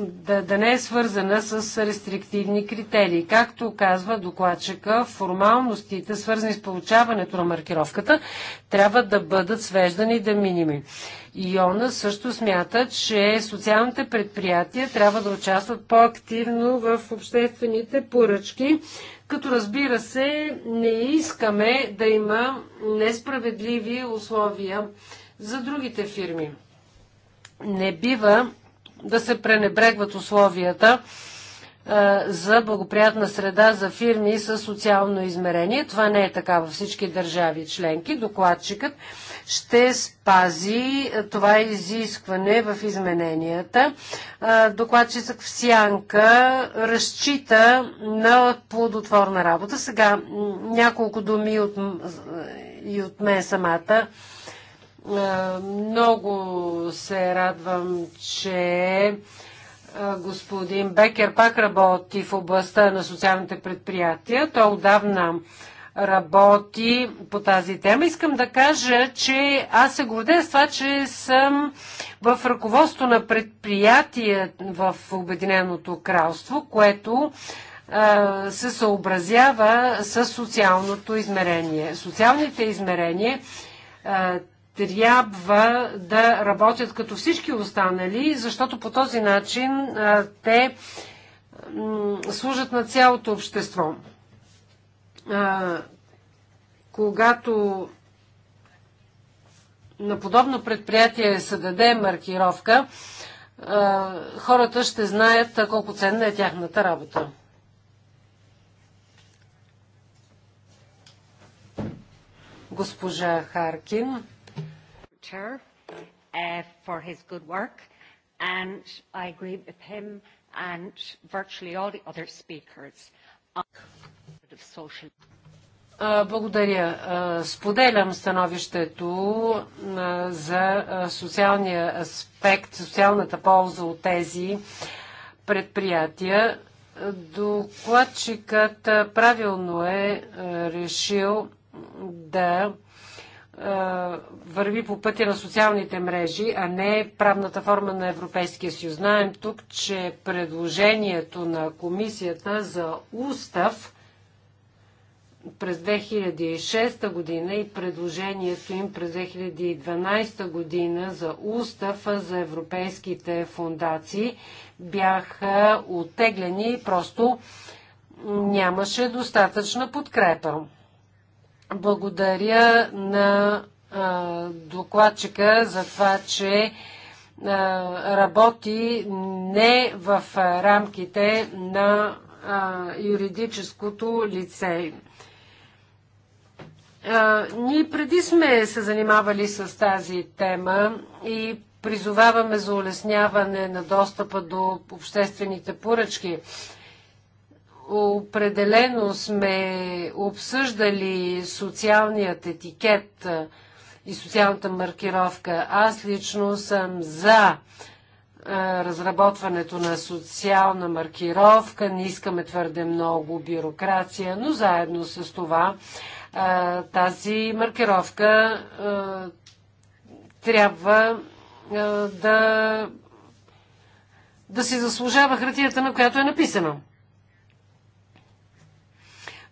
да, да не е свързана с рестриктивни критерии. Както казва докладчика, формалностите, свързани с получаването на маркировката, трябва да бъдат свеждани до да миними. Иона също смята, че социалните предприятия трябва да участват по-активно в обществените поръчки, като разбира се не искаме да има несправедливи условия за другите фирми. Не бива да се пренебрегват условията е, за благоприятна среда за фирми с социално измерение. Това не е така във всички държави членки. Докладчикът ще спази е, това изискване в измененията. Е, докладчик в Сянка разчита на плодотворна работа. Сега няколко думи от, и от мен самата. Много се радвам, че господин Бекер пак работи в областта на социалните предприятия. Той отдавна работи по тази тема. Искам да кажа, че аз се гордея с това, че съм в ръководство на предприятие в Обединеното кралство, което а, се съобразява с социалното измерение. Социалните измерения а, трябва да работят като всички останали, защото по този начин те служат на цялото общество. Когато на подобно предприятие се даде маркировка, хората ще знаят колко ценна е тяхната работа. Госпожа Харкин rapporteur uh, for his good work, and I agree with him and virtually all the other speakers on social. Благодаря. Споделям становището за социалния аспект, социалната полза от тези предприятия. Докладчикът правилно е решил да е, върви по пътя на социалните мрежи, а не правната форма на Европейския съюз. Знаем тук, че предложението на комисията за устав през 2006 година и предложението им през 2012 година за устав за европейските фундации бяха оттеглени и просто нямаше достатъчна подкрепа. Благодаря на а, докладчика за това, че а, работи не в рамките на а, юридическото лице. Ние преди сме се занимавали с тази тема и призоваваме за улесняване на достъпа до обществените поръчки. Определено сме обсъждали социалният етикет и социалната маркировка. Аз лично съм за разработването на социална маркировка. Не искаме твърде много бюрокрация, но заедно с това тази маркировка трябва да, да си заслужава хартията, на която е написано.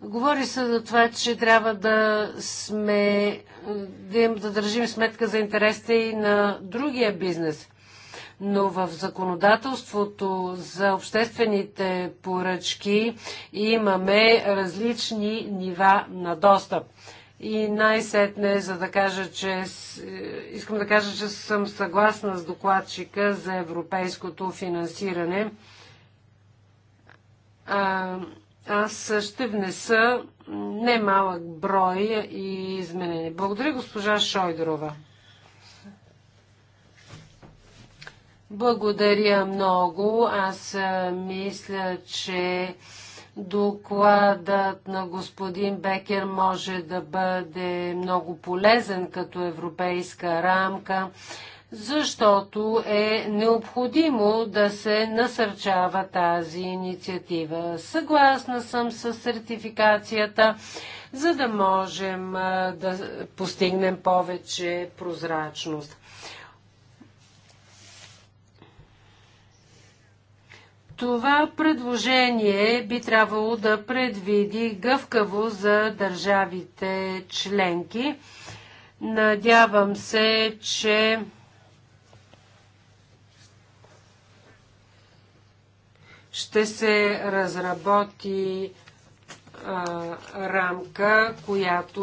Говори се за това, че трябва да сме, да, им, да държим сметка за интересите и на другия бизнес. Но в законодателството за обществените поръчки имаме различни нива на достъп. И най-сетне, за да кажа, че е, искам да кажа, че съм съгласна с докладчика за европейското финансиране. Аз ще внеса немалък брой и изменения. Благодаря, госпожа Шойдрова. Благодаря много. Аз мисля, че докладът на господин Бекер може да бъде много полезен като европейска рамка защото е необходимо да се насърчава тази инициатива. Съгласна съм с сертификацията, за да можем да постигнем повече прозрачност. Това предложение би трябвало да предвиди гъвкаво за държавите членки. Надявам се, че Ще се разработи а, рамка, която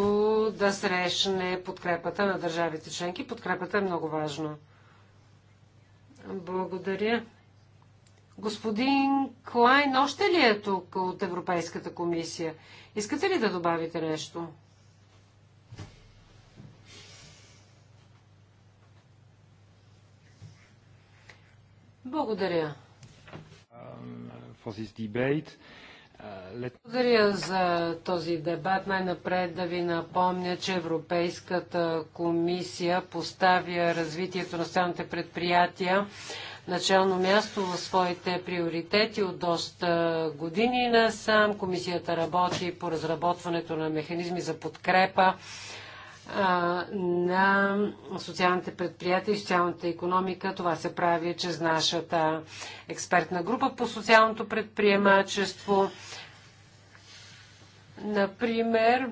да срещне подкрепата на държавите членки. Подкрепата е много важна. Благодаря. Господин Клайн, още ли е тук от Европейската комисия? Искате ли да добавите нещо? Благодаря. Uh, Благодаря за този дебат. Най-напред да ви напомня, че Европейската комисия поставя развитието на социалните предприятия начално място в своите приоритети от доста години насам. Комисията работи по разработването на механизми за подкрепа на социалните предприятия и социалната економика. Това се прави чрез нашата експертна група по социалното предприемачество. Например,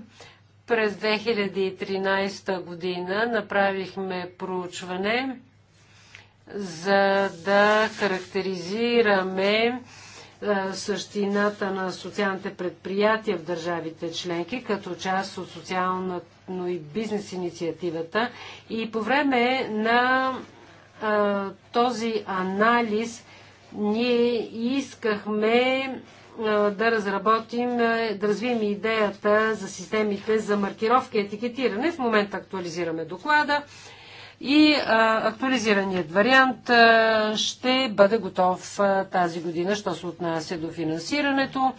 през 2013 година направихме проучване, за да характеризираме същината на социалните предприятия в държавите членки, като част от социалната но и бизнес инициативата. И по време на а, този анализ ние искахме да разработим, да развием идеята за системите за маркировка и етикетиране. В момента актуализираме доклада и а, актуализираният вариант а, ще бъде готов а, тази година, що се отнася до финансирането.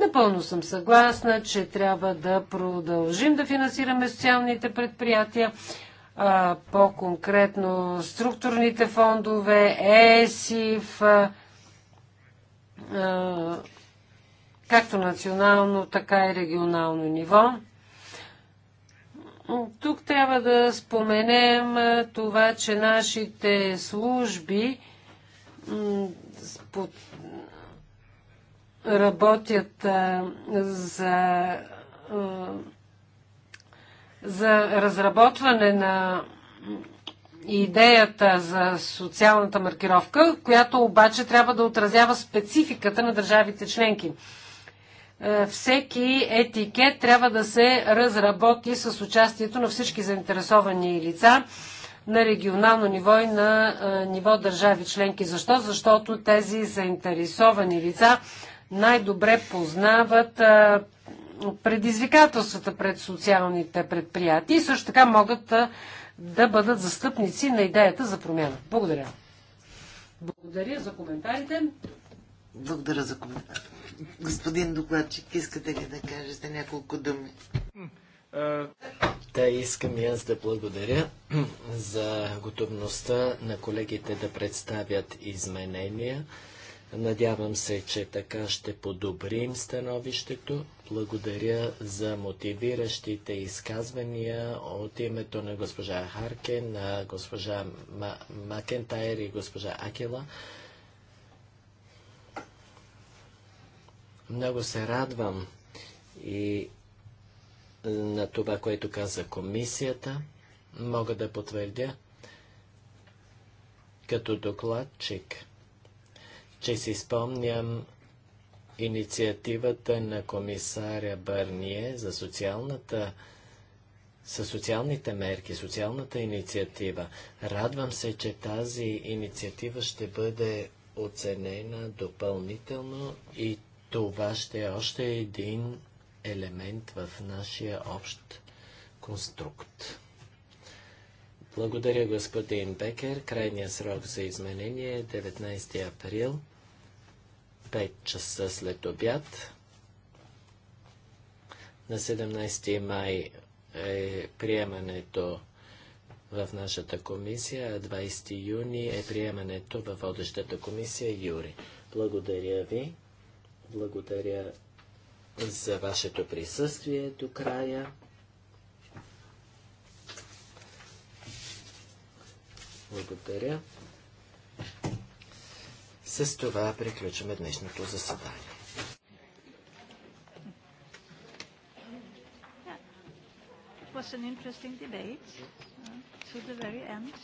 Напълно съм съгласна, че трябва да продължим да финансираме социалните предприятия, по-конкретно структурните фондове, ЕСИФ, както национално, така и регионално ниво. Тук трябва да споменем това, че нашите служби работят за, за разработване на идеята за социалната маркировка, която обаче трябва да отразява спецификата на държавите членки. Е, всеки етикет трябва да се разработи с участието на всички заинтересовани лица на регионално ниво и на е, ниво държави членки. Защо? Защото тези заинтересовани лица най-добре познават е, предизвикателствата пред социалните предприятия и също така могат да бъдат застъпници на идеята за промяна. Благодаря. Благодаря за коментарите. Благодаря за коментарите господин докладчик, искате ли да кажете няколко думи? Да, искам и аз да благодаря за готовността на колегите да представят изменения. Надявам се, че така ще подобрим становището. Благодаря за мотивиращите изказвания от името на госпожа Харкен, на госпожа Макентайр и госпожа Акела. Много се радвам и е, на това, което каза комисията. Мога да потвърдя като докладчик, че си спомням инициативата на комисаря Бърние за социалната със социалните мерки, социалната инициатива. Радвам се, че тази инициатива ще бъде оценена допълнително и това ще е още един елемент в нашия общ конструкт. Благодаря, господин Бекер. Крайният срок за изменение е 19 април, 5 часа след обяд. На 17 май е приемането в нашата комисия, а 20 юни е приемането във водещата комисия Юри. Благодаря ви. Благодаря за вашето присъствие до края. Благодаря. С това приключваме днешното заседание. It was an interesting debate uh, to the very end.